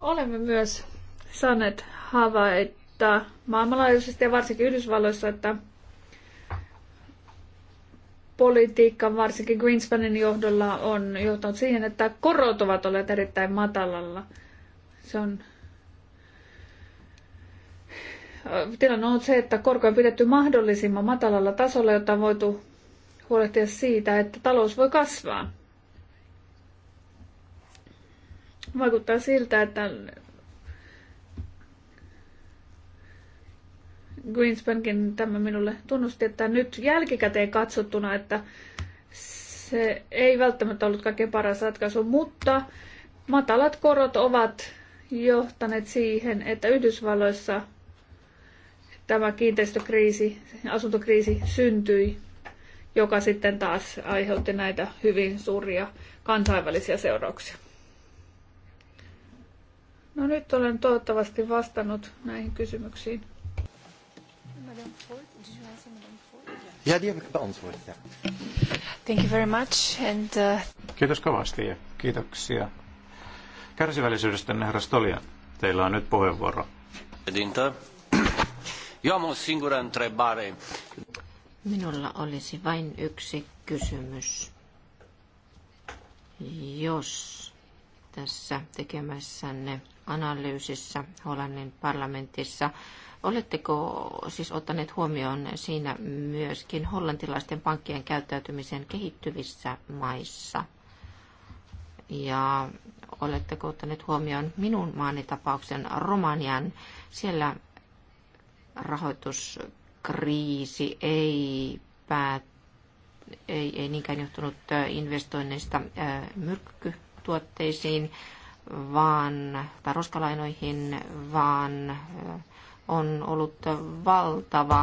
[SPEAKER 2] Olemme myös saaneet havaita maailmanlaajuisesti ja varsinkin Yhdysvalloissa, että politiikka, varsinkin Greenspanin johdolla, on johtanut siihen, että korot ovat olleet erittäin matalalla. Se on äh, tilanne on se, että korko on pidetty mahdollisimman matalalla tasolla, jotta on voitu huolehtia siitä, että talous voi kasvaa. Vaikuttaa siltä, että Greenspankin tämä minulle tunnusti, että nyt jälkikäteen katsottuna, että se ei välttämättä ollut kaikkein paras ratkaisu, mutta matalat korot ovat johtaneet siihen, että Yhdysvalloissa tämä kiinteistökriisi, asuntokriisi syntyi, joka sitten taas aiheutti näitä hyvin suuria kansainvälisiä seurauksia. No nyt olen toivottavasti vastannut näihin kysymyksiin. Madam Ford, did you answer Madam Ford?
[SPEAKER 3] Ja, die heb ik beantwoord, ja.
[SPEAKER 2] Thank you very much and... Uh...
[SPEAKER 3] Kiitos kovasti ja kiitoksia kärsivällisyydestä, herra Stolian. Teillä on nyt puheenvuoro.
[SPEAKER 1] Minulla olisi vain yksi kysymys. Jos tässä tekemässänne analyysissä Hollannin parlamentissa Oletteko siis ottaneet huomioon siinä myöskin hollantilaisten pankkien käyttäytymisen kehittyvissä maissa? Ja oletteko ottaneet huomioon minun maani tapauksen Romanian? Siellä rahoituskriisi ei päätty ei, ei niinkään johtunut investoinneista myrkkytuotteisiin, vaan, tai roskalainoihin, vaan on ollut valtava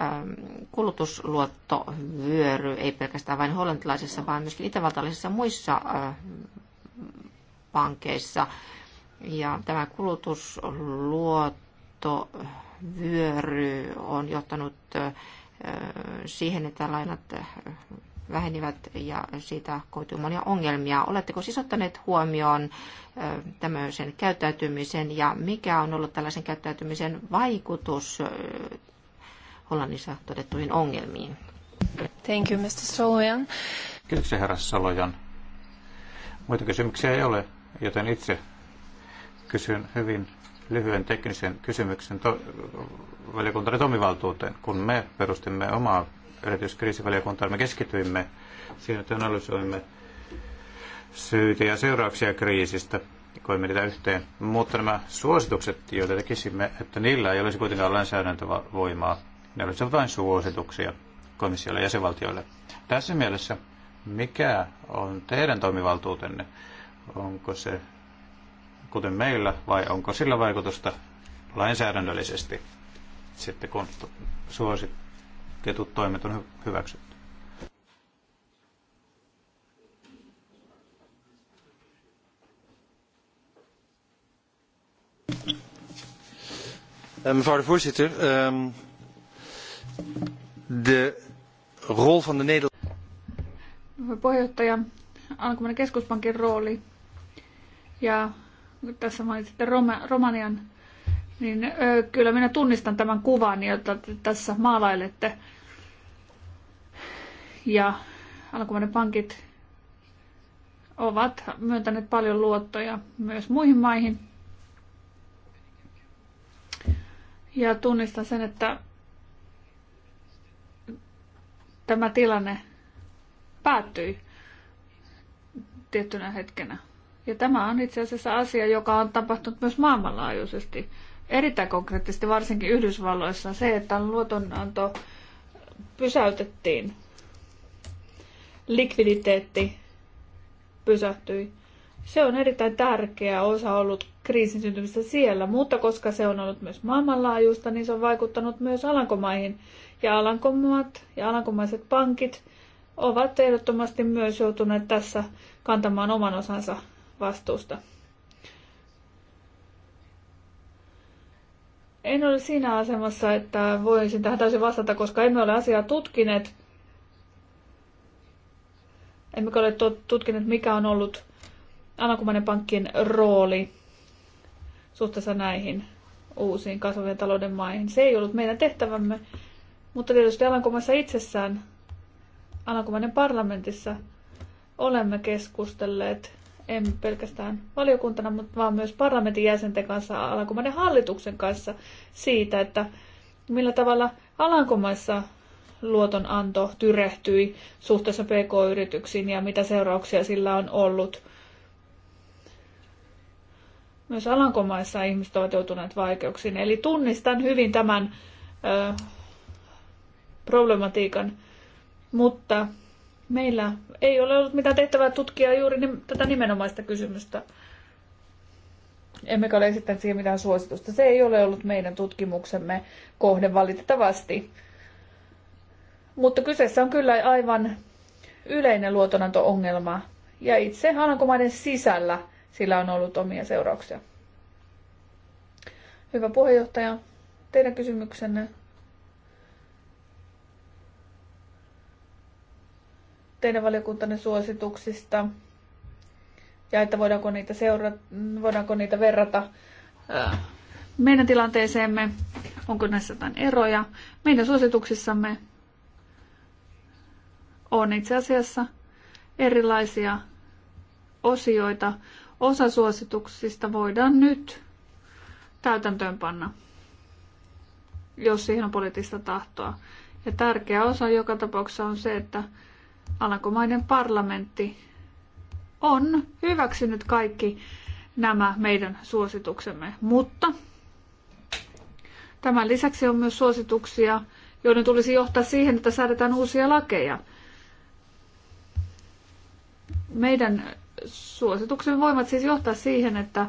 [SPEAKER 1] ähm, kulutusluottovyöry, ei pelkästään vain hollantilaisissa, vaan myöskin itävaltalaisissa muissa äh, pankeissa. Ja tämä kulutusluottovyöry on johtanut äh, siihen, että lainat vähenivät ja siitä koituu monia ongelmia. Oletteko siis ottaneet huomioon tämmöisen käyttäytymisen ja mikä on ollut tällaisen käyttäytymisen vaikutus Hollannissa todettuihin ongelmiin? Thank you, Mr. Solojan.
[SPEAKER 3] Kiitoksia, herra Solojan. Muita kysymyksiä ei ole, joten itse kysyn hyvin lyhyen teknisen kysymyksen to- valiokuntani toimivaltuuteen. Kun me perustimme omaa erityiskriisivaliokuntaan me keskityimme siinä, että analysoimme syitä ja seurauksia kriisistä, koimme niitä yhteen. Mutta nämä suositukset, joita tekisimme, että niillä ei olisi kuitenkaan lainsäädäntövoimaa, ne olisivat vain suosituksia komissiolle ja jäsenvaltioille. Tässä mielessä, mikä on teidän toimivaltuutenne? Onko se kuten meillä vai onko sillä vaikutusta lainsäädännöllisesti sitten kun suosit, tietyt toimet on hyväksytty. Eh, mevrouw de voorzitter, ehm, de rol van de Nederlandse...
[SPEAKER 2] Puheenjohtaja, Alkomainen keskuspankin rooli ja tässä mainitsitte Roma, Romanian niin kyllä minä tunnistan tämän kuvan, jota te tässä maalailette. Ja alkuvuoden pankit ovat myöntäneet paljon luottoja myös muihin maihin. Ja tunnistan sen, että tämä tilanne päättyi tiettynä hetkenä. Ja tämä on itse asiassa asia, joka on tapahtunut myös maailmanlaajuisesti erittäin konkreettisesti varsinkin Yhdysvalloissa se, että luotonanto pysäytettiin, likviditeetti pysähtyi. Se on erittäin tärkeä osa ollut kriisin syntymistä siellä, mutta koska se on ollut myös maailmanlaajuista, niin se on vaikuttanut myös Alankomaihin. Ja Alankomaat ja Alankomaiset pankit ovat ehdottomasti myös joutuneet tässä kantamaan oman osansa vastuusta. En ole siinä asemassa, että voisin tähän täysin vastata, koska emme ole asiaa tutkineet. Emmekä ole tutkineet, mikä on ollut Anakumainen pankkien rooli suhteessa näihin uusiin kasvavien talouden maihin. Se ei ollut meidän tehtävämme, mutta tietysti Anakumassa itsessään, Anakumainen parlamentissa, olemme keskustelleet en pelkästään valiokuntana, mutta vaan myös parlamentin jäsenten kanssa, Alankomaiden hallituksen kanssa siitä, että millä tavalla Alankomaissa luotonanto tyrehtyi suhteessa PK-yrityksiin ja mitä seurauksia sillä on ollut. Myös Alankomaissa ihmiset ovat joutuneet vaikeuksiin, eli tunnistan hyvin tämän ö, problematiikan, mutta Meillä ei ole ollut mitään tehtävää tutkia juuri tätä nimenomaista kysymystä. Emmekä ole esittäneet siihen mitään suositusta. Se ei ole ollut meidän tutkimuksemme kohde valitettavasti. Mutta kyseessä on kyllä aivan yleinen luotonanto-ongelma. Ja itse Alankomaiden sisällä sillä on ollut omia seurauksia. Hyvä puheenjohtaja, teidän kysymyksenne teidän valiokuntanne suosituksista ja että voidaanko niitä, seurata, voidaanko niitä verrata meidän tilanteeseemme, onko näissä jotain eroja. Meidän suosituksissamme on itse asiassa erilaisia osioita. Osa suosituksista voidaan nyt täytäntöönpanna, jos siihen on poliittista tahtoa. Ja tärkeä osa joka tapauksessa on se, että Alankomaiden parlamentti on hyväksynyt kaikki nämä meidän suosituksemme, mutta tämän lisäksi on myös suosituksia, joiden tulisi johtaa siihen, että säädetään uusia lakeja. Meidän suosituksen voimat siis johtaa siihen, että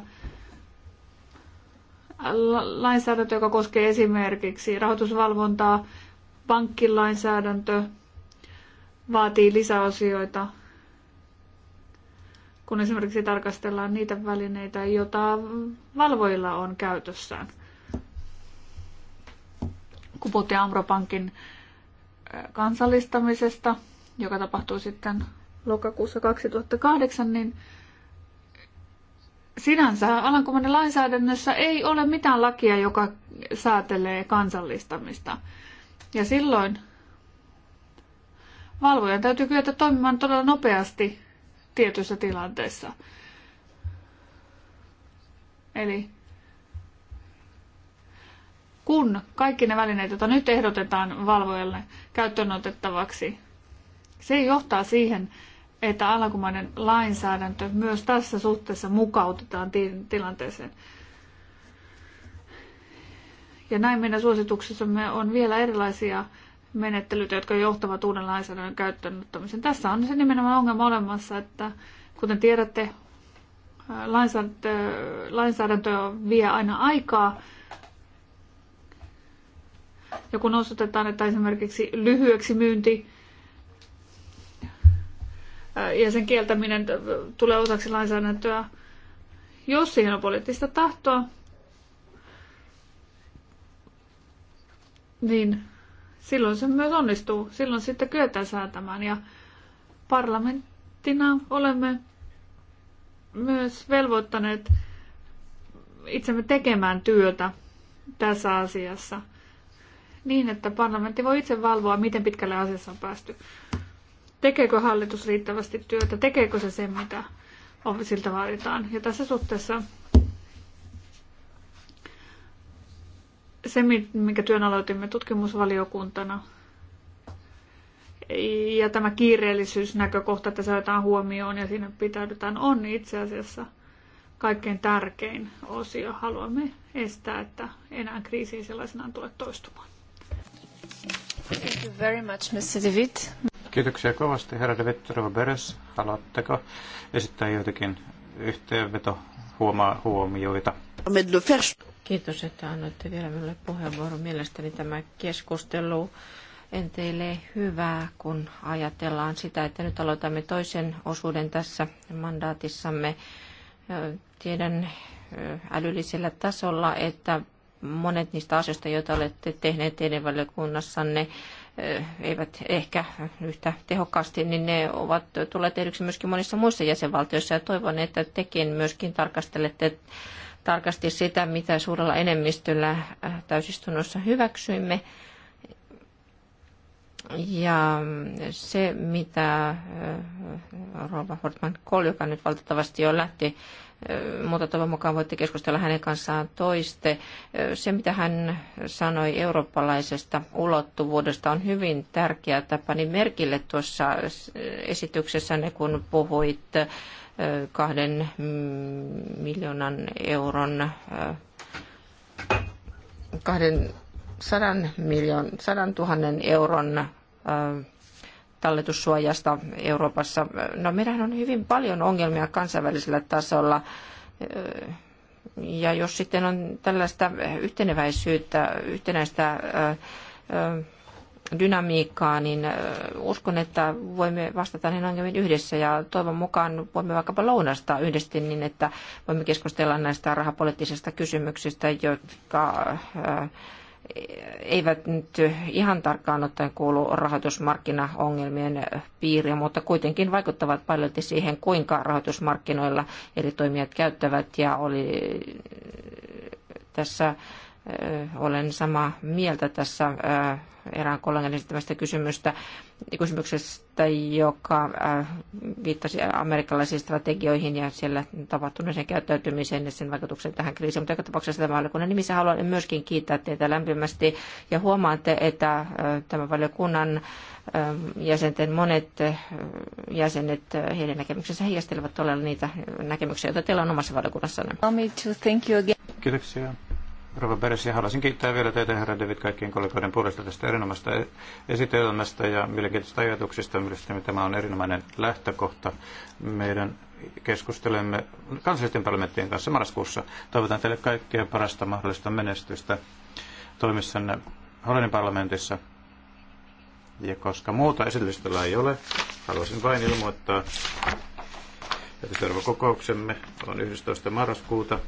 [SPEAKER 2] lainsäädäntö, joka koskee esimerkiksi rahoitusvalvontaa, pankkilainsäädäntö, vaatii lisäosioita, kun esimerkiksi tarkastellaan niitä välineitä, joita valvoilla on käytössään. Kun puhuttiin Amropankin kansallistamisesta, joka tapahtui sitten lokakuussa 2008, niin sinänsä Alankomainen lainsäädännössä ei ole mitään lakia, joka säätelee kansallistamista. Ja silloin valvojan täytyy kyetä toimimaan todella nopeasti tietyissä tilanteissa. Eli kun kaikki ne välineet, joita nyt ehdotetaan valvojalle käyttöön otettavaksi, se johtaa siihen, että alankomainen lainsäädäntö myös tässä suhteessa mukautetaan tilanteeseen. Ja näin meidän suosituksissamme on vielä erilaisia menettelyt, jotka johtavat uuden lainsäädännön käyttöönottamiseen. Tässä on se nimenomaan ongelma olemassa, että kuten tiedätte, lainsäädäntö, lainsäädäntö vie aina aikaa. Ja kun osoitetaan, että esimerkiksi lyhyeksi myynti ja sen kieltäminen tulee osaksi lainsäädäntöä, jos siihen on poliittista tahtoa, niin silloin se myös onnistuu. Silloin sitten kyetään säätämään ja parlamenttina olemme myös velvoittaneet itsemme tekemään työtä tässä asiassa niin, että parlamentti voi itse valvoa, miten pitkälle asiassa on päästy. Tekeekö hallitus riittävästi työtä, tekeekö se sen, mitä siltä vaaditaan. Ja tässä suhteessa se, minkä työn aloitimme tutkimusvaliokuntana, ja tämä kiireellisyysnäkökohta, että se otetaan huomioon ja siinä pitäydytään, on itse asiassa kaikkein tärkein osio. Haluamme estää, että enää kriisi sellaisenaan tule toistumaan. Thank you very much, Mr. David.
[SPEAKER 3] Kiitoksia kovasti, herra David Beres, Haluatteko esittää joitakin yhteenveto huomioita?
[SPEAKER 1] Kiitos, että annoitte vielä minulle puheenvuoron. Mielestäni tämä keskustelu enteilee hyvää, kun ajatellaan sitä, että nyt aloitamme toisen osuuden tässä mandaatissamme. Tiedän älyllisellä tasolla, että monet niistä asioista, joita olette tehneet teidän valiokunnassanne, eivät ehkä yhtä tehokkaasti, niin ne ovat tulleet tehdyksi myöskin monissa muissa jäsenvaltioissa ja toivon, että tekin myöskin tarkastelette tarkasti sitä, mitä suurella enemmistöllä äh, täysistunnossa hyväksyimme. Ja se, mitä äh, Rova Hortman Kohl, joka nyt valitettavasti jo lähti, äh, mutta toivon mukaan voitte keskustella hänen kanssaan toiste. Se, mitä hän sanoi eurooppalaisesta ulottuvuudesta, on hyvin tärkeää. Pani merkille tuossa esityksessänne, kun puhuit kahden miljoonan euron, kahden sadan, miljoon, sadan tuhannen euron talletussuojasta Euroopassa. No meillähän on hyvin paljon ongelmia kansainvälisellä tasolla. Ja jos sitten on tällaista yhteneväisyyttä, yhtenäistä dynamiikkaa, niin uskon, että voimme vastata niin ongelmiin yhdessä ja toivon mukaan voimme vaikkapa lounastaa yhdessä niin, että voimme keskustella näistä rahapoliittisista kysymyksistä, jotka eivät nyt ihan tarkkaan ottaen kuulu rahoitusmarkkinaongelmien piiriin, mutta kuitenkin vaikuttavat paljon siihen, kuinka rahoitusmarkkinoilla eri toimijat käyttävät ja oli tässä olen samaa mieltä tässä erään kollegan esittämästä kysymystä, kysymyksestä, joka viittasi amerikkalaisiin strategioihin ja siellä tapahtuneeseen käyttäytymiseen ja sen vaikutukseen tähän kriisiin. Mutta joka tapauksessa tämä valiokunnan nimissä haluan myöskin kiittää teitä lämpimästi ja huomaatte, että tämän valiokunnan jäsenten monet jäsenet, heidän näkemyksensä heijastelevat todella niitä näkemyksiä, joita teillä on omassa valiokunnassanne.
[SPEAKER 3] Kiitoksia. Rova Beres, ja haluaisin kiittää vielä teitä, herra David, kaikkien kollegoiden puolesta tästä erinomaisesta esitelmästä ja mielenkiintoisista ajatuksista. Mielestäni tämä on erinomainen lähtökohta. Meidän keskustelemme kansallisten parlamenttien kanssa marraskuussa. Toivotan teille kaikkea parasta mahdollista menestystä toimissanne Hollannin parlamentissa. Ja koska muuta esitystä ei ole, haluaisin vain ilmoittaa, että seuraava kokouksemme on 11. marraskuuta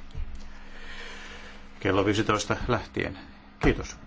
[SPEAKER 3] kello 15 lähtien. Kiitos.